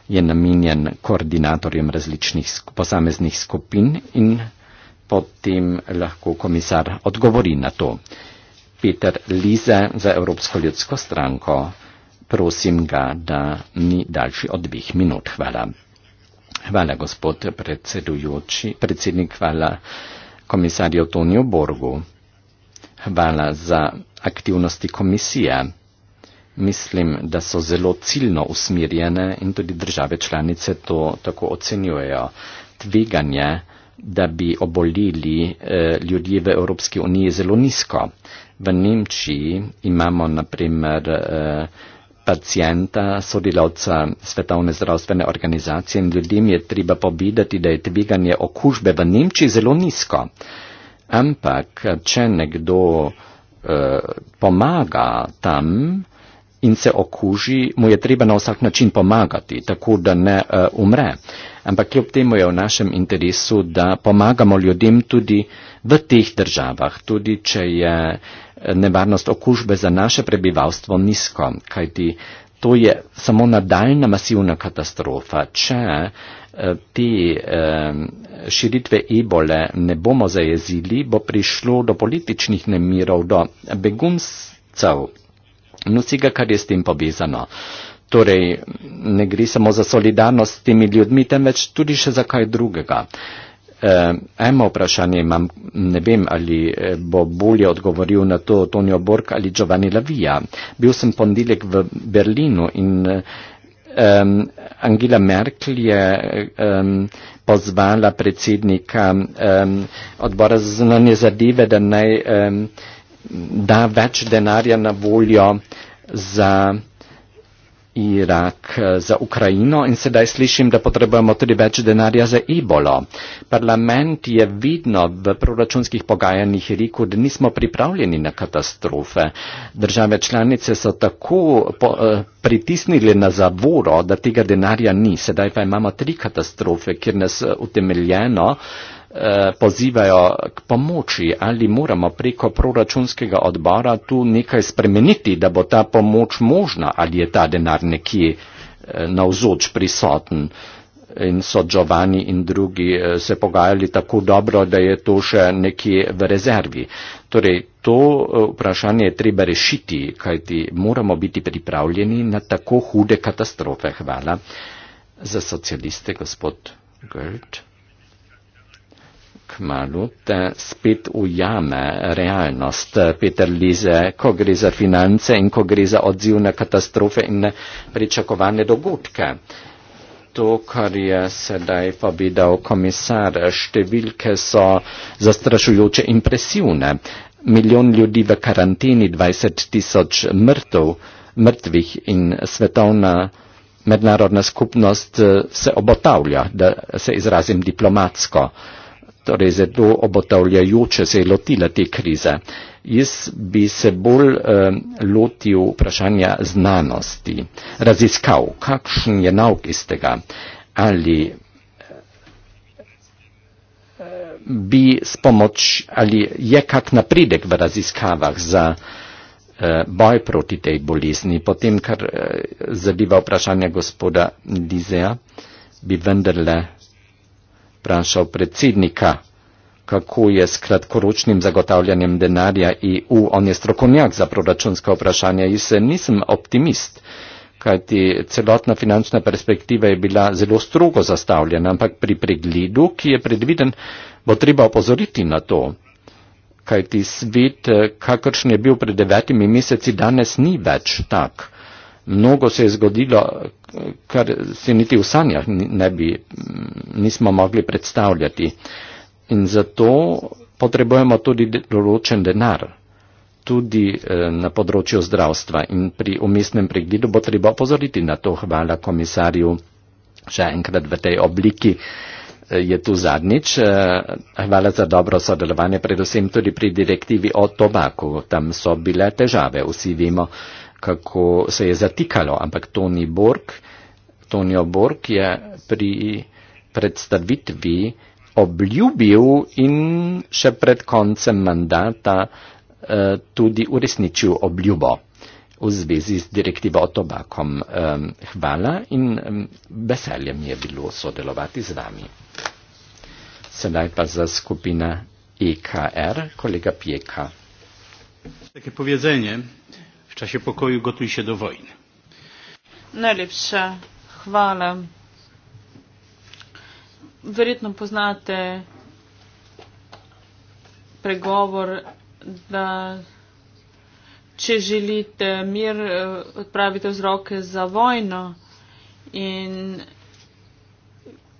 je namenjen koordinatorjem različnih posameznih skupin in potem lahko komisar odgovori na to. Peter Lize za Evropsko ljudsko stranko, prosim ga, da ni daljši od dveh minut. Hvala. Hvala, gospod predsedujoči, predsednik, hvala komisarju Tonijo Borgu. Hvala za aktivnosti komisije mislim, da so zelo ciljno usmirjene in tudi države članice to tako ocenjujejo. Tveganje, da bi obolili eh, ljudje v Evropski uniji, je zelo nizko. V Nemčiji imamo naprimer eh, pacijenta, sodelavca Svetovne zdravstvene organizacije in ljudem je treba povedati, da je tveganje okužbe v Nemčiji zelo nizko. Ampak, če nekdo eh, pomaga tam, in se okuži, mu je treba na vsak način pomagati, tako da ne uh, umre. Ampak kljub temu je v našem interesu, da pomagamo ljudem tudi v teh državah, tudi če je eh, nevarnost okužbe za naše prebivalstvo nizko, kajti to je samo nadaljna masivna katastrofa, če eh, te širitve ebole ne bomo zajezili, bo prišlo do političnih nemirov, do begunstv in vsega, kar je s tem povezano. Torej, ne gre samo za solidarnost s temi ljudmi, temveč tudi še za kaj drugega. E, eno vprašanje imam, ne vem, ali e, bo bolje odgovoril na to Tonijo Bork ali Giovanni Lavija. Bil sem ponedeljek v Berlinu in um, Angela Merkel je um, pozvala predsednika um, odbora za znanje zadeve, da naj. Um, da več denarja na voljo za Irak, eh, za Ukrajino in sedaj slišim, da potrebujemo tudi več denarja za Ibolo. Parlament je vidno v proračunskih pogajanjih rekel, da nismo pripravljeni na katastrofe. Države članice so tako po, eh, pritisnili na zavoro, da tega denarja ni. Sedaj pa imamo tri katastrofe, kjer nas eh, utemeljeno. Uh, Eh, pozivajo k pomoči ali moramo preko proračunskega odbora tu nekaj spremeniti, da bo ta pomoč možna ali je ta denar nekje eh, navzoč prisoten in so Giovanni in drugi eh, se pogajali tako dobro, da je to še nekje v rezervi. Torej, to vprašanje je treba rešiti, kajti moramo biti pripravljeni na tako hude katastrofe. Hvala za socialiste, gospod Gert kmalo, da spet ujame realnost. Peter Lize, ko gre za finance in ko gre za odziv na katastrofe in pričakovane dogodke. To, kar je sedaj povedal komisar, številke so zastrašujoče impresivne. Milijon ljudi v karanteni, 20 tisoč mrtvih in svetovna mednarodna skupnost eh, se obotavlja, da se izrazim diplomatsko torej zelo obotavljajoče se je lotila te krize. Jaz bi se bolj eh, lotil vprašanja znanosti, raziskav, kakšen je nauk iz tega, ali eh, bi s pomoč, ali je kak napredek v raziskavah za eh, boj proti tej bolezni, potem, kar eh, zadeva vprašanje gospoda Dizeja, bi vendarle vprašal predsednika, kako je s kratkoročnim zagotavljanjem denarja EU. On je strokovnjak za proračunska vprašanja in se nisem optimist, kajti celotna finančna perspektiva je bila zelo strogo zastavljena, ampak pri pregledu, ki je predviden, bo treba opozoriti na to. Kajti svet, eh, kakršen je bil pred devetimi meseci, danes ni več tak mnogo se je zgodilo, kar se niti v sanjah ne bi, nismo mogli predstavljati. In zato potrebujemo tudi določen denar, tudi eh, na področju zdravstva. In pri umestnem pregledu bo treba opozoriti na to. Hvala komisarju še enkrat v tej obliki. Eh, je tu zadnjič. Eh, hvala za dobro sodelovanje, predvsem tudi pri direktivi o tobaku. Tam so bile težave, vsi vemo kako se je zatikalo, ampak Toni Borg, Tonio Borg je pri predstavitvi obljubil in še pred koncem mandata eh, tudi uresničil obljubo v zvezi z direktivo o tobakom. Hvala in veseljem je bilo sodelovati z vami. Sedaj pa za skupina EKR, kolega Pieka. Takie powiedzenie, czasie pokoju gotuj się do wojny. Najlepsze chwale. Wyrytno poznate pregovor, da če želite mir, eh, odpravite vzroke za vojno. In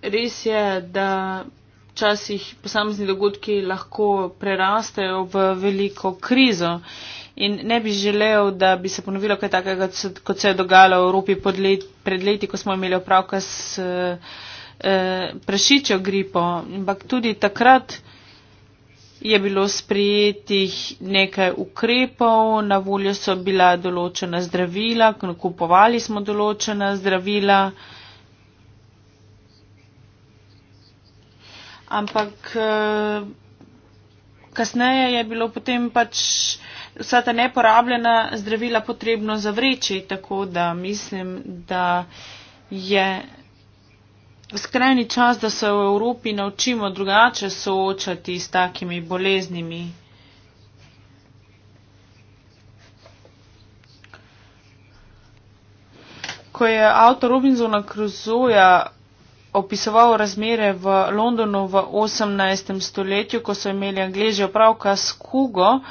res je, da časih posamezni dogodki lahko prerastejo v veliko krizo in ne bi želel, da bi se ponovilo kaj takega, kot se je dogajalo v Evropi let, pred leti, ko smo imeli opravka s eh, eh prašičjo gripo. Ampak tudi takrat je bilo sprijetih nekaj ukrepov, na voljo so bila določena zdravila, kupovali smo določena zdravila. Ampak eh, kasneje je bilo potem pač vsa ta neporabljena zdravila potrebno zavreči, tako da mislim, da je skrajni čas, da se v Evropi naučimo drugače soočati s takimi boleznimi. Ko je avtor Robinsona Cruzoja opisoval razmere v Londonu v 18. stoletju, ko so imeli Angleži opravka s kugo, uh,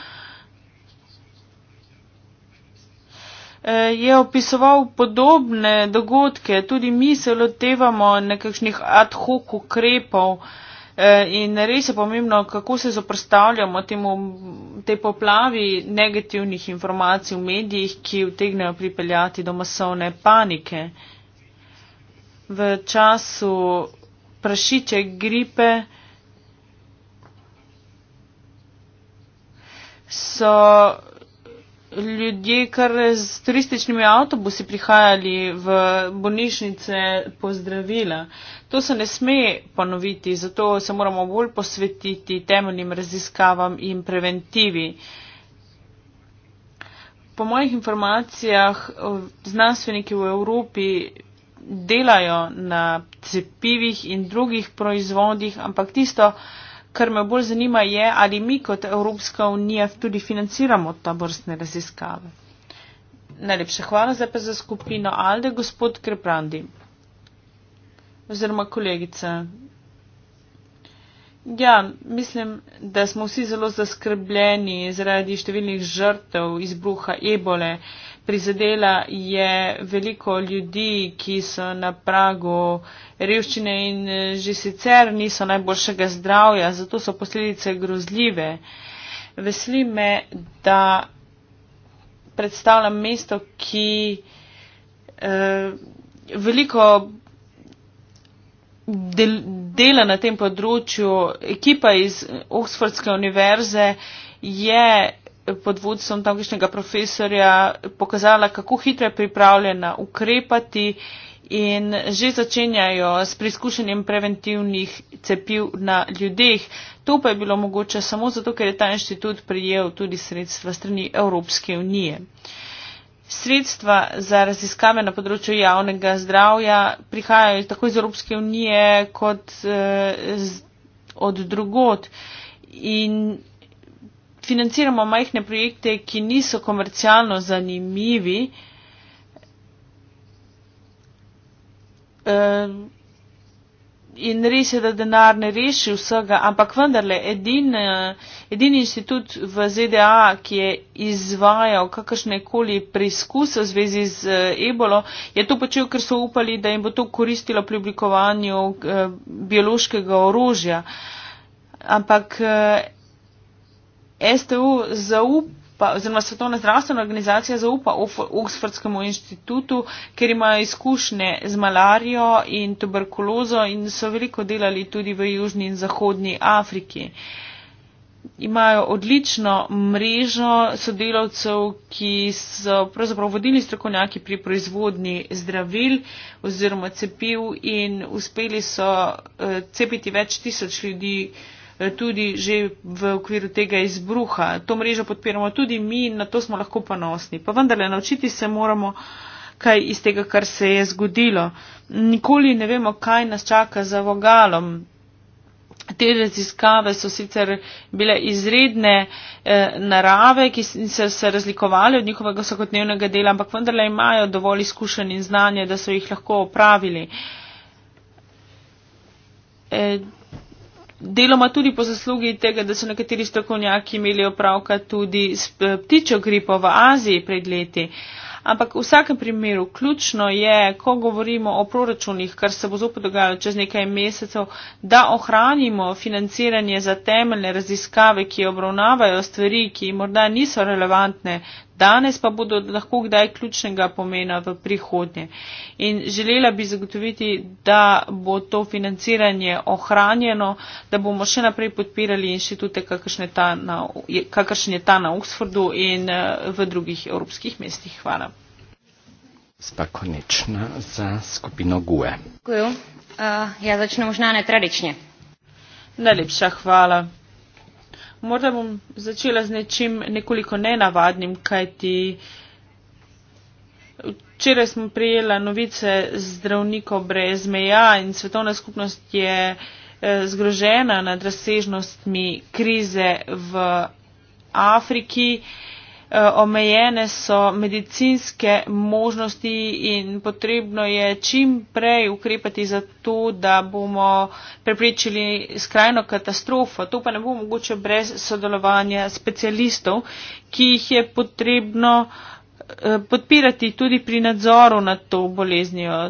Eh, je opisoval podobne dogodke, tudi mi se lotevamo nekakšnih ad hoc ukrepov eh, in res je pomembno, kako se zoprstavljamo temu, tej poplavi negativnih informacij v medijih, ki utegnejo pripeljati do masovne panike. V času prašiče gripe so ljudje kar z turističnimi avtobusi prihajali v bolnišnice po zdravila. To se ne sme ponoviti, zato se moramo bolj posvetiti temeljnim raziskavam in preventivi. Po mojih informacijah znanstveniki v Evropi delajo na cepivih in drugih proizvodih, ampak tisto, kar me bolj zanima je, ali mi kot Evropska unija tudi financiramo ta vrstne raziskave. Najlepša hvala zdaj pa za skupino Alde, gospod Kreprandi oziroma kolegica. Ja, mislim, da smo vsi zelo zaskrbljeni zaradi številnih žrtev izbruha ebole. Uh, prizadela je veliko ljudi, ki so na pragu revščine in eh, že sicer niso najboljšega zdravja, zato so posledice grozljive. Veseli me, da predstavljam mesto, ki eh, veliko del, dela na tem področju. Ekipa iz Oxfordske univerze je pod vodstvom tamkajšnjega profesorja pokazala, kako hitro je pripravljena ukrepati in že začenjajo s preizkušanjem preventivnih cepiv na ljudeh. To pa je bilo mogoče samo zato, ker je ta inštitut prijel tudi sredstva strani Evropske unije. Sredstva za raziskave na področju javnega zdravja prihajajo tako iz Evropske unije kot eh, z, od drugot. In financiramo majhne projekte, ki niso komercialno zanimivi. Eh, in res je, da denar ne reši vsega, ampak vendarle, edini edin inštitut v ZDA, ki je izvajal kakršne koli preizkuse v zvezi z eh, ebolo, je to počel, ker so upali, da jim bo to koristilo pri oblikovanju eh, biološkega orožja. Ampak STU zaupa, oziroma Svetovna zdravstvena organizacija zaupa Oxfordskemu inštitutu, ker imajo izkušnje z malarijo in tuberkulozo in so veliko delali tudi v Južni in Zahodnji Afriki. Imajo odlično mrežo sodelavcev, ki so pravzaprav vodili strokovnjaki pri proizvodni zdravil oziroma cepiv in uspeli so eh, cepiti več tisoč ljudi. Eh, tudi že v okviru tega izbruha. To mrežo podpiramo tudi mi in na to smo lahko ponosni. Pa vendarle, naučiti se moramo kaj iz tega, kar se je zgodilo. Nikoli ne vemo, kaj nas čaka za vogalom. Te raziskave so sicer bile izredne eh, narave, ki so se razlikovali od njihovega vsakodnevnega dela, ampak vendarle imajo dovolj izkušen in znanje, da so jih lahko opravili. Eh, deloma tudi po zaslugi tega, da so nekateri strokovnjaki imeli opravka tudi s eh, ptičjo gripo v Aziji pred leti. Ampak v vsakem primeru ključno je, ko govorimo o proračunih, kar se bo zopet dogajalo čez nekaj mesecev, da ohranimo financiranje za temeljne raziskave, ki obravnavajo stvari, ki morda niso relevantne danes pa bodo lahko kdaj ključnega pomena v prihodnje. In želela bi zagotoviti, da bo to financiranje ohranjeno, da bomo še naprej podpirali inštitute, kakršen je ta na Oxfordu in eh, v drugih evropskih mestih. Hvala. Zdaj konečna za skupino GUE. Uh, eh, ja, začnemo možno ne tradične. Najlepša hvala. Morda bom začela z nečim nekoliko nenavadnim, kajti včeraj smo prijela novice zdravnikov brez meja in svetovna skupnost je eh, zgrožena nad razsežnostmi krize v Afriki. Eh, omejene so medicinske možnosti in potrebno je čim prej ukrepati za to, da bomo preprečili skrajno katastrofo. To pa ne bo mogoče brez sodelovanja specialistov, ki jih je potrebno eh, podpirati tudi pri nadzoru nad to boleznijo.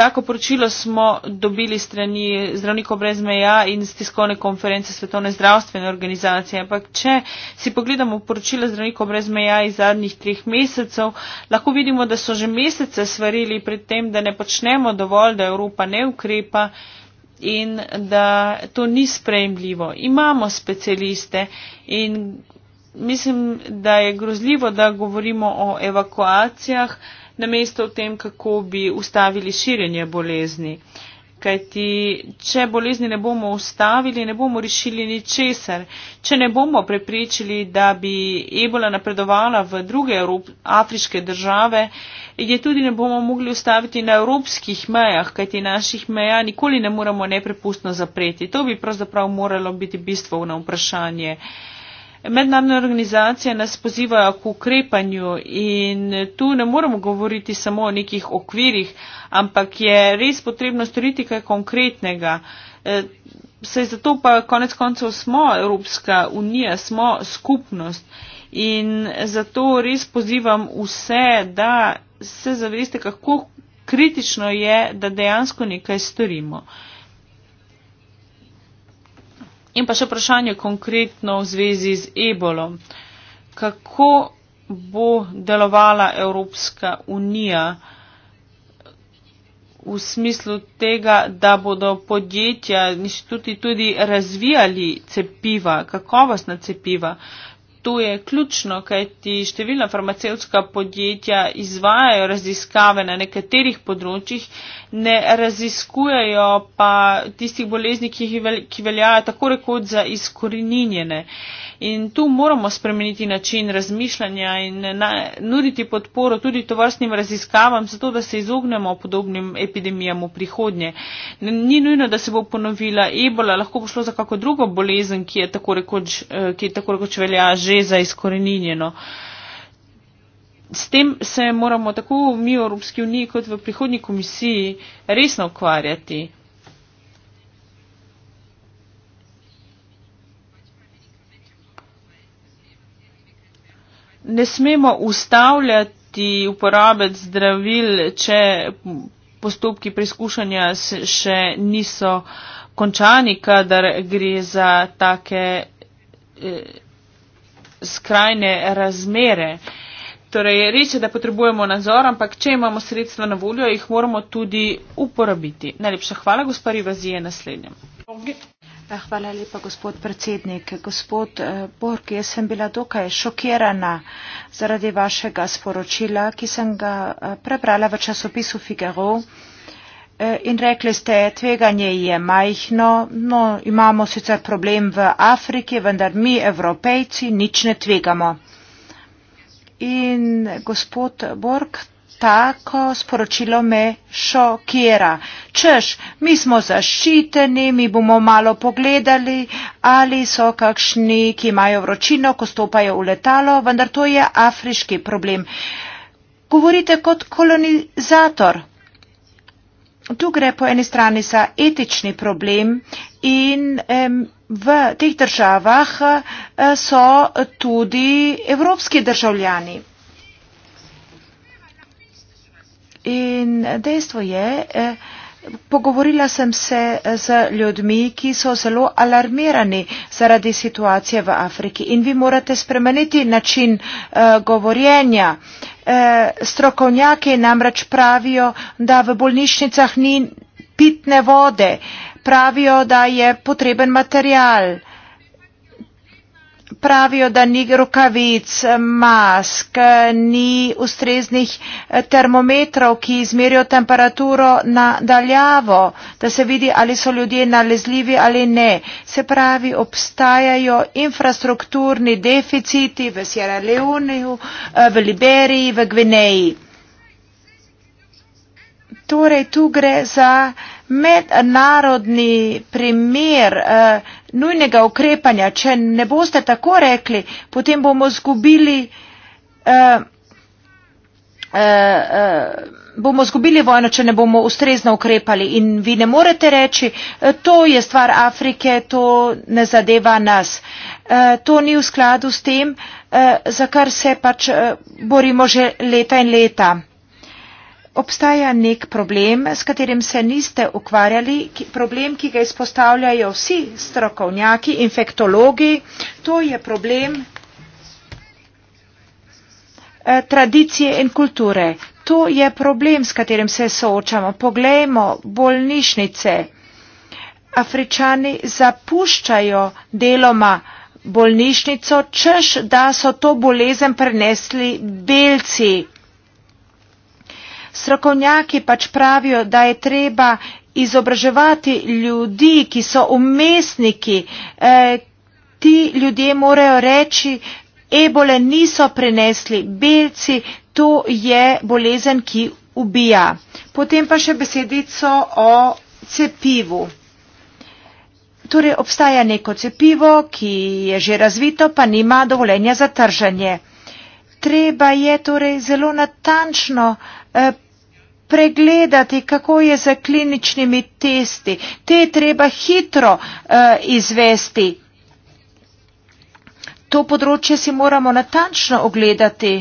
Tako poročilo smo dobili strani zdravnikov brez meja in stiskovne konference Svetovne zdravstvene organizacije. Ampak, če si pogledamo poročila zdravnikov brez meja iz zadnjih treh mesecev, lahko vidimo, da so že mesece svarili pred tem, da ne počnemo dovolj, da Evropa ne ukrepa in da to ni sprejemljivo. Imamo specialiste in mislim, da je grozljivo, da govorimo o evakuacijah namesto v tem, kako bi ustavili širjenje bolezni. Kajti, če bolezni ne bomo ustavili, ne bomo rešili ničesar. Če ne bomo prepričali, da bi ebola napredovala v druge Evrop afriške države, je tudi ne bomo mogli ustaviti na evropskih mejah, kajti naših meja nikoli ne moramo neprepustno zapreti. To bi pravzaprav moralo biti bistvo na vprašanje. Uh, mednarodne organizacije nas pozivajo k ukrepanju in tu ne moremo govoriti samo o nekih okvirih, ampak je res potrebno storiti kaj konkretnega. E, saj zato pa konec koncev smo Evropska unija, smo skupnost in zato res pozivam vse, da se zaveste, kako kritično je, da dejansko nekaj storimo. In pa še vprašanje konkretno v zvezi z ebolo. Kako bo delovala Evropska unija v smislu tega, da bodo podjetja, inštituti tudi razvijali cepiva, kakovostna cepiva? Uh, to je ključno, kajti številna farmacevska podjetja izvajajo raziskave na nekaterih področjih, ne raziskujejo pa tistih bolezni, ki veljajo tako rekoč za izkorinjene. Uh, In tu moramo spremeniti način razmišljanja in na, nuriti podporo tudi tovrstnim raziskavam, zato da se izognemo podobnim epidemijam v prihodnje. Ni nujno, da se bo ponovila ebola, lahko bo šlo za kako drugo bolezen, ki je tako rekoč, eh, ki je tako rekoč velja že za izkoreninjeno. S tem se moramo tako mi v Evropski uniji kot v prihodnji komisiji resno ukvarjati. ne smemo ustavljati uporabe zdravil, če postopki preizkušanja še niso končani, kadar gre za take eh, skrajne razmere. Torej, reče, da potrebujemo nadzor, ampak če imamo sredstva na voljo, jih moramo tudi uporabiti. Najlepša hvala, gospa Rivazi, je naslednjem. Hvala lepa, gospod predsednik. Gospod eh, Bork, jaz sem bila dokaj šokirana zaradi vašega sporočila, ki sem ga eh, prebrala v časopisu Figaro. Eh, in rekli ste, tveganje je majhno, no, imamo sicer problem v Afriki, vendar mi, Evropejci, nič ne tvegamo. In gospod Bork, tako sporočilo me šokira. Češ, mi smo zaščiteni, mi bomo malo pogledali, ali so kakšni, ki imajo vročino, ko stopajo v letalo, vendar to je afriški problem. Govorite kot kolonizator. Tu gre po eni strani za etični problem in em, v teh državah eh, so tudi evropski državljani. In dejstvo je, eh, pogovorila sem se eh, z ljudmi, ki so zelo alarmirani zaradi situacije v Afriki in vi morate spremeniti način eh, govorjenja. Strokovnjaki namreč pravijo, da v bolnišnicah ni pitne vode, pravijo, da je potreben material pravijo, da ni rokavic, mask, ni ustreznih eh, termometrov, ki izmerijo temperaturo na daljavo, da se vidi, ali so ljudje nalezljivi ali ne. Se pravi, obstajajo infrastrukturni deficiti v Sierra Leoneju, eh, v Liberiji, v Gvineji torej tu gre za mednarodni primer uh, nujnega ukrepanja. Če ne boste tako rekli, potem bomo zgubili, uh, uh, uh, zgubili vojno, če ne bomo ustrezno ukrepali. In vi ne morete reči, uh, to je stvar Afrike, to ne zadeva nas. Uh, to ni v skladu s tem, uh, za kar se pač uh, borimo že leta in leta obstaja nek problem, s katerim se niste ukvarjali, problem, ki ga izpostavljajo vsi strokovnjaki, infektologi, to je problem eh, tradicije in kulture. To je problem, s katerim se soočamo. Poglejmo bolnišnice. Afričani zapuščajo deloma bolnišnico, češ da so to bolezen prenesli belci. Srokovnjaki pač pravijo, da je treba izobraževati ljudi, ki so umestniki. E, ti ljudje morajo reči, ebole niso prenesli belci, to je bolezen, ki ubija. Potem pa še besedico o cepivu. Torej obstaja neko cepivo, ki je že razvito, pa nima dovoljenja za tržanje. Treba je torej zelo natančno uh, Eh, pregledati, kako je z kliničnimi testi. Te treba hitro eh, izvesti. To področje si moramo natančno ogledati.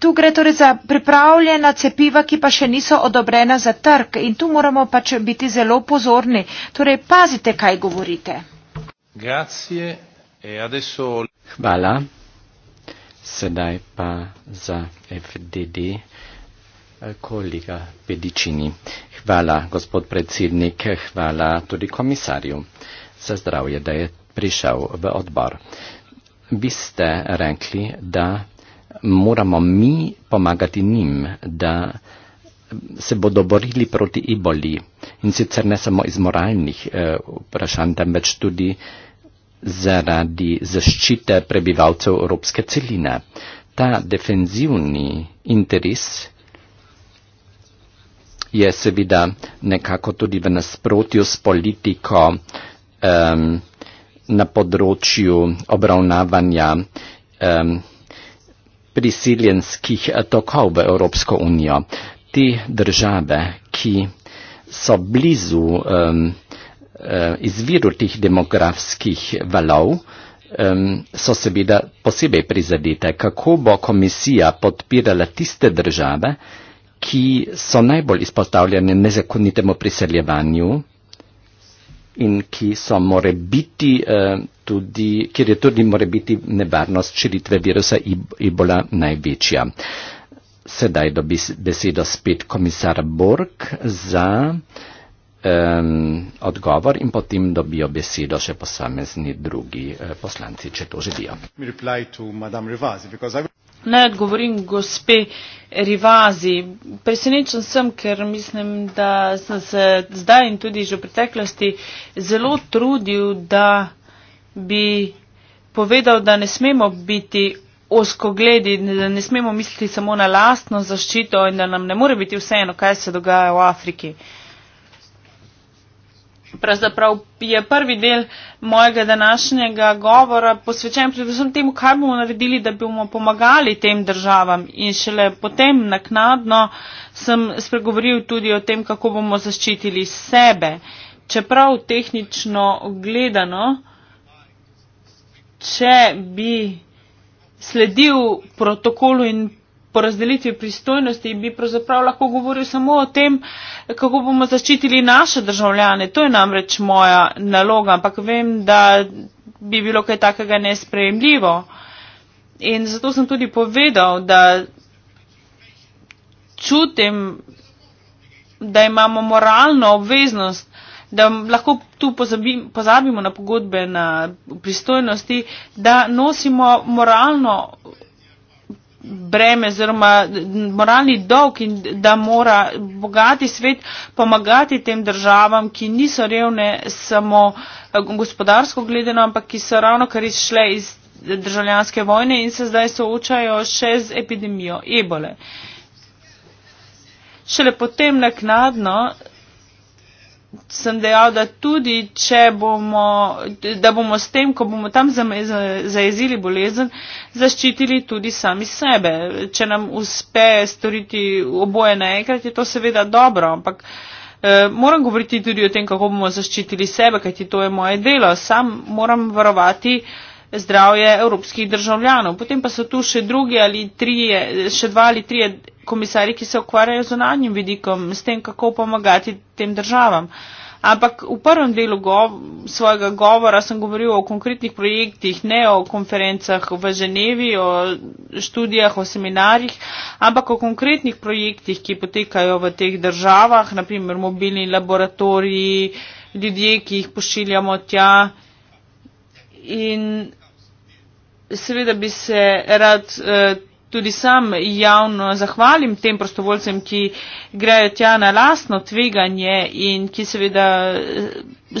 Tu gre torej za pripravljena cepiva, ki pa še niso odobrena za trg in tu moramo pač biti zelo pozorni. Torej, pazite, kaj govorite. E Hvala. Sedaj pa za FDD eh, kolega Pedičini. Hvala, gospod predsednik, hvala tudi komisarju za zdravje, da je prišel v odbor. Vi ste rekli, da moramo mi pomagati njim, da se bodo borili proti eboli in sicer ne samo iz moralnih eh, vprašanj, temveč tudi zaradi zaščite prebivalcev Evropske celine. Ta defenzivni interes je seveda nekako tudi v nasprotju s politiko um, na področju obravnavanja um, prisiljenskih tokov v Evropsko unijo. Te države, ki so blizu um, Eh, izviru tih demografskih valov so seveda posebej prizadete, kako bo komisija podpirala tiste države, ki so najbolj izpostavljene nezakonitemu priseljevanju in ki so more biti eh, tudi, kjer je tudi more biti nevarnost širitve virusa ebola največja. Sedaj dobi besedo spet komisar Borg za odgovor in potem dobijo besedo še posamezni drugi eh, poslanci, če to želijo. Naj odgovorim gospe Rivazi. Presenečen sem, ker mislim, da sem se zdaj in tudi že v preteklosti zelo trudil, da bi povedal, da ne smemo biti oskogledi, da ne smemo misliti samo na lastno zaščito in da nam ne more biti vseeno, kaj se dogaja v Afriki. Uh, pravzaprav je prvi del mojega današnjega govora posvečen predvsem temu, kaj bomo naredili, da bomo pomagali tem državam. In šele potem naknadno sem spregovoril tudi o tem, kako bomo zaščitili sebe. Čeprav tehnično gledano, če bi sledil protokolu in po razdelitvi pristojnosti bi pravzaprav lahko govoril samo o tem, kako bomo zaščitili naše državljane. To je namreč moja naloga, ampak vem, da bi bilo kaj takega nesprejemljivo. In zato sem tudi povedal, da čutim, da imamo moralno obveznost, da lahko tu pozabimo, pozabimo na pogodbe, na pristojnosti, da nosimo moralno breme oziroma moralni dolg in da mora bogati svet pomagati tem državam, ki niso revne samo eh, gospodarsko gledano, ampak ki so ravno kar izšle iz državljanske vojne in se zdaj soočajo še z epidemijo ebole. Šele potem naknadno sem dejal, da tudi, bomo, da bomo s tem, ko bomo tam zajezili bolezen, zaščitili tudi sami sebe. Če nam uspe storiti oboje naenkrat, je to seveda dobro, ampak eh, moram govoriti tudi o tem, kako bomo zaščitili sebe, kajti to je moje delo. Sam moram varovati. Eh, zdravje evropskih državljanov. Potem pa so tu še drugi ali trije, še dva ali trije komisari, ki se ukvarjajo z onanjim vidikom, s tem, kako pomagati tem državam. Ampak v prvem delu gov svojega govora sem govoril o konkretnih projektih, ne o konferencah v Ženevi, o študijah, o seminarjih, ampak o konkretnih projektih, ki potekajo v teh državah, naprimer mobilni laboratoriji, ljudje, ki jih pošiljamo tja. In seveda bi se rad eh, tudi sam javno zahvalim tem prostovoljcem, ki grejo tja na lastno tveganje in ki seveda eh,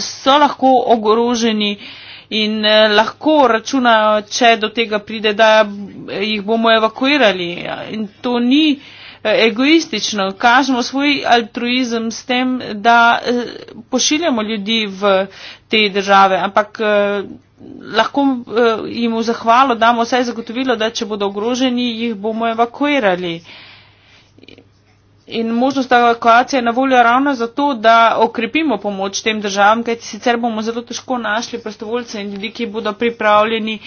so lahko ogroženi. In eh, lahko računajo, če do tega pride, da jih bomo evakuirali. In to ni egoistično. Kažemo svoj altruizem s tem, da pošiljamo ljudi v te države. Ampak lahko uh, jim v zahvalo damo vsaj zagotovilo, da če bodo ogroženi, jih bomo evakuirali. In možnost evakuacije je na voljo ravno zato, da okrepimo pomoč tem državam, kajti sicer bomo zelo težko našli prostovoljce in ljudi, ki bodo pripravljeni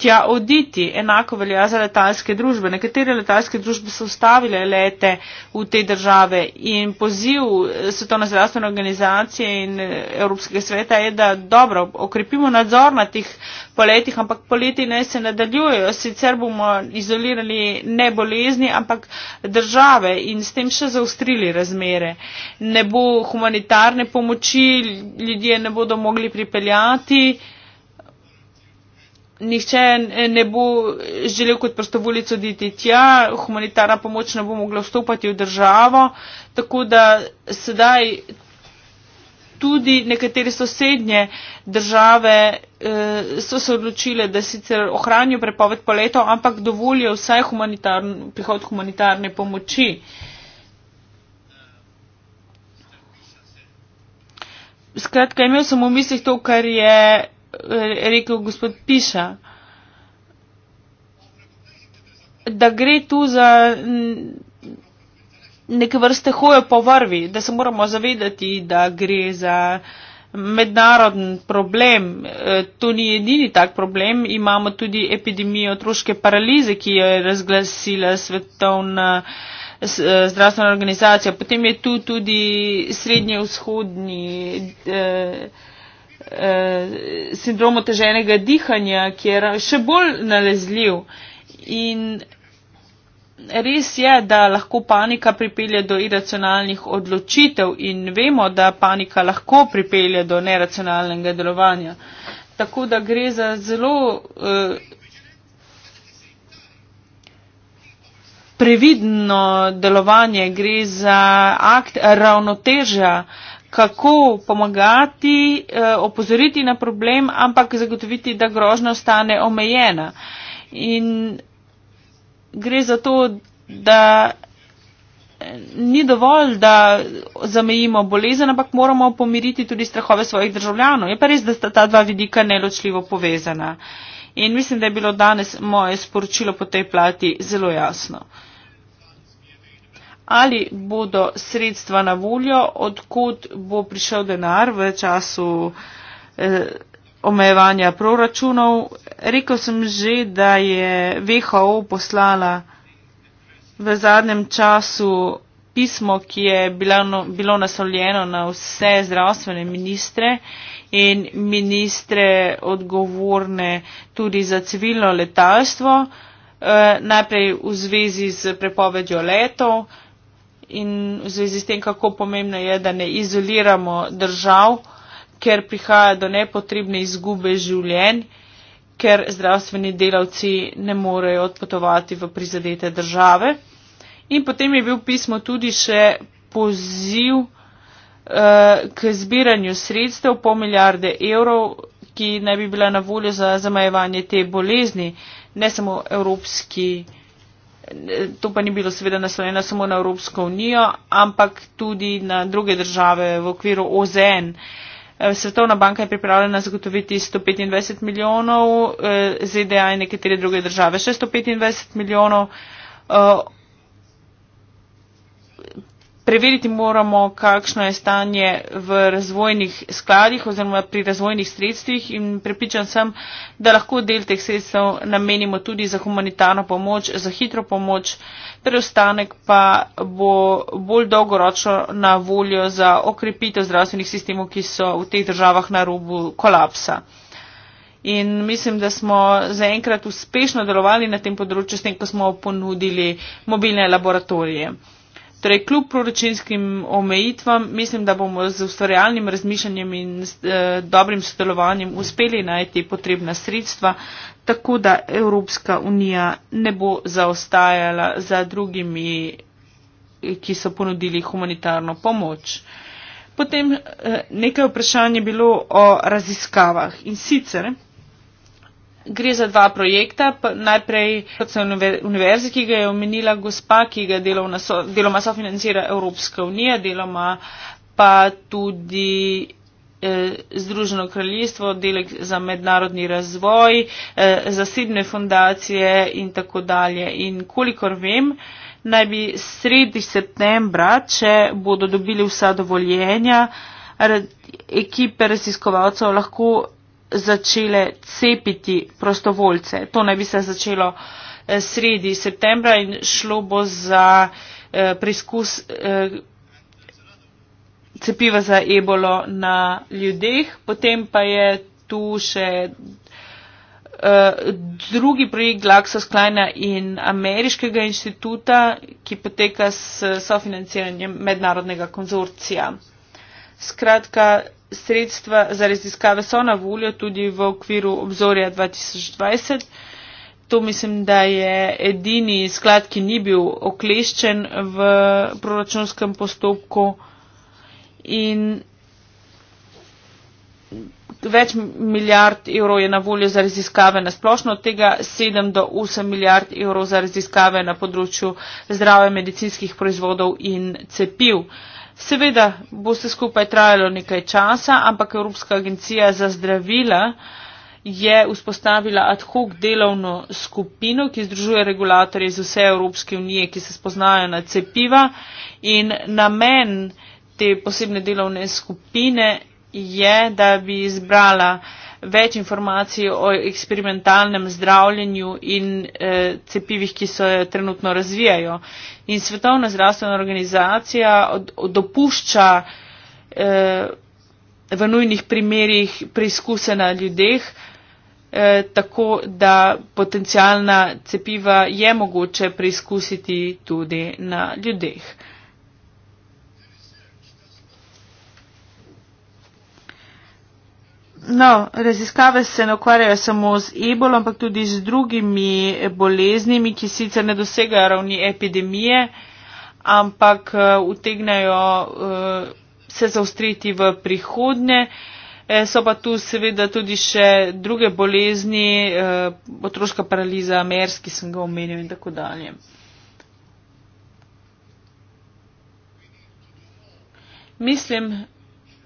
tja oditi. Enako velja za letalske družbe. Nekatere letalske družbe so ustavile lete v te države in poziv eh, Svetovne zdravstvene organizacije in eh, Evropskega sveta je, da dobro okrepimo nadzor na tih poletih, ampak poleti ne se nadaljujejo. Sicer bomo izolirali ne bolezni, ampak države in s tem še zaustrili razmere. Ne bo humanitarne pomoči, ljudje ne bodo mogli pripeljati nihče ne bo želel kot prostovoljec oditi tja, humanitarna pomoč ne bo mogla vstopati v državo, tako da sedaj tudi nekatere sosednje države eh, so se odločile, da sicer ohranijo prepoved poletov, ampak dovolijo vsaj humanitarn, prihod humanitarne pomoči. Skratka, imel sem v mislih to, kar je rekel gospod Piša, da gre tu za neke vrste hojo po vrvi, da se moramo zavedati, da gre za mednaroden problem. E, to ni edini tak problem. Imamo tudi epidemijo otroške paralize, ki jo je razglasila svetovna e, zdravstvena organizacija. Potem je tu tudi srednje vzhodni. Eh, eh, sindrom oteženega dihanja, ki je še bolj nalezljiv. In res je, da lahko panika pripelje do iracionalnih odločitev in vemo, da panika lahko pripelje do neracionalnega delovanja. Tako da gre za zelo eh, previdno delovanje, gre za akt ravnotežja. Eh, kako pomagati, eh, opozoriti na problem, ampak zagotoviti, da grožnja ostane omejena. In gre za to, da eh, ni dovolj, da zamejimo bolezen, ampak moramo pomiriti tudi strahove svojih državljanov. Je pa res, da sta ta dva vidika neločljivo povezana. In mislim, da je bilo danes moje sporočilo po tej plati zelo jasno ali bodo sredstva na voljo, odkud bo prišel denar v času eh, omejevanja proračunov. Rekel sem že, da je VHO poslala v zadnjem času pismo, ki je no, bilo naslovljeno na vse zdravstvene ministre in ministre odgovorne tudi za civilno letalstvo, eh, najprej v zvezi z prepovedjo letov in v zvezi s tem, kako pomembno je, da ne izoliramo držav, ker prihaja do nepotrebne izgube življenj, ker zdravstveni delavci ne morejo odpotovati v prizadete države. In potem je bil pismo tudi še poziv eh, k zbiranju sredstev po milijarde evrov, ki naj bi bila na voljo za zamajevanje te bolezni, ne samo evropski to pa ni bilo seveda naslovljeno samo na Evropsko unijo, ampak tudi na druge države v okviru OZN. E, Svetovna banka je pripravljena zagotoviti 125 milijonov, e, ZDA in nekatere druge države še 125 milijonov. E, Preveriti moramo, kakšno je stanje v razvojnih skladih oziroma pri razvojnih sredstvih in prepričan sem, da lahko del teh sredstev namenimo tudi za humanitarno pomoč, za hitro pomoč, preostanek pa bo bolj dolgoročno na voljo za okrepitev zdravstvenih sistemov, ki so v teh državah na robu kolapsa. In mislim, da smo zaenkrat uspešno delovali na tem področju s tem, ko smo ponudili mobilne laboratorije. Torej, kljub proračunskim omejitvam, mislim, da bomo z ustvarjalnim razmišljanjem in eh, dobrim sodelovanjem uspeli najti potrebna sredstva, tako da Evropska unija ne bo zaostajala za drugimi, ki so ponudili humanitarno pomoč. Potem eh, nekaj vprašanje bilo o raziskavah in sicer. Gre za dva projekta. Najprej proces univerze, ki ga je omenila gospa, ki ga deloma, so, deloma sofinancira Evropska unija, deloma pa tudi eh, Združeno kraljestvo, delek za mednarodni razvoj, eh, zasebne fundacije in tako dalje. In kolikor vem, naj bi sredi septembra, če bodo dobili vsa dovoljenja, ekipe raziskovalcev lahko začele cepiti prostovoljce. To naj bi se začelo eh, sredi septembra in šlo bo za eh, preizkus eh, cepiva za ebolo na ljudeh. Potem pa je tu še drugi projekt GlaxoSkleina in Ameriškega inštituta, ki poteka s sofinanciranjem mednarodnega konzorcija. Skratka, sredstva za raziskave so na voljo tudi v okviru obzorja 2020. To mislim, da je edini sklad, ki ni bil okleščen v proračunskem postopku. In več milijard evrov je na voljo za raziskave na splošno, od tega 7 do 8 milijard evrov za raziskave na področju zdrave medicinskih proizvodov in cepiv. Uh, Seveda bo se skupaj trajalo nekaj časa, ampak Evropska agencija za zdravila je vzpostavila ad hoc delovno skupino, ki združuje regulatorje iz vse Evropske unije, ki se spoznajo na cepiva in namen te posebne delovne skupine je, da bi izbrala več informacij o eksperimentalnem zdravljenju in eh, cepivih, ki se trenutno razvijajo. In Svetovna zdravstvena organizacija od, dopušča eh, v nujnih primerjih preizkuse na ljudeh, eh, tako da potencijalna cepiva je mogoče preizkusiti tudi na ljudeh. No, raziskave se ne ukvarjajo samo z ebolom, ampak tudi z drugimi boleznimi, ki sicer ne dosegajo ravni epidemije, ampak eh, utegnajo eh, se zaustriti v prihodnje. Eh, so pa tu seveda tudi še druge bolezni, otroška paraliza, amerski sem ga omenil in tako dalje. Mislim,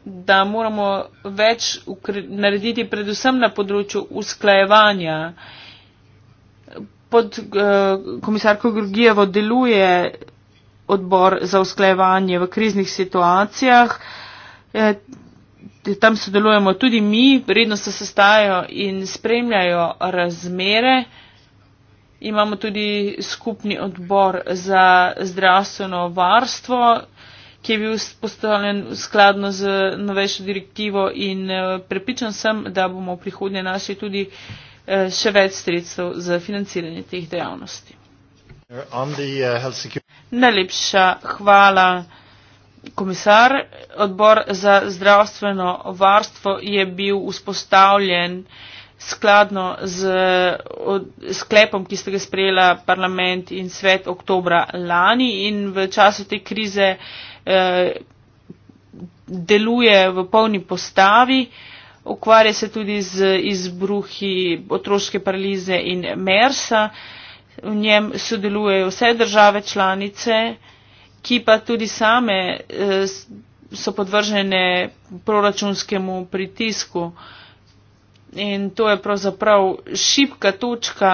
da moramo več narediti predvsem na področju usklajevanja. Pod eh, komisarko Grgijevo deluje odbor za usklajevanje v kriznih situacijah. Eh, tam sodelujemo tudi mi, redno se sestajajo in spremljajo razmere. Imamo tudi skupni odbor za zdravstveno varstvo, ki je bil postavljen skladno z novejšo direktivo in eh, prepričan sem, da bomo v prihodnje našli tudi eh, še več sredstev za financiranje teh dejavnosti. Eh, Najlepša hvala, komisar. Odbor za zdravstveno varstvo je bil vzpostavljen skladno z sklepom, ki ste ga sprejela parlament in svet oktobra lani in v času te krize. Eh, deluje v polni postavi, ukvarja se tudi z izbruhi otroške paralize in MERSA, v njem sodelujejo vse države članice, ki pa tudi same eh, so podvržene proračunskemu pritisku. In to je pravzaprav šipka točka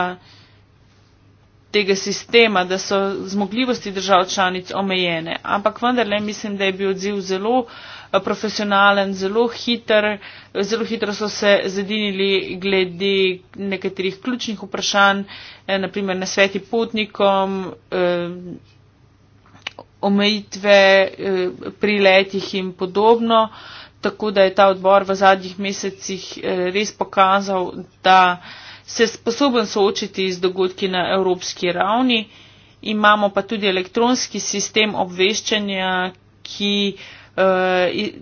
tega sistema, da so zmogljivosti držav članic omejene. Ampak vendarle mislim, da je bil odziv zelo eh, profesionalen, zelo hiter, zelo hitro so se zedinili glede nekaterih ključnih vprašanj, eh, naprimer na sveti potnikom, eh, omejitve pri letih in podobno. Tako da je ta odbor v zadnjih mesecih res pokazal, da se sposoben soočiti z dogodki na evropski ravni. Imamo pa tudi elektronski sistem obveščanja, ki eh,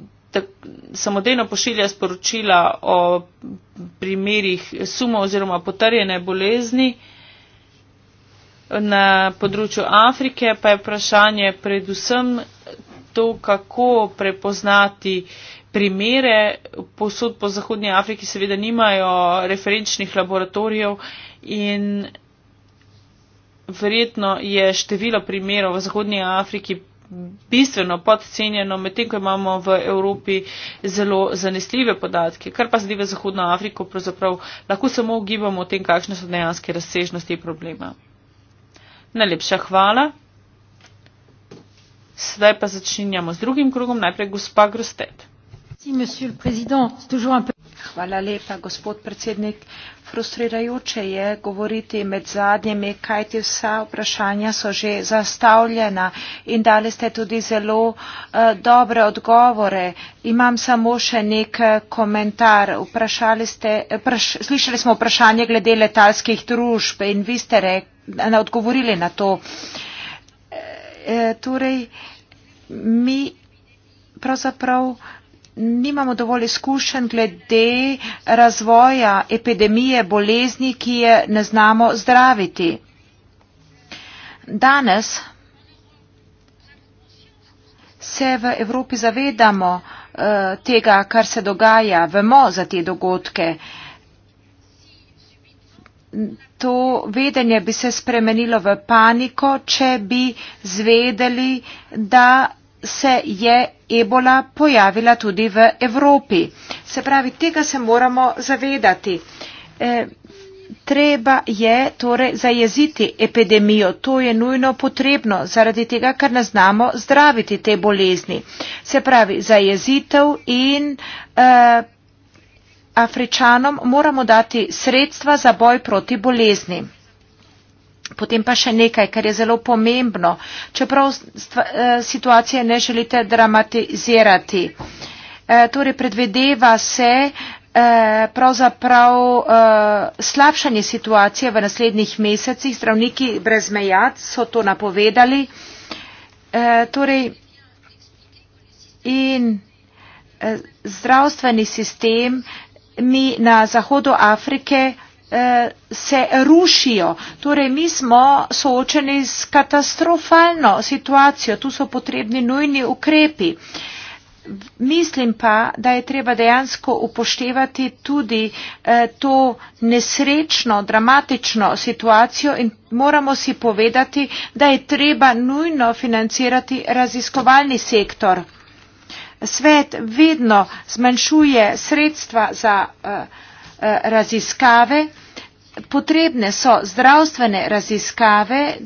samodejno pošilja sporočila o primerih sumov oziroma potrjene bolezni. Na področju Afrike pa je vprašanje predvsem to, kako prepoznati eh, primere, posod po Zahodnji Afriki seveda nimajo referenčnih laboratorijev in verjetno je število primerov v Zahodnji Afriki bistveno podcenjeno, medtem ko imamo v Evropi zelo zanesljive podatke, kar pa zdaj v Zahodno Afriko pravzaprav lahko samo ugibamo o tem, kakšne so dejanske razsežnosti problema. Najlepša hvala. Sedaj pa začenjamo z drugim krogom, najprej gospa Grostet gospod predsednik frustrirajoče je govoriti med zadnjimi kajti vsa vprašanja so že zastavljena in dali ste tudi zelo uh, dobre odgovore imam samo še nek eh, komentar vprašali ste eh, praš, slišali smo vprašanje glede letalskih družb in vi ste re, na, odgovorili na to e, torej mi pravzaprav uh, nimamo dovolj izkušenj glede razvoja epidemije bolezni, ki je ne znamo zdraviti. Danes se v Evropi zavedamo uh, tega, kar se dogaja, vemo za te dogodke. To vedenje bi se spremenilo v paniko, če bi zvedeli, da se je ebola pojavila tudi v Evropi. Se pravi, tega se moramo zavedati. E, treba je torej zajeziti epidemijo. To je nujno potrebno zaradi tega, ker ne znamo zdraviti te bolezni. Se pravi, zajezitev in e, Afričanom moramo dati sredstva za boj proti bolezni. Potem pa še nekaj, kar je zelo pomembno. Čeprav stva, eh, situacije ne želite dramatizirati. E, torej predvedeva se e, pravzaprav e, slabšanje situacije v naslednjih mesecih. Zdravniki brez meja so to napovedali. E, torej in e, zdravstveni sistem mi na zahodu Afrike. Eh, se rušijo. Torej, mi smo soočeni s katastrofalno situacijo, tu so potrebni nujni ukrepi. Mislim pa, da je treba dejansko upoštevati tudi eh, to nesrečno, dramatično situacijo in moramo si povedati, da je treba nujno financirati raziskovalni sektor. Svet vedno zmanjšuje sredstva za. Uh, Eh, raziskave. Potrebne so zdravstvene raziskave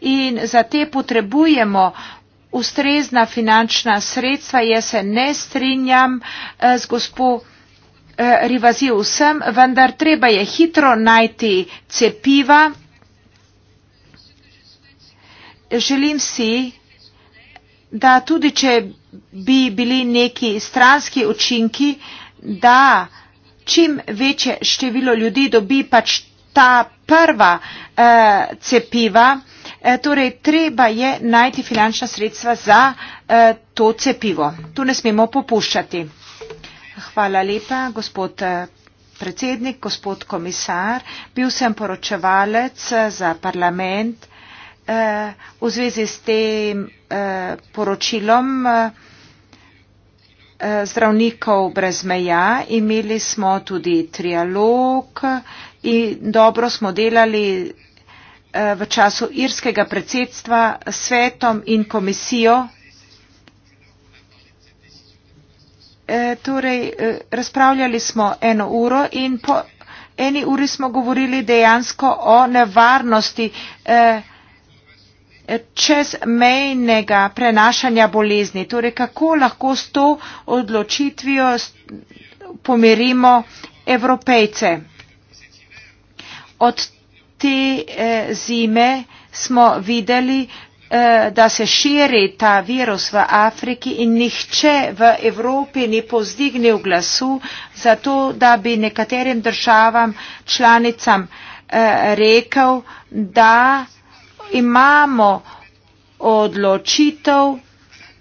in za te potrebujemo ustrezna finančna sredstva. Jaz se ne strinjam eh, z gospo eh, Rivazi vsem, vendar treba je hitro najti cepiva. Želim si, da tudi če bi bili neki stranski učinki, da čim večje število ljudi dobi pač ta prva eh, cepiva, eh, torej treba je najti finančna sredstva za eh, to cepivo. Tu ne smemo popuščati. Hvala lepa, gospod eh, predsednik, gospod komisar. Bil sem poročevalec eh, za parlament eh, v zvezi s tem eh, poročilom. Eh, Eh, zdravnikov brez meja, imeli smo tudi trialog in dobro smo delali eh, v času irskega predsedstva s svetom in komisijo. Eh, torej, razpravljali smo eno uro in po eni uri smo govorili dejansko o nevarnosti eh, čezmejnega prenašanja bolezni. Torej, kako lahko s to odločitvijo pomirimo evropejce? Od te eh, zime smo videli, eh, da se širi ta virus v Afriki in nihče v Evropi ni pozdignil glasu za to, da bi nekaterim državam članicam eh, rekel, da imamo odločitev,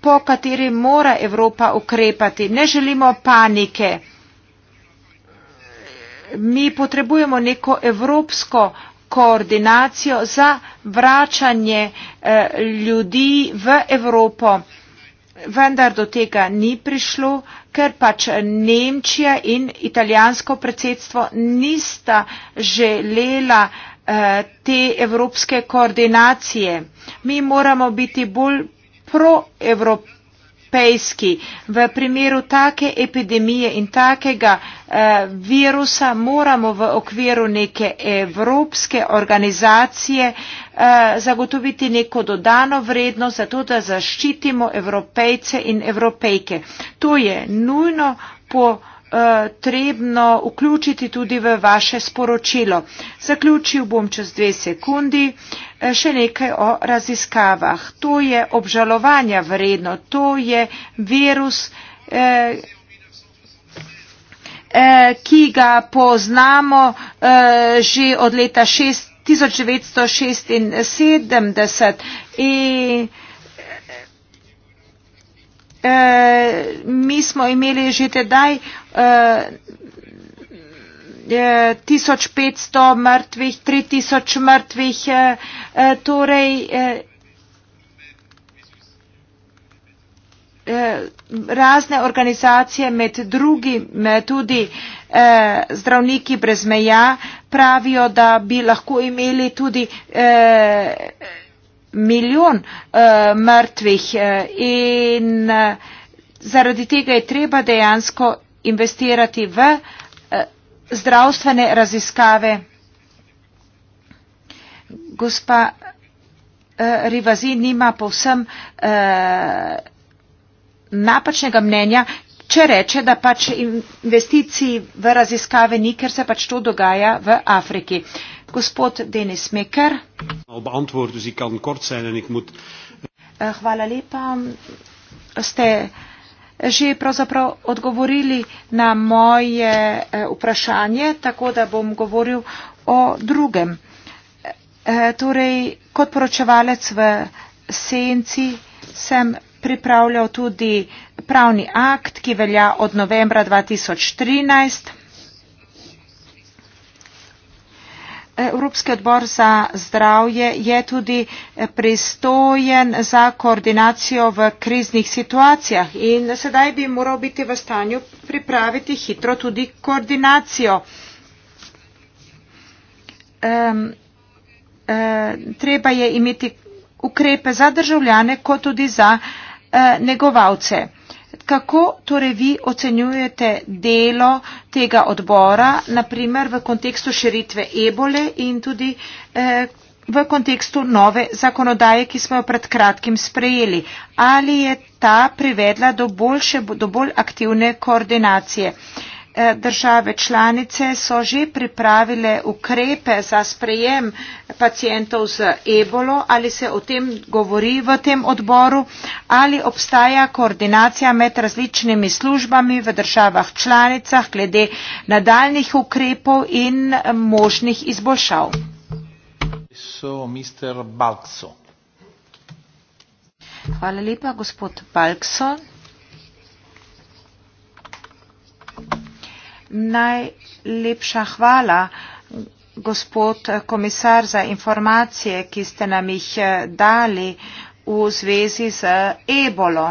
po kateri mora Evropa ukrepati. Ne želimo panike. Mi potrebujemo neko evropsko koordinacijo za vračanje eh, ljudi v Evropo. Vendar do tega ni prišlo, ker pač Nemčija in italijansko predsedstvo nista želela Eh, te evropske koordinacije. Mi moramo biti bolj proevropejski. V primeru take epidemije in takega eh, virusa moramo v okviru neke evropske organizacije eh, zagotoviti neko dodano vrednost, zato da zaščitimo evropejce in evropejke. To je nujno po trebno vključiti tudi v vaše sporočilo. Zaključil bom čez dve sekundi e, še nekaj o raziskavah. To je obžalovanja vredno, to je virus, e, e, ki ga poznamo že od leta 1976 in Eh, mi smo imeli že tedaj eh, 1500 eh, mrtvih, 3000 mrtvih. Eh, eh, torej, eh, eh razne organizacije, med drugim tudi eh, zdravniki brez meja, pravijo, da bi lahko imeli tudi eh, milijon uh, mrtvih eh, in uh, zaradi tega je treba dejansko investirati v uh, zdravstvene raziskave. Gospa uh, Rivazi nima povsem uh, napačnega mnenja, če reče, da pač investicij v raziskave ni, ker se pač to dogaja v Afriki. Uh, Gospod Denis Meker. Dus ik kan kort zijn en ik moet... Eh, hvala lepa. Ste že pravzaprav odgovorili na moje eh, vprašanje, tako da bom govoril o drugem. Eh, torej, kot poročevalec v senci sem pripravljal tudi pravni akt, ki velja od novembra 2013. Evropski odbor za zdravje je tudi eh, pristojen za koordinacijo v kriznih situacijah in sedaj bi moral biti v stanju pripraviti hitro tudi koordinacijo. Um, um, treba je imeti ukrepe za državljane kot tudi za uh, negovalce. Kako torej vi ocenjujete delo tega odbora, naprimer v kontekstu širitve ebole in tudi eh, v kontekstu nove zakonodaje, ki smo jo pred kratkim sprejeli? Ali je ta privedla do, boljše, do bolj aktivne koordinacije? Eh, Eh, države članice so že pripravile ukrepe za sprejem pacijentov z ebolo, ali se o tem govori v tem odboru, ali obstaja koordinacija med različnimi službami v državah članicah glede nadaljnih ukrepov in možnih izboljšav. Hvala lepa, gospod Balkson. Najlepša hvala, gospod komisar, za informacije, ki ste nam jih eh, dali v zvezi z ebolo.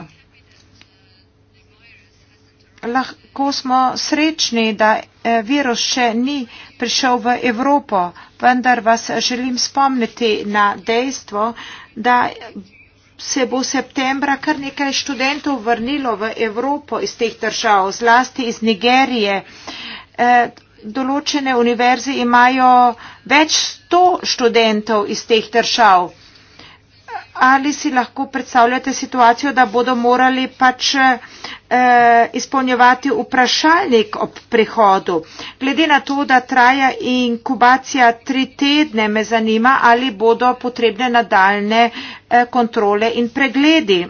Lahko smo srečni, da eh, virus še ni prišel v Evropo, vendar vas želim spomniti na dejstvo, da se bo septembra kar nekaj študentov vrnilo v Evropo iz teh držav, zlasti iz Nigerije. E, določene univerze imajo več sto študentov iz teh držav ali si lahko predstavljate situacijo, da bodo morali pač eh, izpolnjevati vprašalnik ob prihodu. Glede na to, da traja inkubacija tri tedne, me zanima, ali bodo potrebne nadaljne eh, kontrole in pregledi.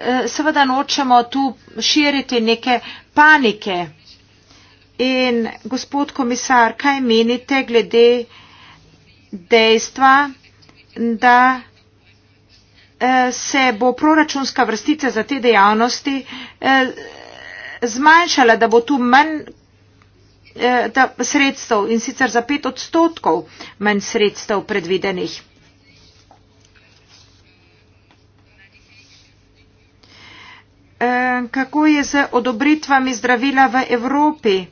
Eh, seveda nočemo tu širiti neke panike. In gospod komisar, kaj menite glede dejstva, da eh, se bo proračunska vrstica za te dejavnosti eh, zmanjšala, da bo tu manj eh, sredstev in sicer za pet odstotkov manj sredstev predvidenih. Kako je z odobritvami zdravila v Evropi?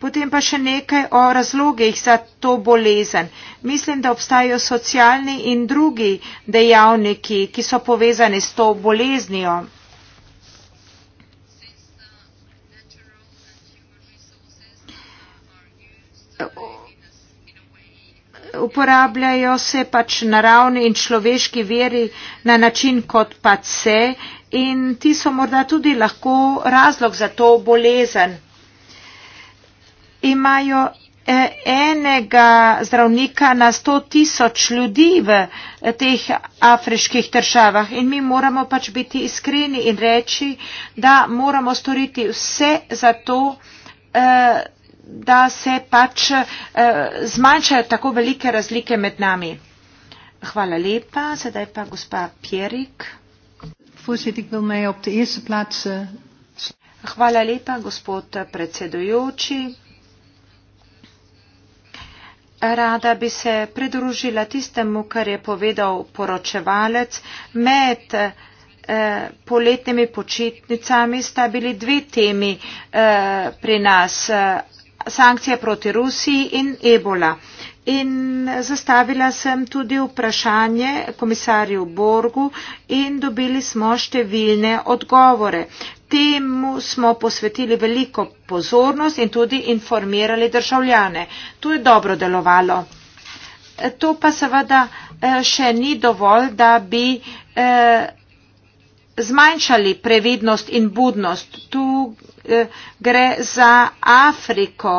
Potem pa še nekaj o razlogih za to bolezen. Mislim, da obstajajo socialni in drugi dejavniki, ki so povezani s to boleznijo. Uporabljajo se pač naravni in človeški veri na način kot pa se in ti so morda tudi lahko razlog za to bolezen imajo e, enega zdravnika na sto tisoč ljudi v e, teh afriških državah in mi moramo pač biti iskreni in reči, da moramo storiti vse za to, e, da se pač zmanjšajo tako velike razlike med nami. Hvala lepa. Sedaj pa gospa Pjerik. Eh, Hvala lepa, gospod predsedujoči. Rada bi se pridružila tistemu, kar je povedal poročevalec. Med eh, poletnimi počitnicami sta bili dve temi eh, pri nas. Eh, sankcije proti Rusiji in ebola. In zastavila sem tudi vprašanje komisarju Borgu in dobili smo številne odgovore temu smo posvetili veliko pozornost in tudi informirali državljane. Tu je dobro delovalo. E, to pa seveda e, še ni dovolj, da bi e, zmanjšali previdnost in budnost. Tu gre za Afriko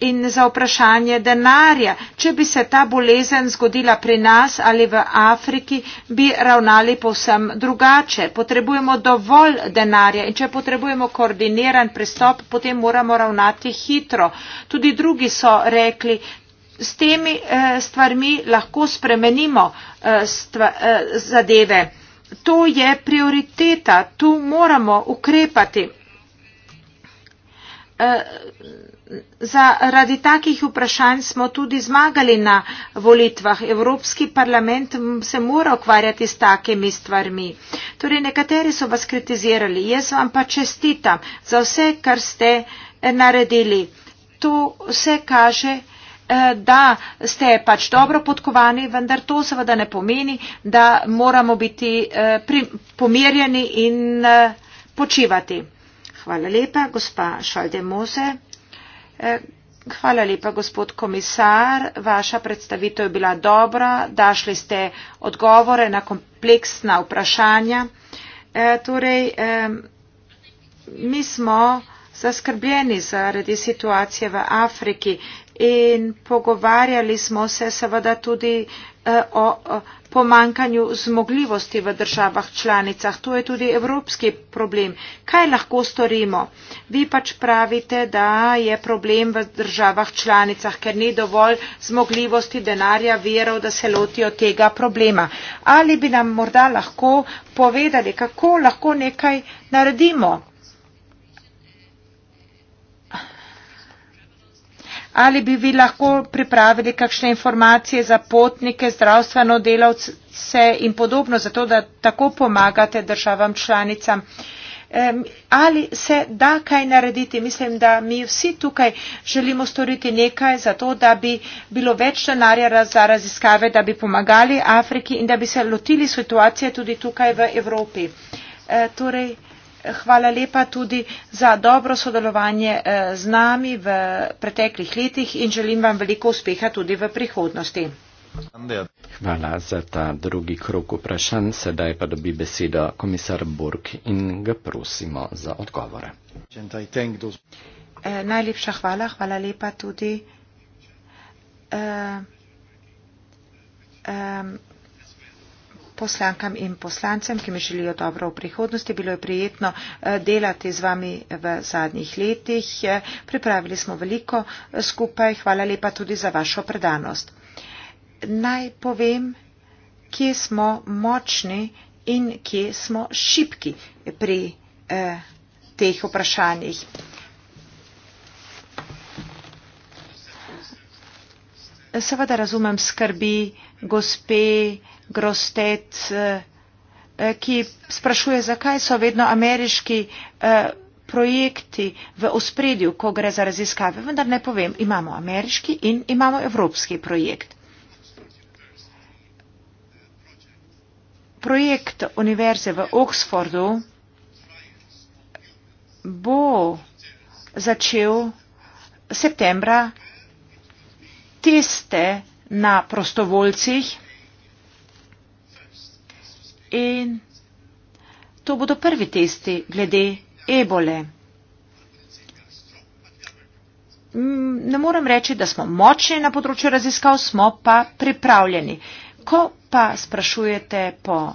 in za vprašanje denarja. Če bi se ta bolezen zgodila pri nas ali v Afriki, bi ravnali povsem drugače. Potrebujemo dovolj denarja in če potrebujemo koordiniran pristop, potem moramo ravnati hitro. Tudi drugi so rekli, s temi eh, stvarmi lahko spremenimo eh, stva, eh, zadeve. To je prioriteta, tu moramo ukrepati. Eh, Zaradi takih vprašanj smo tudi zmagali na volitvah. Evropski parlament se mora ukvarjati s takimi stvarmi. Torej, nekateri so vas kritizirali. Jaz vam pa čestitam za vse, kar ste eh, naredili. To vse kaže, eh, da ste pač dobro podkovani, vendar to seveda ne pomeni, da moramo biti eh, pomirjeni in počivati. Hvala lepa, gospa Šaldemose. Eh, hvala lepa, gospod komisar. Vaša predstavitev je bila dobra. Dašli ste odgovore na kompleksna vprašanja. E, torej, e, mi smo zaskrbljeni zaradi situacije v Afriki in pogovarjali smo se seveda tudi Eh, o pomankanju zmogljivosti v državah članicah. To je tudi evropski problem. Kaj lahko storimo? Vi pač pravite, da je problem v državah članicah, ker ni dovolj zmogljivosti denarja verov, da se lotijo tega problema. Ali bi nam morda lahko povedali, kako lahko nekaj naredimo? Ali bi vi lahko pripravili kakšne informacije za potnike, zdravstveno delavce in podobno, zato da tako pomagate državam članicam? Ali se da kaj narediti? Mislim, da mi vsi tukaj želimo storiti nekaj za to, da bi bilo več denarja za raziskave, da bi pomagali Afriki in da bi se lotili situacije tudi tukaj v Evropi. E, torej, hvala lepa tudi za dobro sodelovanje eh, z nami v preteklih letih in želim vam veliko uspeha tudi v prihodnosti. Hvala za ta drugi krok vprašanj. Sedaj pa dobi besedo komisar Burg in ga prosimo za odgovore. Eh, najlepša hvala, hvala lepa tudi. Eh, poslankam in poslancem, ki mi želijo dobro v prihodnosti. Bilo je prijetno eh, delati z vami v zadnjih letih. Eh, pripravili smo veliko eh, skupaj. Hvala lepa tudi za vašo predanost. Naj povem, kje smo močni in kje smo šipki pri eh, teh vprašanjih. Seveda razumem skrbi gospe, Grostet, eh, ki sprašuje, zakaj so vedno ameriški eh, projekti v ospredju, ko gre za raziskave. Vendar ne povem, imamo ameriški in imamo evropski projekt. Projekt univerze v Oxfordu bo začel septembra teste na prostovoljcih in to bodo prvi testi glede ebole. Mm, ne morem reči, da smo močni na področju raziskav, smo pa pripravljeni. Ko pa sprašujete po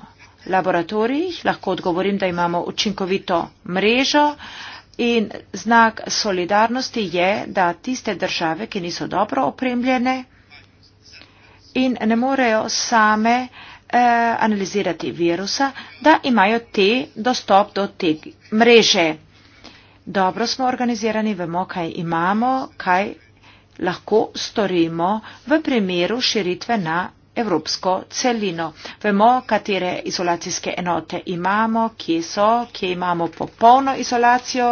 laboratorijih, lahko odgovorim, da imamo učinkovito mrežo in znak solidarnosti je, da tiste države, ki niso dobro opremljene in ne morejo same uh, eh, analizirati virusa, da imajo te dostop do te mreže. Dobro smo organizirani, vemo, kaj imamo, kaj lahko storimo v primeru širitve na evropsko celino. Vemo, katere izolacijske enote imamo, kje so, kje imamo popolno izolacijo,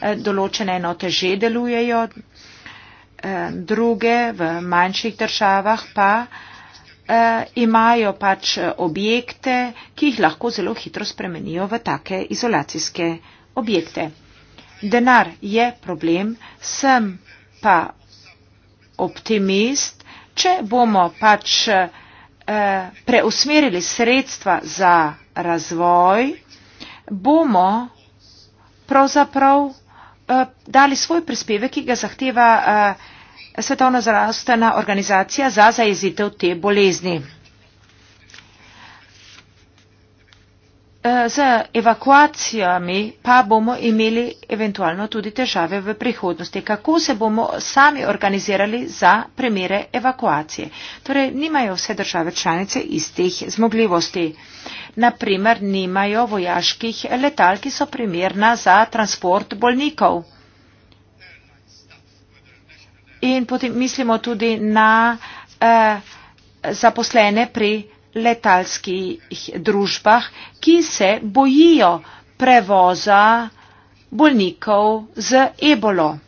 eh, določene enote že delujejo, eh, druge v manjših državah pa eh, imajo pač eh, objekte, ki jih lahko zelo hitro spremenijo v take izolacijske objekte. Denar je problem, sem pa optimist, če bomo pač eh, preusmerili sredstva za razvoj, bomo pravzaprav eh, dali svoj prispevek, ki ga zahteva. Eh, Svetovna zdravstvena organizacija za zajezitev te bolezni. Eh, z evakuacijami pa bomo imeli eventualno tudi težave v prihodnosti. Kako se bomo sami organizirali za primere evakuacije? Torej, nimajo vse države članice istih zmogljivosti. Naprimer, nimajo vojaških letal, ki so primerna za transport bolnikov in potem mislimo tudi na eh, zaposlene pri letalskih družbah, ki se bojijo prevoza bolnikov z ebolo.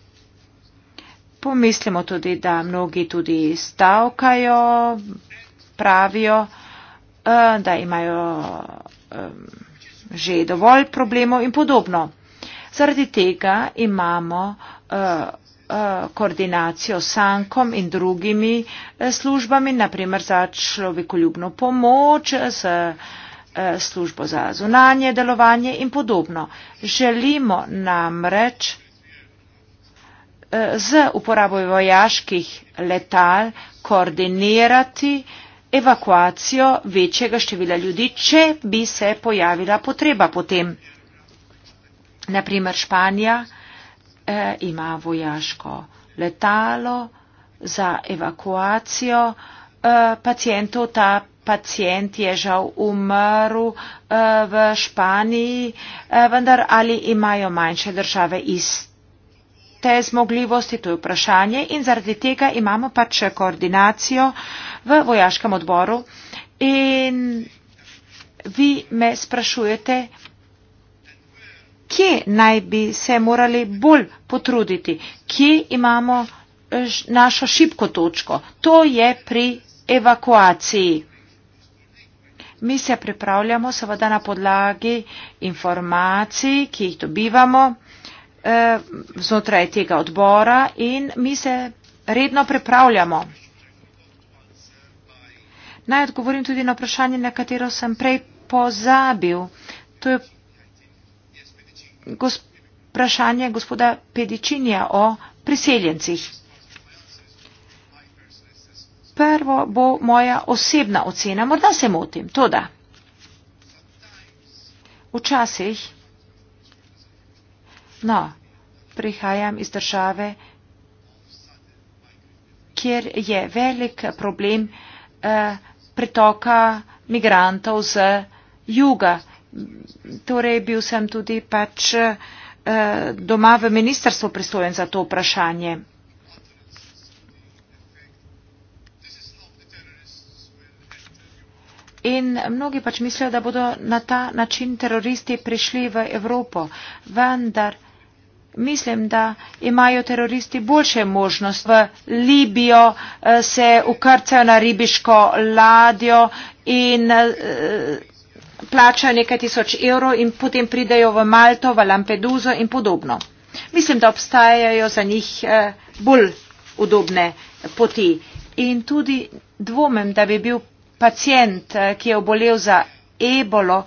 Pomislimo tudi, da mnogi tudi stavkajo, pravijo, eh, da imajo eh, že dovolj problemov in podobno. Zaradi tega imamo eh, Eh, koordinacijo s Sankom in drugimi eh, službami, naprimer za človekoljubno pomoč, s eh, službo za zunanje delovanje in podobno. Želimo namreč z uporabo vojaških letal koordinirati evakuacijo večjega števila ljudi, če bi se pojavila potreba potem. Naprimer Španija, eh, ima vojaško letalo za evakuacijo eh, pacijentov. Ta pacijent je žal umrl eh, v Španiji, eh, vendar ali imajo manjše države iste zmogljivosti, to je vprašanje in zaradi tega imamo pač koordinacijo v vojaškem odboru. In vi me sprašujete, kje naj bi se morali bolj potruditi, kje imamo našo šipko točko. To je pri evakuaciji. Mi se pripravljamo seveda na podlagi informacij, ki jih dobivamo eh, znotraj tega odbora in mi se redno pripravljamo. Naj odgovorim tudi na vprašanje, na katero sem prej pozabil. To je vprašanje gospoda Pedičinja o priseljencih. Prvo bo moja osebna ocena, morda se motim, to da. Včasih, no, prihajam iz države, kjer je velik problem eh, pritoka migrantov z juga torej bil sem tudi pač eh, doma v ministrstvu pristojen za to vprašanje. In mnogi pač mislijo, da bodo na ta način teroristi prišli v Evropo, vendar mislim, da imajo teroristi boljše možnost. V Libijo eh, se ukrcajo na ribiško ladjo in eh, plačajo nekaj tisoč evrov in potem pridejo v Malto, v Lampeduzo in podobno. Mislim, da obstajajo za njih eh, bolj udobne poti. In tudi dvomem, da bi bil pacijent, eh, ki je obolel za ebolo,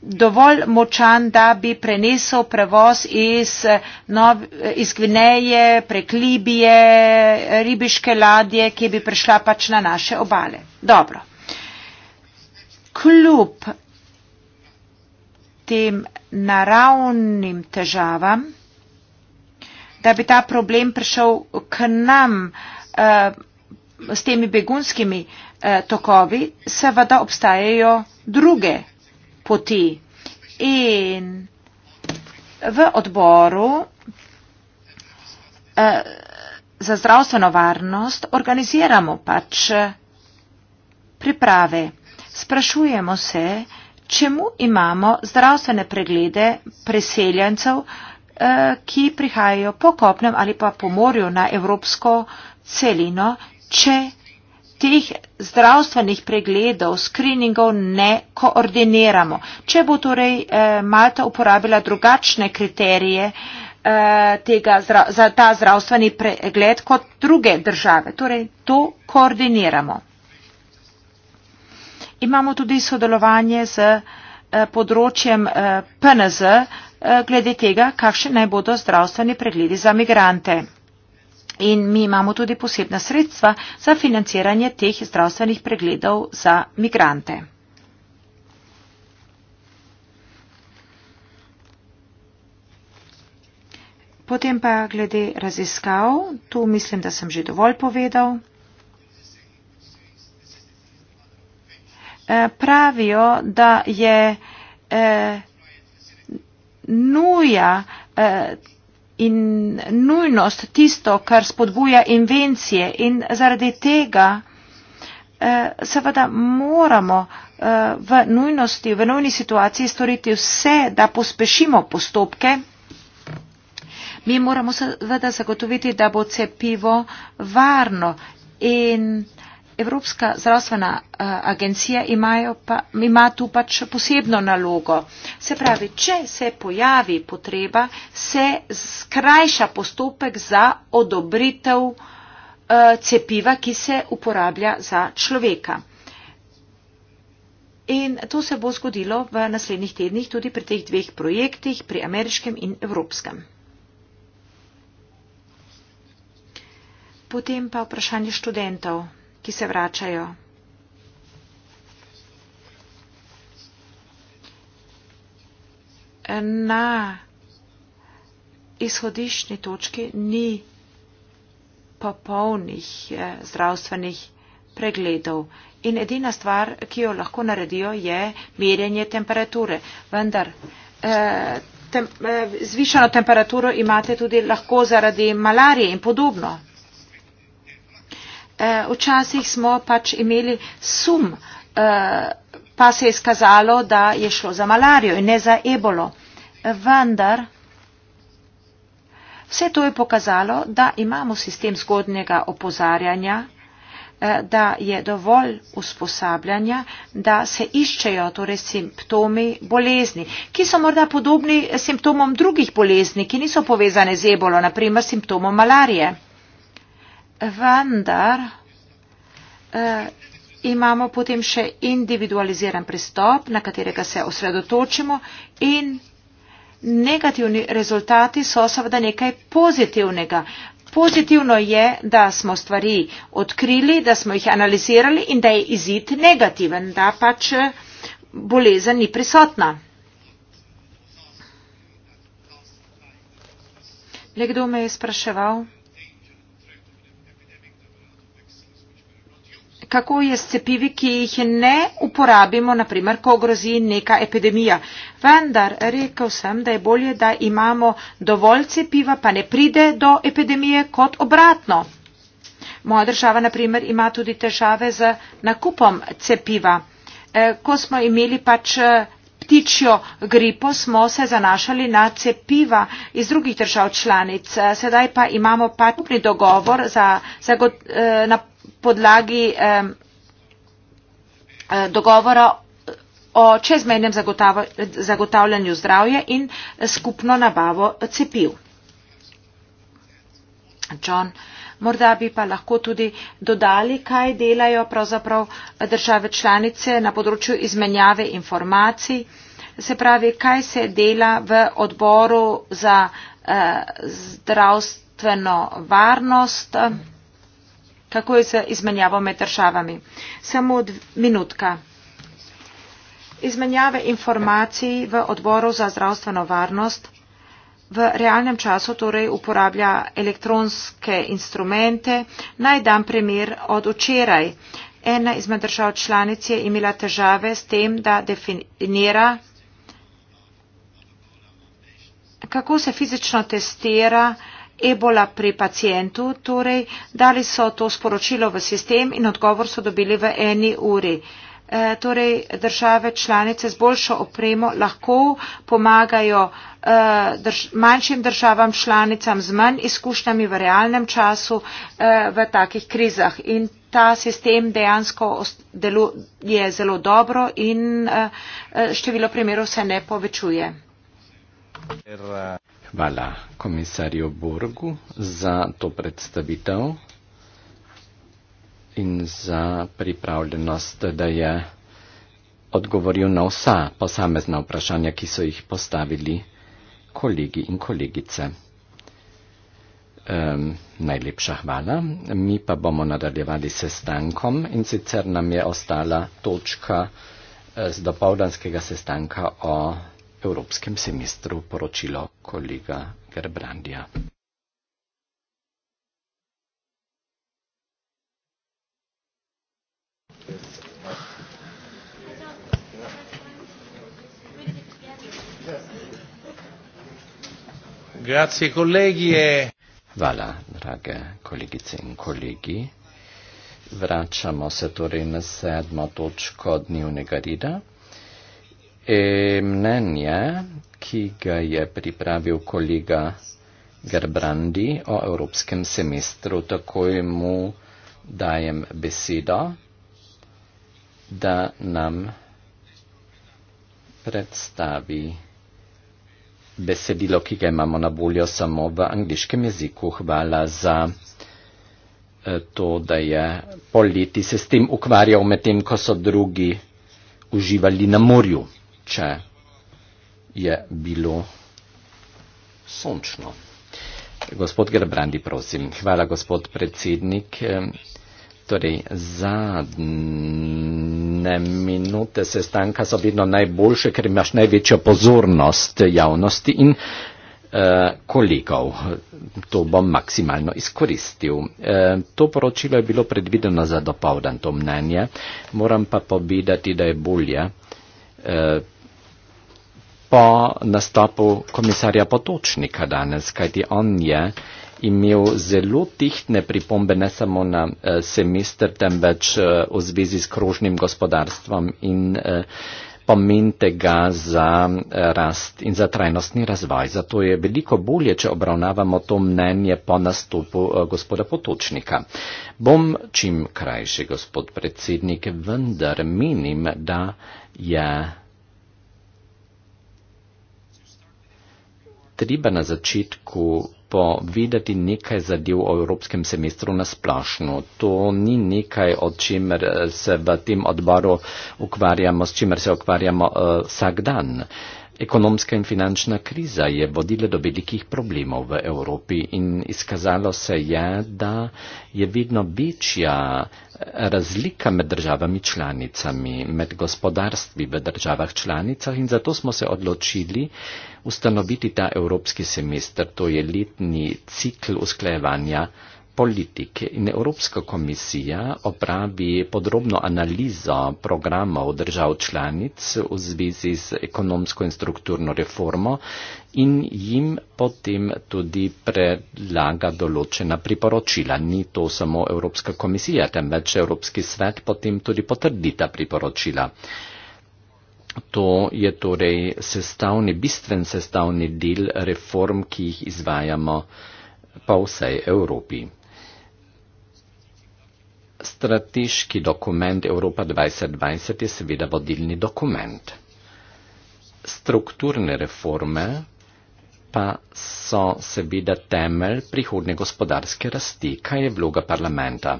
dovolj močan, da bi prenesel prevoz iz, eh, nov, iz Gvineje, prek Libije, ribiške ladje, ki bi prišla pač na naše obale. Dobro. Kljub tem naravnim težavam, da bi ta problem prišel k nam eh, s temi begunskimi eh, tokovi, seveda obstajajo druge poti. In v odboru eh, za zdravstveno varnost organiziramo pač priprave. Sprašujemo se, čemu imamo zdravstvene preglede preseljencev, eh, ki prihajajo po kopnem ali pa po morju na evropsko celino, če teh zdravstvenih pregledov, skriningov ne koordiniramo. Če bo torej eh, Malta uporabila drugačne kriterije eh, tega, za ta zdravstveni pregled kot druge države, torej to koordiniramo. Imamo tudi sodelovanje z eh, področjem eh, PNZ eh, glede tega, kakšni naj bodo zdravstveni pregledi za migrante. In mi imamo tudi posebna sredstva za financiranje teh zdravstvenih pregledov za migrante. Potem pa glede raziskav, tu mislim, da sem že dovolj povedal. Eh, pravijo, da je eh, nuja eh, in nujnost tisto, kar spodbuja invencije in zaradi tega eh, seveda moramo eh, v nujnosti, v nujni situaciji storiti vse, da pospešimo postopke. Mi moramo seveda zagotoviti, da bo cepivo varno in. Evropska zdravstvena uh, agencija imajo pa, ima tu pač posebno nalogo. Se pravi, če se pojavi potreba, se skrajša postopek za odobritev uh, cepiva, ki se uporablja za človeka. In to se bo zgodilo v naslednjih tednih tudi pri teh dveh projektih, pri ameriškem in evropskem. Potem pa vprašanje študentov ki se vračajo. Na izhodišni točki ni popolnih eh, zdravstvenih pregledov in edina stvar, ki jo lahko naredijo, je merjenje temperature. Vendar eh, tem, eh, zvišano temperaturo imate tudi lahko zaradi malarije in podobno. Eh, včasih smo pač imeli sum, eh, pa se je skazalo, da je šlo za malarijo in ne za ebolo. Vendar vse to je pokazalo, da imamo sistem zgodnega opozarjanja, eh, da je dovolj usposabljanja, da se iščejo torej simptomi bolezni, ki so morda podobni simptomom drugih bolezni, ki niso povezane z ebolo, naprimer simptomom malarije vendar eh, imamo potem še individualiziran pristop, na katerega se osredotočimo in negativni rezultati so seveda nekaj pozitivnega. Pozitivno je, da smo stvari odkrili, da smo jih analizirali in da je izid negativen, da pač bolezen ni prisotna. Nekdo me je spraševal. kako je s cepivi, ki jih ne uporabimo, naprimer, ko grozi neka epidemija. Vendar rekel sem, da je bolje, da imamo dovolj cepiva, pa ne pride do epidemije kot obratno. Moja država, naprimer, ima tudi težave z nakupom cepiva. Eh, ko smo imeli pač eh, ptičjo gripo smo se zanašali na cepiva iz drugih držav članic. Sedaj pa imamo pa skupni dogovor za, za, eh, na podlagi eh, dogovora o čezmejnem zagotavljanju zdravja in skupno nabavo cepiv. John. Morda bi pa lahko tudi dodali, kaj delajo pravzaprav države članice na področju izmenjave informacij. Se pravi, kaj se dela v odboru za eh, zdravstveno varnost, kako je z izmenjavo med državami. Samo minutka. Izmenjave informacij v odboru za zdravstveno varnost v realnem času torej uporablja elektronske instrumente. Naj dam primer od včeraj. Ena izmed držav članic je imela težave s tem, da definira, kako se fizično testira ebola pri pacijentu, torej dali so to sporočilo v sistem in odgovor so dobili v eni uri. Uh, Eh, torej države članice z boljšo opremo lahko pomagajo eh, drž manjšim državam članicam z manj izkušnjami v realnem času eh, v takih krizah. In ta sistem dejansko deluje zelo dobro in število primerov se ne povečuje. Hvala komisarju Borgu za to predstavitev in za pripravljenost, da je odgovoril na vsa posamezna vprašanja, ki so jih postavili kolegi in kolegice. Um, najlepša hvala. Mi pa bomo nadaljevali s sestankom in sicer nam je ostala točka eh, z dopoldanskega sestanka o Evropskem semestru poročilo kolega Gerbrandija. Grazie colleghi e... Voilà, drage kolegice in kolegi. Vračamo se torej na sedmo točko dnevnega rida. E mnenje, ki ga je pripravil kolega Gerbrandi o evropskem semestru, takoj mu dajem besedo, da nam predstavi besedilo, ki ga imamo na voljo samo v angliškem jeziku. Hvala za eh, to, da je poleti se s tem ukvarjal, medtem ko so drugi uživali na morju, če je bilo sončno. Gospod Gerbrandi, prosim. Hvala, gospod predsednik torej zadnje minute sestanka so vedno najboljše, ker imaš največjo pozornost javnosti in eh, kolegov. To bom maksimalno izkoristil. Eh, to poročilo je bilo predvideno za dopovdan to mnenje. Moram pa povedati, da je bolje eh, po nastopu komisarja Potočnika danes, kajti on je imel zelo tihtne pripombe ne samo na eh, semester, temveč eh, v zvezi s krožnim gospodarstvom in eh, pomen tega za rast in za trajnostni razvoj. Zato je veliko bolje, če obravnavamo to mnenje po nastopu gospoda Potočnika. Bom čim krajši, gospod predsednik, vendar menim, da je. Treba na začetku povedati nekaj zadev o Evropskem semestru na splošno. To ni nekaj, o čemer eh, se v tem odboru ukvarjamo, s čimer se ukvarjamo uh, vsak dan. Uh, Ekonomska in finančna kriza je vodila do velikih problemov v Evropi in izkazalo se je, da je vedno večja eh, razlika med državami članicami, med gospodarstvi v državah članicah in zato smo se odločili ustanoviti ta evropski semester, to je letni cikl usklajevanja politike in Evropska komisija opravi podrobno analizo programov držav članic v zvezi z ekonomsko in strukturno reformo in jim potem tudi predlaga določena priporočila. Ni to samo Evropska komisija, temveč Evropski svet potem tudi potrdi ta priporočila. To je torej sestavni, bistven sestavni del reform, ki jih izvajamo pa vsej Evropi strateški dokument Evropa 2020 je seveda vodilni dokument. Strukturne reforme pa so seveda temelj prihodne gospodarske rasti. Kaj je vloga parlamenta?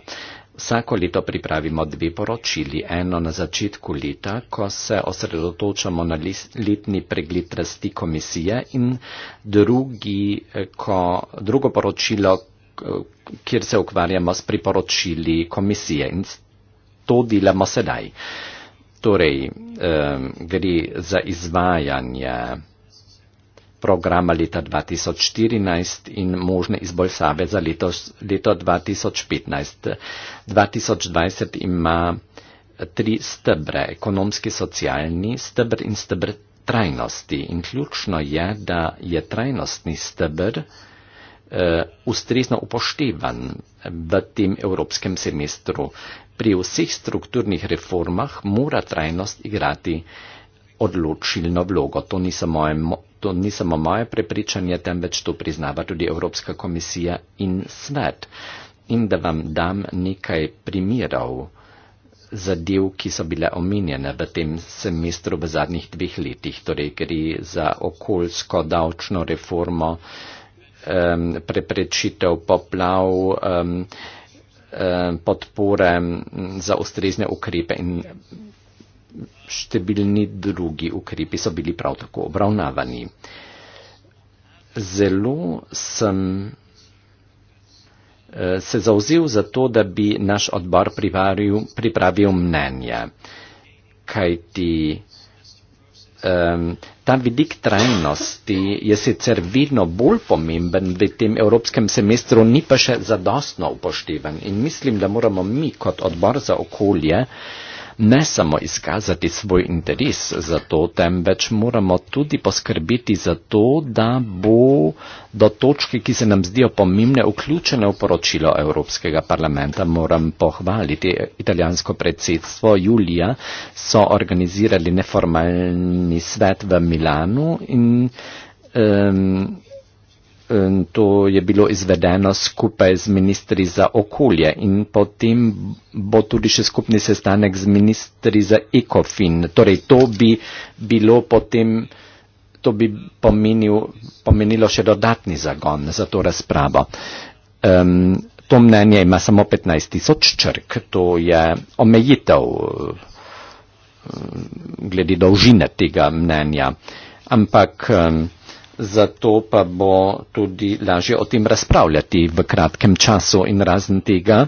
Vsako leto pripravimo dve poročili, eno na začetku leta, ko se osredotočamo na letni pregled rasti komisije in drugi, eh, ko, drugo poročilo, kjer se ukvarjamo s priporočili komisije in to delamo sedaj. Torej, gre za izvajanje programa leta 2014 in možne izboljšave za letos, leto 2015. 2020 ima tri stebre, ekonomski, socialni stebr in stebr trajnosti. In ključno je, da je trajnostni stebr Eh, ustrezno upoštevan v tem evropskem semestru. Pri vseh strukturnih reformah mora trajnost igrati odločilno vlogo. To ni samo moje, to ni samo moje prepričanje, temveč to priznava tudi Evropska komisija in svet. In da vam dam nekaj primerov zadev, ki so bile omenjene v tem semestru v zadnjih dveh letih, torej gre za okoljsko davčno reformo, um, preprečitev poplav, um, um, podpore za ustrezne ukrepe in številni drugi ukrepi so bili prav tako obravnavani. Zelo sem eh, se zauzel za to, da bi naš odbor pripravil mnenje, kajti um, ta vidik trajnosti je sicer vidno bolj pomemben v tem evropskem semestru, ni pa še zadostno upoštevan. In mislim, da moramo mi kot odbor za okolje uh, ne samo izkazati svoj interes za to, temveč moramo tudi poskrbiti za to, da bo do točke, ki se nam zdijo pomembne, vključene v poročilo Evropskega parlamenta. Moram pohvaliti italijansko predsedstvo. Julija so organizirali neformalni svet v Milanu in, um, to je bilo izvedeno skupaj z ministri za okolje in potem bo tudi še skupni sestanek z ministri za ekofin. Torej, to bi bilo potem, to bi pomenil, pomenilo še dodatni zagon za to razpravo. Um, to mnenje ima samo 15 tisoč črk, to je omejitev glede dolžine tega mnenja. Ampak. Um, zato pa bo tudi lažje o tem razpravljati v kratkem času in razen tega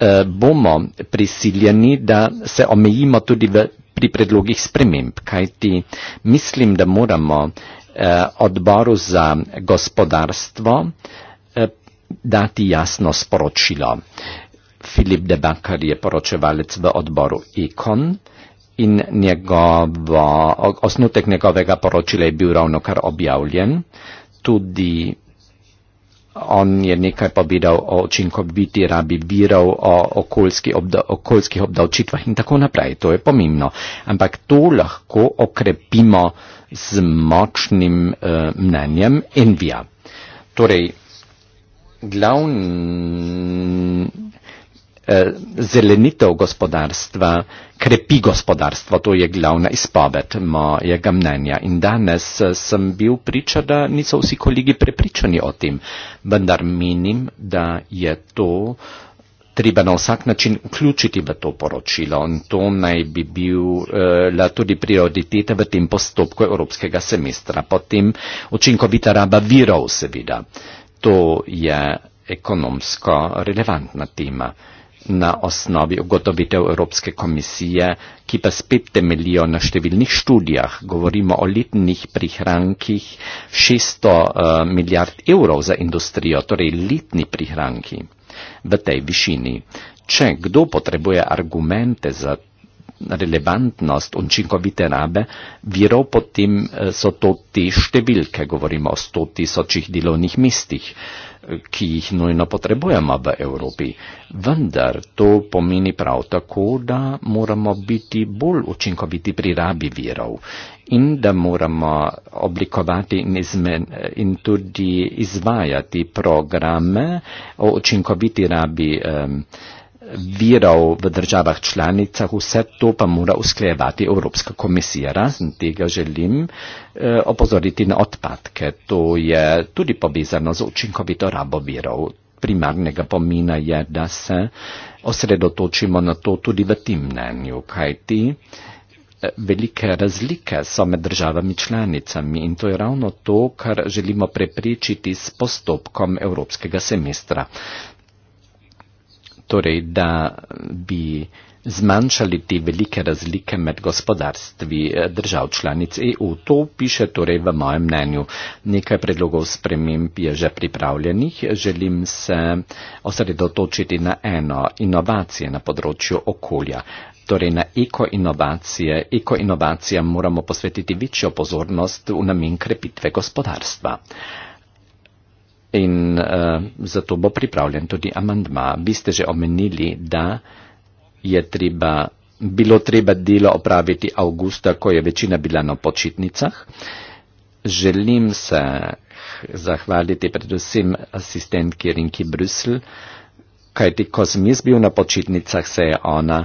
eh, bomo prisiljeni, da se omejimo tudi v, pri predlogih sprememb, kajti mislim, da moramo eh, odboru za gospodarstvo eh, dati jasno sporočilo. Filip Debakar je poročevalec v odboru Ekon in njegovo, osnutek njegovega poročila je bil ravno kar objavljen. Tudi on je nekaj povedal o učinkoviti rabi virov, o okoljski obda, okoljskih obdavčitvah in tako naprej. To je pomembno. Ampak to lahko okrepimo z močnim uh, mnenjem Envija. Torej, glavn, Eh, zelenitev gospodarstva krepi gospodarstvo. To je glavna izpoved mojega mnenja. In danes eh, sem bil priča, da niso vsi kolegi prepričani o tem. Vendar menim, da je to treba na vsak način vključiti v to poročilo in to naj bi bila eh, tudi prioriteta v tem postopku evropskega semestra. Potem učinkovita raba virov seveda. To je ekonomsko relevantna tema na osnovi ugotovitev Evropske komisije, ki pa spet temeljijo na številnih študijah. Govorimo o letnih prihrankih 600 uh, eh, milijard evrov za industrijo, torej letni prihranki v tej višini. Če kdo potrebuje argumente za relevantnost učinkovite rabe virov, potem eh, so to te številke, govorimo o 100 tisočih delovnih mestih ki jih nujno potrebujemo v Evropi. Vendar to pomeni prav tako, da moramo biti bolj učinkoviti pri rabi virov in da moramo oblikovati in, izmen, in tudi izvajati programe o učinkoviti rabi. Um, virov v državah članicah, vse to pa mora usklejevati Evropska komisija. Razen tega želim eh, opozoriti na odpadke. To je tudi povezano z učinkovito rabo virov. Primarnega pomina je, da se osredotočimo na to tudi v tem mnenju, kajti eh, velike razlike so med državami članicami in to je ravno to, kar želimo preprečiti s postopkom Evropskega semestra torej da bi zmanjšali te velike razlike med gospodarstvi eh, držav članic EU. To piše torej v mojem mnenju. Nekaj predlogov sprememb je že pripravljenih. Želim se osredotočiti na eno inovacije na področju okolja. Torej na ekoinovacije. Ekoinovacijam moramo posvetiti večjo pozornost v namen krepitve gospodarstva in uh, zato bo pripravljen tudi amandma. Vi ste že omenili, da je treba, bilo treba delo opraviti avgusta, ko je večina bila na počitnicah. Želim se zahvaliti predvsem asistentki Rinki Brusl, kajti ko sem jaz bil na počitnicah, se je ona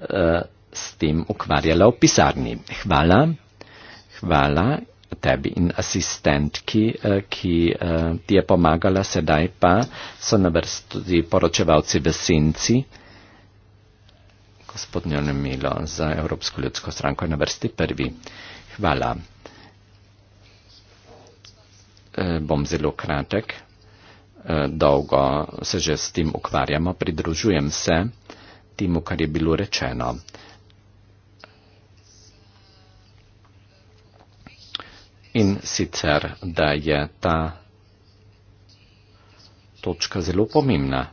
uh, s tem ukvarjala v pisarni. Hvala. Hvala tebi in asistentki, eh, ki eh, ti je pomagala, sedaj pa so na vrsti poročevalci v senci. Gospod Njonemilo za Evropsko ljudsko stranko je na vrsti prvi. Hvala. Eh, bom zelo kratek. Dolgo se že s tem ukvarjamo. Pridružujem se temu, kar je bilo rečeno. In sicer, da je ta točka zelo pomembna.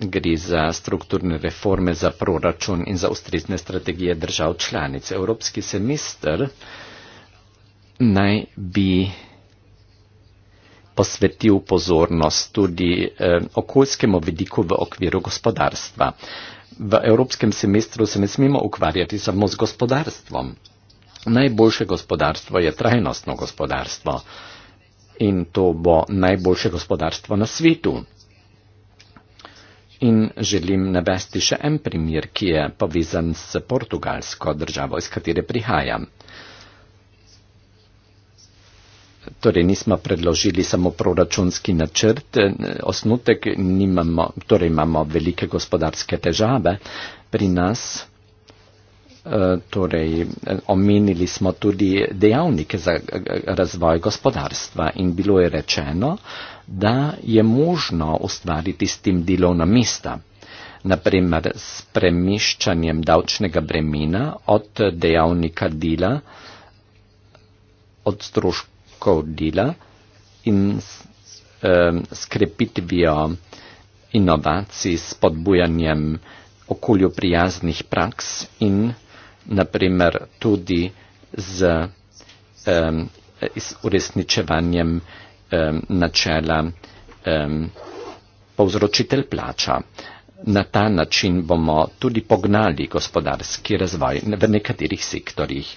Gre za strukturne reforme, za proračun in za ustrezne strategije držav članic. Evropski semester naj bi posvetil pozornost tudi eh, okoljskemu vidiku v okviru gospodarstva. V evropskem semestru se ne smemo ukvarjati samo z gospodarstvom, najboljše gospodarstvo je trajnostno gospodarstvo in to bo najboljše gospodarstvo na svetu. In želim navesti še en primer, ki je povezan s portugalsko državo, iz katere prihajam. Torej, nismo predložili samo proračunski načrt, osnutek, nimamo, torej imamo velike gospodarske težave pri nas torej, omenili smo tudi dejavnike za razvoj gospodarstva in bilo je rečeno, da je možno ustvariti s tem delovna mesta, naprimer s premeščanjem davčnega bremena od dejavnika dela, od stroškov dela in s eh, krepitvijo inovacij, spodbujanjem okolju prijaznih praks in naprimer tudi z um, uresničevanjem um, načela um, povzročitelj plača. Na ta način bomo tudi pognali gospodarski razvoj v nekaterih sektorjih.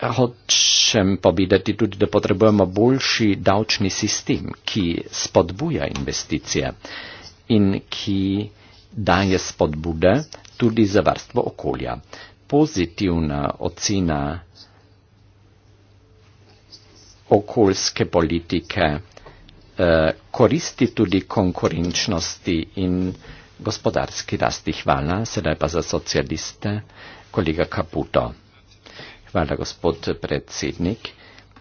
Hočem povedati tudi, da potrebujemo boljši davčni sistem, ki spodbuja investicije in ki daje spodbude tudi za varstvo okolja pozitivna ocena okoljske politike eh, koristi tudi konkurenčnosti in gospodarski rasti. Hvala, sedaj pa za socialiste, kolega Caputo. Hvala, gospod predsednik.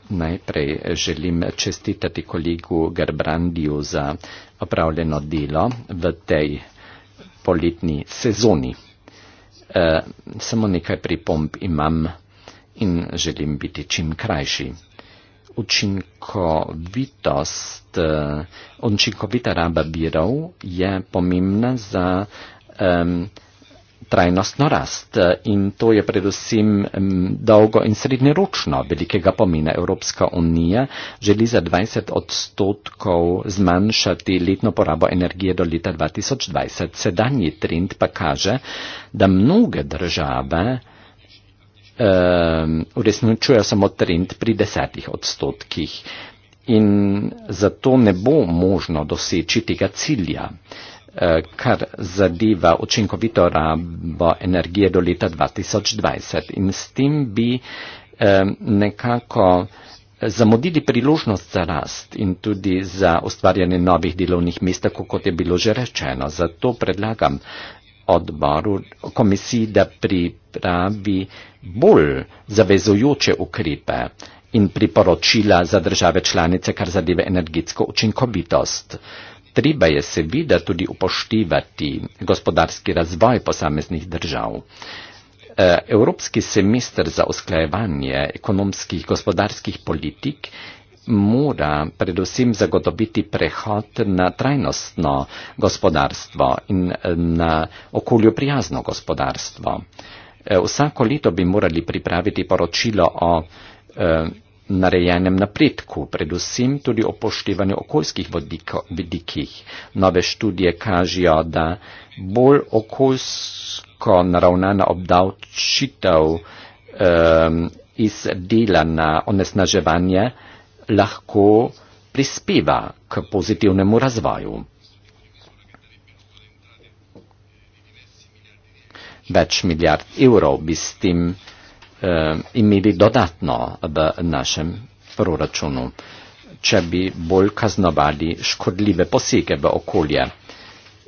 Najprej želim čestitati kolegu Gerbrandiju za opravljeno delo v tej poletni sezoni. Eh, samo nekaj pripomb imam in želim biti čim krajši. Učinkovitost, eh, učinkovita raba virov je pomembna za um, trajnostno rast eh, in to je predvsem dolgo in srednjeročno velikega pomena. Evropska unija želi za 20 odstotkov zmanjšati letno porabo energije do leta 2020. Sedanji trend pa kaže, da mnoge države uresničujejo samo trend pri desetih odstotkih in zato ne bo možno doseči tega cilja. Eh, kar zadeva učinkovito rabo energije do leta 2020. In s tem bi eh, nekako eh, zamudili priložnost za rast in tudi za ustvarjanje novih delovnih mest, tako kot je bilo že rečeno. Zato predlagam odboru komisiji, da pripravi bolj zavezujoče ukrepe in priporočila za države članice, kar zadeve energetsko učinkovitost. Treba je seveda tudi upoštevati gospodarski razvoj posameznih držav. E, evropski semester za usklajevanje ekonomskih in gospodarskih politik mora predvsem zagotoviti prehod na trajnostno gospodarstvo in e, na okolju prijazno gospodarstvo. E, vsako leto bi morali pripraviti poročilo o narejenem napredku, predvsem tudi opoštevanju okoljskih vidikih. Nove študije kažejo, da bolj okoljsko naravnana obdavčitev um, iz dela na onesnaževanje lahko prispeva k pozitivnemu razvoju. Več milijard evrov bi s tem Eh, imeli dodatno v našem proračunu, če bi bolj kaznovali škodljive posege v okolje.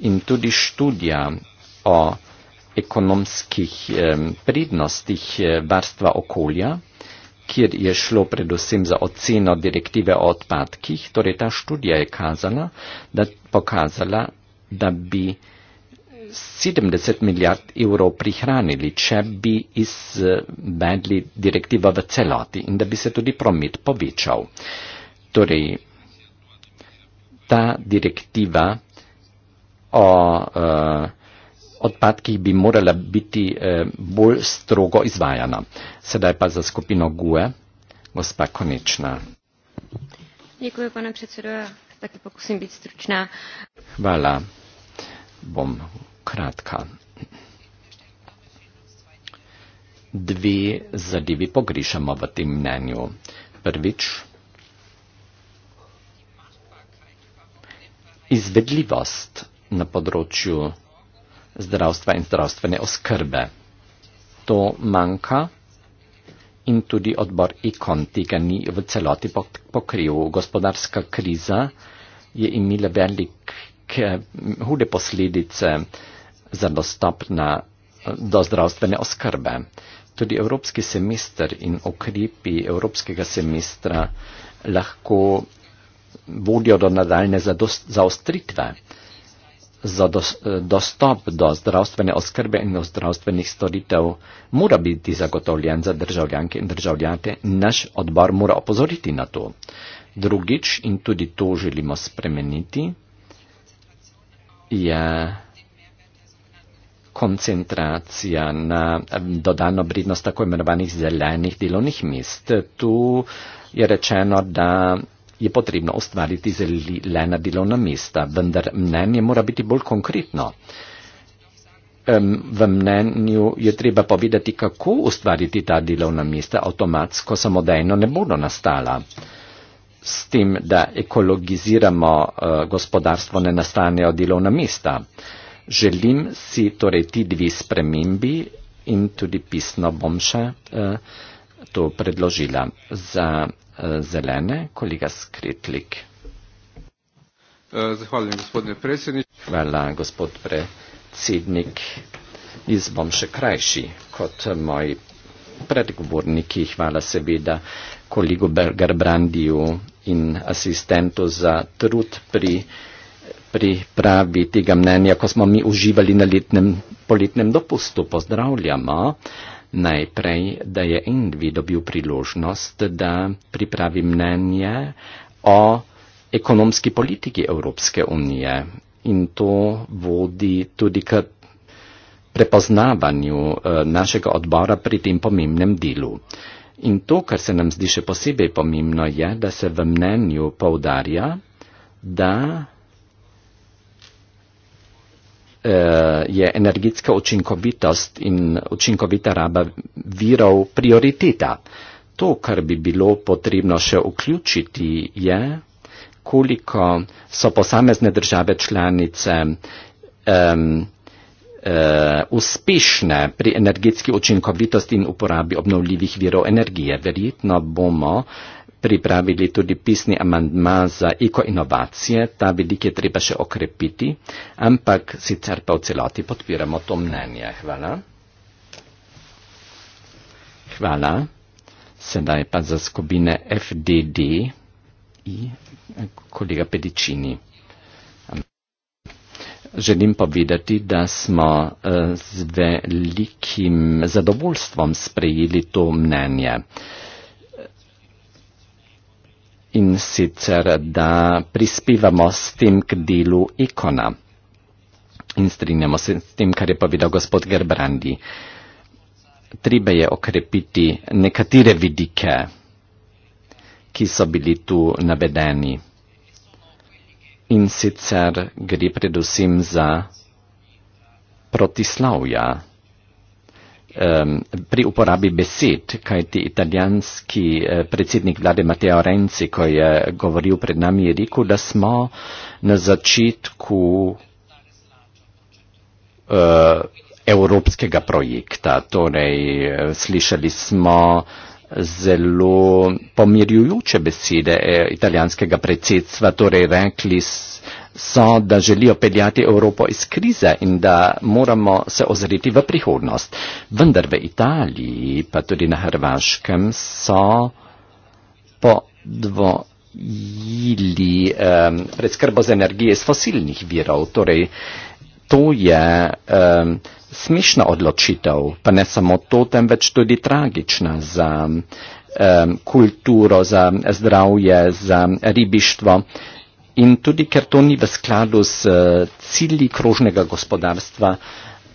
In tudi študija o ekonomskih pridnostih eh, varstva okolja, kjer je šlo predvsem za oceno direktive o odpadkih, torej ta študija je kazala, da, pokazala, da bi 70 milijard evrov prihranili, če bi izvedli direktivo v celoti in da bi se tudi promet povečal. Torej, ta direktiva o uh, odpadkih bi morala biti uh, bolj strogo izvajana. Sedaj pa za skupino GUE, gospa Konečna. Dziękuję, panie przewodniczący. Tak, pokusim być stručna. Hvala. Bom kratka. Dve zadevi pogrišamo v tem mnenju. Prvič, izvedljivost na področju zdravstva in zdravstvene oskrbe. To manjka in tudi odbor ikon tega ni v celoti pokril. Gospodarska kriza je imela velike, eh, hude posledice uh, za dostop na, do zdravstvene oskrbe. Tudi evropski semester in okrepi evropskega semestra lahko vodijo do nadaljne zaostritve za dostop do zdravstvene oskrbe in do zdravstvenih storitev mora biti zagotovljen za državljanke in državljate. Naš odbor mora opozoriti na to. Drugič, in tudi to želimo spremeniti, je. Ja, koncentracija na dodano vrednost tako imenovanih zelenih delovnih mest. Tu je rečeno, da je potrebno ustvariti zelena delovna mesta, vendar mnenje mora biti bolj konkretno. V mnenju je treba povedati, kako ustvariti ta delovna mesta avtomatsko, samodejno ne bodo nastala. S tem, da ekologiziramo eh, gospodarstvo, ne nastanejo delovna mesta. Želim si torej ti dve spremembi in tudi pisno bom še eh, to predložila za eh, zelene, kolega Skritlik. Eh, zahvaljujem, gospodine predsednik. Hvala, gospod predsednik. Jaz bom še krajši kot moji predgovorniki. Hvala seveda kolegu Bergerbrandiju in asistentu za trud pri eh, pripraviti ga mnenja, ko smo mi uživali na letnem poletnem dopustu. Pozdravljamo najprej, da je Indvi dobil priložnost, da pripravi mnenje o ekonomski politiki Evropske unije in to vodi tudi k prepoznavanju eh, našega odbora pri tem pomembnem delu. In to, kar se nam zdi še posebej pomembno, je, da se v mnenju povdarja, da Eh, je energetska učinkovitost in učinkovita raba virov prioriteta. To, kar bi bilo potrebno še vključiti, je, koliko so posamezne države članice um, uh, uspešne pri energetski učinkovitosti in uporabi obnovljivih virov energije. Verjetno bomo uh, pripravili tudi pisni amandma za eko inovacije, ta vidik je treba še okrepiti, ampak sicer pa v celoti podpiramo to mnenje. Hvala. Hvala. Sedaj pa za skupine FDD in kolega Pedičini. Želim povedati, da smo eh, z velikim zadovoljstvom sprejeli to mnenje in sicer, da prispevamo s tem k delu ikona. In strinjamo se s tem, kar je povedal gospod Gerbrandi. Treba je okrepiti nekatere vidike, ki so bili tu navedeni. In sicer gre predvsem za protislavja um, pri uporabi besed, kajti italijanski uh, predsednik vlade Mateo Renzi, ko je govoril pred nami, je rekel, da smo na začetku uh, evropskega projekta. Torej, eh, slišali smo zelo pomirjujoče besede italijanskega predsedstva, torej rekli, so, da želijo peljati Evropo iz krize in da moramo se ozreti v prihodnost. Vendar v Italiji, pa tudi na Hrvaškem, so podvojili um, predskrbo z energije iz fosilnih virov. Torej, to je um, smešna odločitev, pa ne samo to, temveč tudi tragična za um, kulturo, za zdravje, za ribištvo in tudi ker to ni v skladu s eh, cilji krožnega gospodarstva,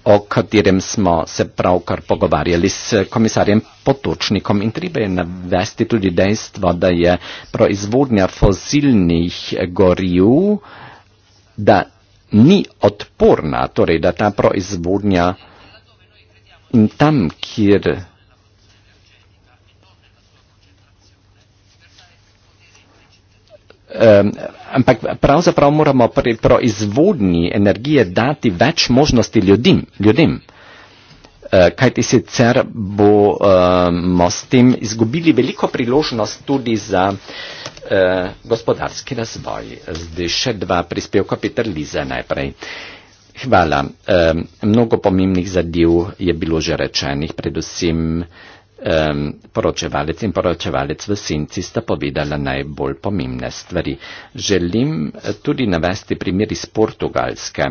o katerem smo se pravkar pogovarjali s komisarjem Potočnikom. In treba je navesti tudi dejstvo, da je proizvodnja fosilnih goriv, da ni odporna, torej da ta proizvodnja in tam, kjer Um, ampak pravzaprav moramo pri proizvodnji energije dati več možnosti ljudim. ljudem. Uh, kajti sicer bomo um, s tem izgubili veliko priložnost tudi za uh, gospodarski razvoj. Zdaj še dva prispevka Peter Lize najprej. Hvala. Um, mnogo pomembnih zadev je bilo že rečenih, predvsem uh, um, poročevalec in poročevalec v senci sta povedala najbolj pomembne stvari. Želim eh, tudi navesti primer iz Portugalske.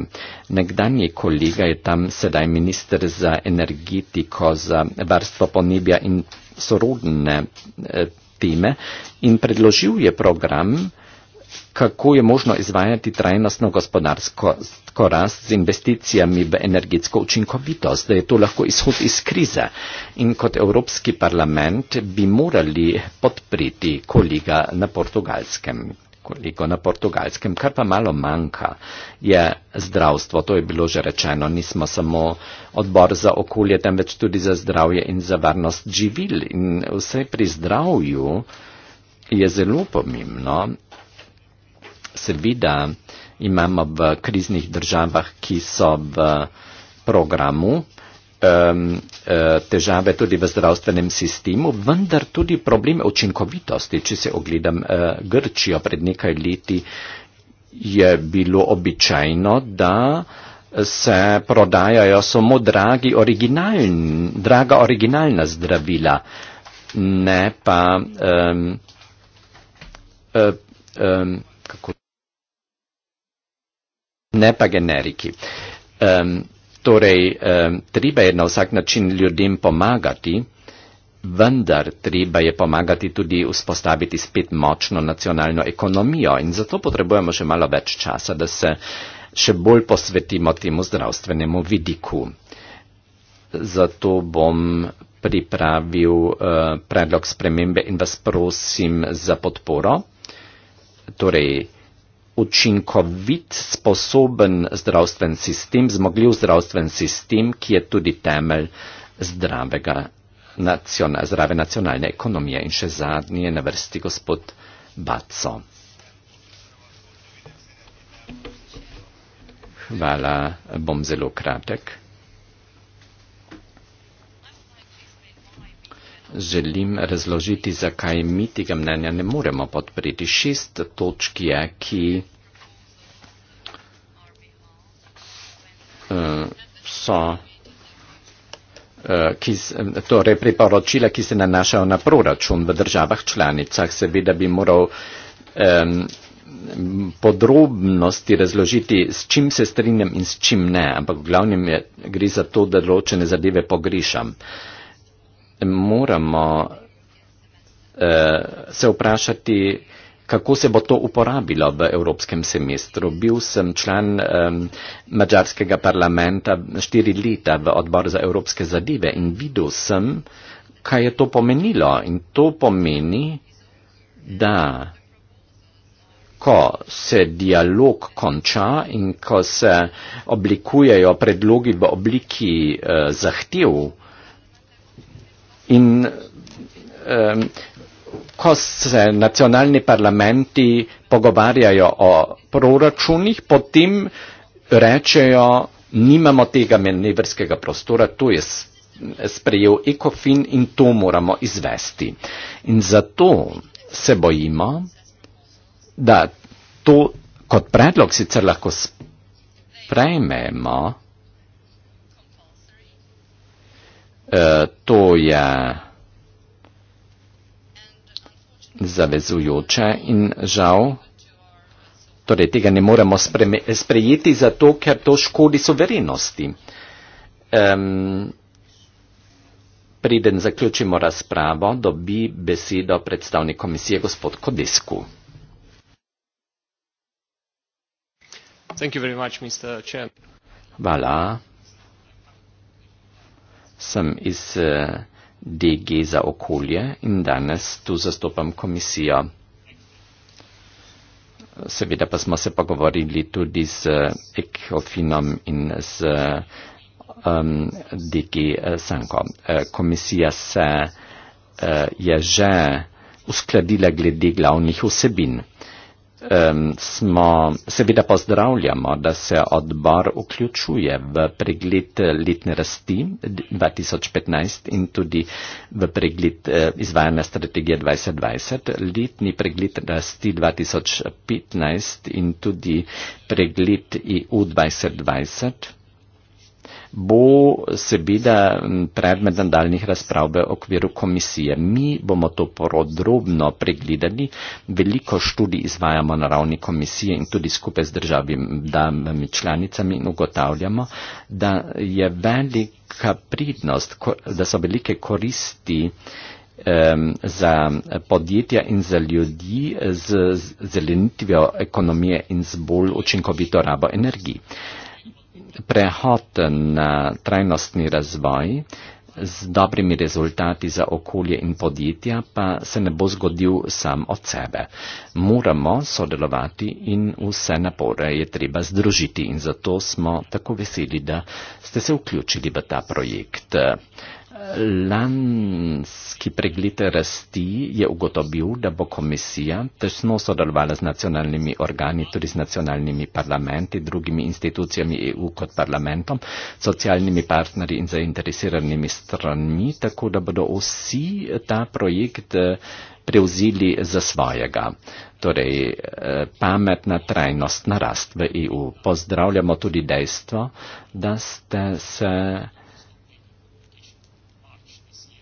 Nekdanji kolega je tam sedaj minister za energetiko, za varstvo ponebja in sorodne eh, teme in predložil je program, eh, kako je možno izvajati trajnostno gospodarsko rast z investicijami v energetsko učinkovitost, da je to lahko izhod iz krize. In kot Evropski parlament bi morali podpriti kolega na portugalskem. Koliko na portugalskem, kar pa malo manjka, je zdravstvo. To je bilo že rečeno. Nismo samo odbor za okolje, temveč tudi za zdravje in za varnost živil. In vse pri zdravju je zelo pomembno, seveda imamo v kriznih državah, ki so v programu, e, težave tudi v zdravstvenem sistemu, vendar tudi problem učinkovitosti. Če se ogledam e, Grčijo pred nekaj leti, je bilo običajno, da se prodajajo samo dragi originalni, draga originalna zdravila, ne pa um, um, um, kako ne pa generiki. Um, torej, um, treba je na vsak način ljudem pomagati, vendar treba je pomagati tudi vzpostaviti spet močno nacionalno ekonomijo in zato potrebujemo še malo več časa, da se še bolj posvetimo temu zdravstvenemu vidiku. Zato bom pripravil uh, predlog spremembe in vas prosim za podporo. Torej, učinkovit, sposoben zdravstven sistem, zmogljiv zdravstven sistem, ki je tudi temelj zdravega, nacional, zdrave nacionalne ekonomije. In še zadnji je na vrsti gospod Baco. Hvala, bom zelo kratek. želim razložiti, zakaj mi tega mnenja ne moremo podpreti. Šest točk je, ki eh, so eh, ki, torej priporočila, ki se nanašajo na proračun v državah članicah. Seveda bi moral um, podrobnosti razložiti, s čim se strinjam in s čim ne, ampak v glavnem je, gre za to, da določene zadeve pogrišam. Uh, moramo eh, se vprašati, kako se bo to uporabilo v evropskem semestru. Bil sem član eh, mađarskega parlamenta štiri leta v odbor za evropske zadeve in videl sem, kaj je to pomenilo. In to pomeni, da ko se dialog konča in ko se oblikujejo predlogi v obliki eh, zahtev, eh, in um, ko se nacionalni parlamenti pogovarjajo o proračunih, potem rečejo, nimamo tega menevrskega prostora, tu je sprejel ekofin in to moramo izvesti. In zato se bojimo, da to kot predlog sicer lahko sprejmemo, Eh, je zavezujoče in žal. Torej, tega ne moremo sprejeti, zato ker to škodi soverenosti. Um, preden zaključimo razpravo, dobi besedo predstavnik komisije gospod Kodesku. Hvala sem iz eh, DG za okolje in danes tu zastopam komisijo. Seveda pa smo se pogovorili tudi z eh, Ekofinom in z um, DG eh, Sanko. Komisija se uh, je že uskladila glede glavnih vsebin smo, seveda pozdravljamo, da se odbor vključuje v pregled eh, letne rasti 2015 in tudi v pregled eh, izvajanja strategije 2020, letni pregled rasti 2015 in tudi pregled EU 2020 bo sebida predmet nadaljnih razprav v okviru komisije. Mi bomo to podrobno pregledali, veliko študij izvajamo na ravni komisije in tudi skupaj z državami članicami in ugotavljamo, da je velika pridnost, da so velike koristi za podjetja in za ljudi z zelenitvijo ekonomije in z bolj učinkovito rabo energije prehod na trajnostni razvoj z dobrimi rezultati za okolje in podjetja pa se ne bo zgodil sam od sebe. Moramo sodelovati in vse napore je treba združiti in zato smo tako veseli, da ste se vključili v ta projekt. Lanski pregled rasti je ugotovil, da bo komisija tesno sodelovala z nacionalnimi organi, tudi z nacionalnimi parlamenti, drugimi institucijami EU kot parlamentom, socialnimi partnerji in zainteresiranimi stranmi, tako da bodo vsi ta projekt eh, prevzeli za svojega. Torej, eh, pametna trajnostna rast v EU. Pozdravljamo tudi dejstvo, da ste se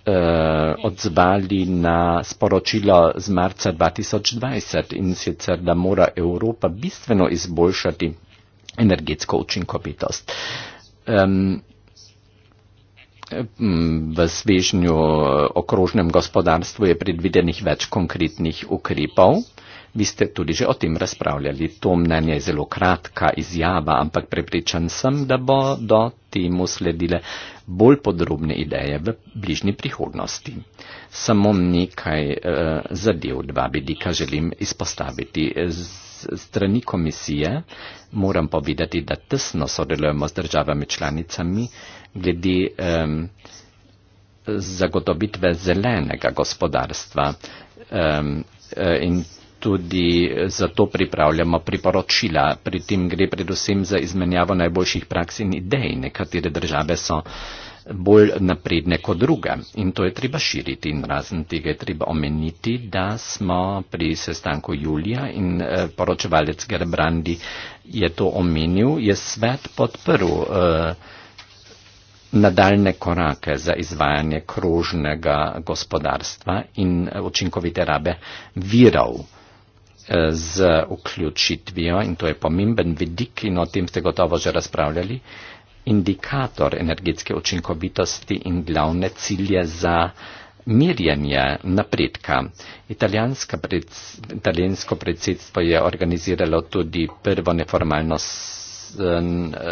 eh, odzvali na sporočilo z marca 2020 in sicer, da mora Evropa bistveno izboljšati energetsko učinkovitost. Um, v svežnju eh, okrožnem gospodarstvu je predvidenih več konkretnih ukrepov. Vi ste tudi že o tem razpravljali. To mnenje je zelo kratka izjava, ampak prepričan sem, da bo do temu sledile bolj podrobne ideje v bližnji prihodnosti. Samo nekaj eh, zadev, dva vidika želim izpostaviti. Strani komisije moram povedati, da tesno sodelujemo z državami članicami glede eh, zagotovitve zelenega gospodarstva eh, in tudi zato pripravljamo priporočila. Pri tem gre predvsem za izmenjavo najboljših praks in idej. Nekatere države so bolj napredne kot druge in to je treba širiti in razen tega je treba omeniti, da smo pri sestanku Julija in eh, poročevalec Gerbrandi je to omenil, je svet podprl eh, nadaljne korake za izvajanje krožnega gospodarstva in eh, učinkovite rabe virov. Eh, z vključitvijo in to je pomemben vidik in o tem ste gotovo že razpravljali, indikator energetske učinkovitosti in glavne cilje za mirjenje napredka. Italijansko, pred, italijansko predsedstvo je organiziralo tudi prvo neformalno,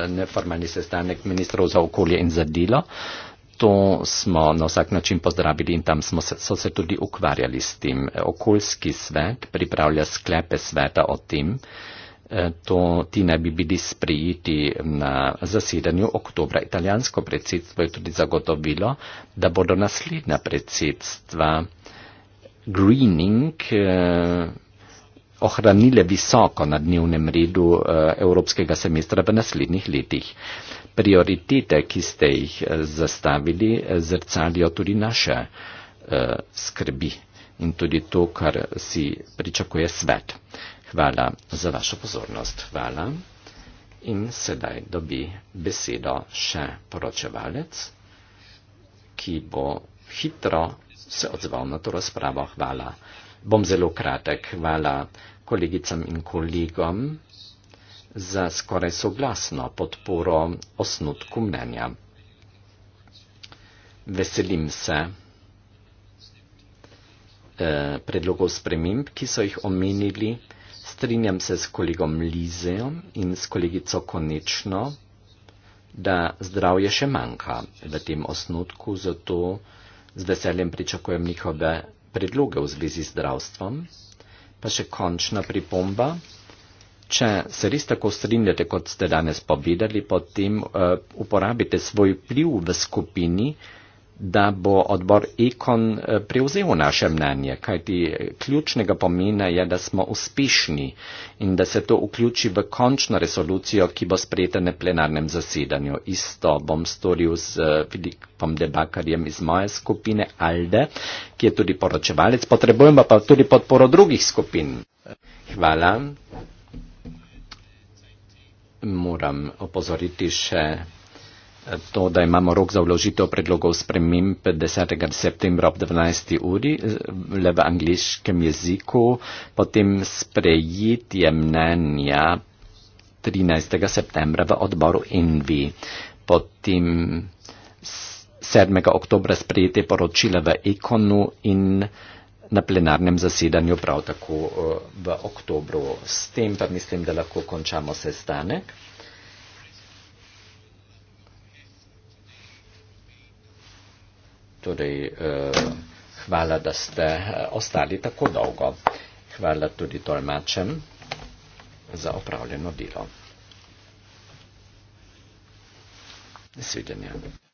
neformalni sestanek ministrov za okolje in za delo. Uh, to smo na vsak način pozdravili in tam smo se, so se tudi ukvarjali s tem. Okoljski svet pripravlja sklepe sveta o tem, e, to ti naj bi bili sprejeti na zasedanju oktobra. Italijansko predsedstvo je tudi zagotovilo, da bodo naslednja predsedstva greening e, ohranile visoko na dnevnem redu e, evropskega semestra v naslednjih letih prioritete, ki ste jih eh, zastavili, eh, zrcalijo tudi naše eh, skrbi in tudi to, kar si pričakuje svet. Hvala za vašo pozornost. Hvala. In sedaj dobi besedo še poročevalec, ki bo hitro se odzval na to razpravo. Hvala. Bom zelo kratek. Hvala kolegicam in kolegom za skoraj soglasno podporo osnutku mnenja. Veselim se eh, predlogov sprememb, ki so jih omenili. Strinjam se s kolegom Lizejem in s kolegico Konečno, da zdravje še manjka v tem osnutku, zato z veseljem pričakujem njihove predloge v zvezi z zdravstvom. Pa še končna pripomba. Če se res tako strinjate, kot ste danes povedali, potem eh, uporabite svoj pliv v skupini, da bo odbor Ekon eh, prevzel naše mnenje, kajti eh, ključnega pomena je, da smo uspešni in da se to vključi v končno resolucijo, ki bo sprejeta na plenarnem zasedanju. Isto bom storil z Filipom Debakarjem iz moje skupine Alde, ki je tudi poročevalec, potrebujemo pa tudi podporo drugih skupin. Hvala moram opozoriti še to, da imamo rok za vložitev predlogov sprememb 10. septembra ob 12. uri, le v angliškem jeziku, potem sprejitje mnenja 13. septembra v odboru Envi, potem 7. oktobra sprejete poročila v Ekonu in na plenarnem zasedanju prav tako eh, v oktobru. S tem pa mislim, da lahko končamo sestanek. Torej, eh, hvala, da ste eh, ostali tako dolgo. Hvala tudi tolmačem za opravljeno delo. Svidenja.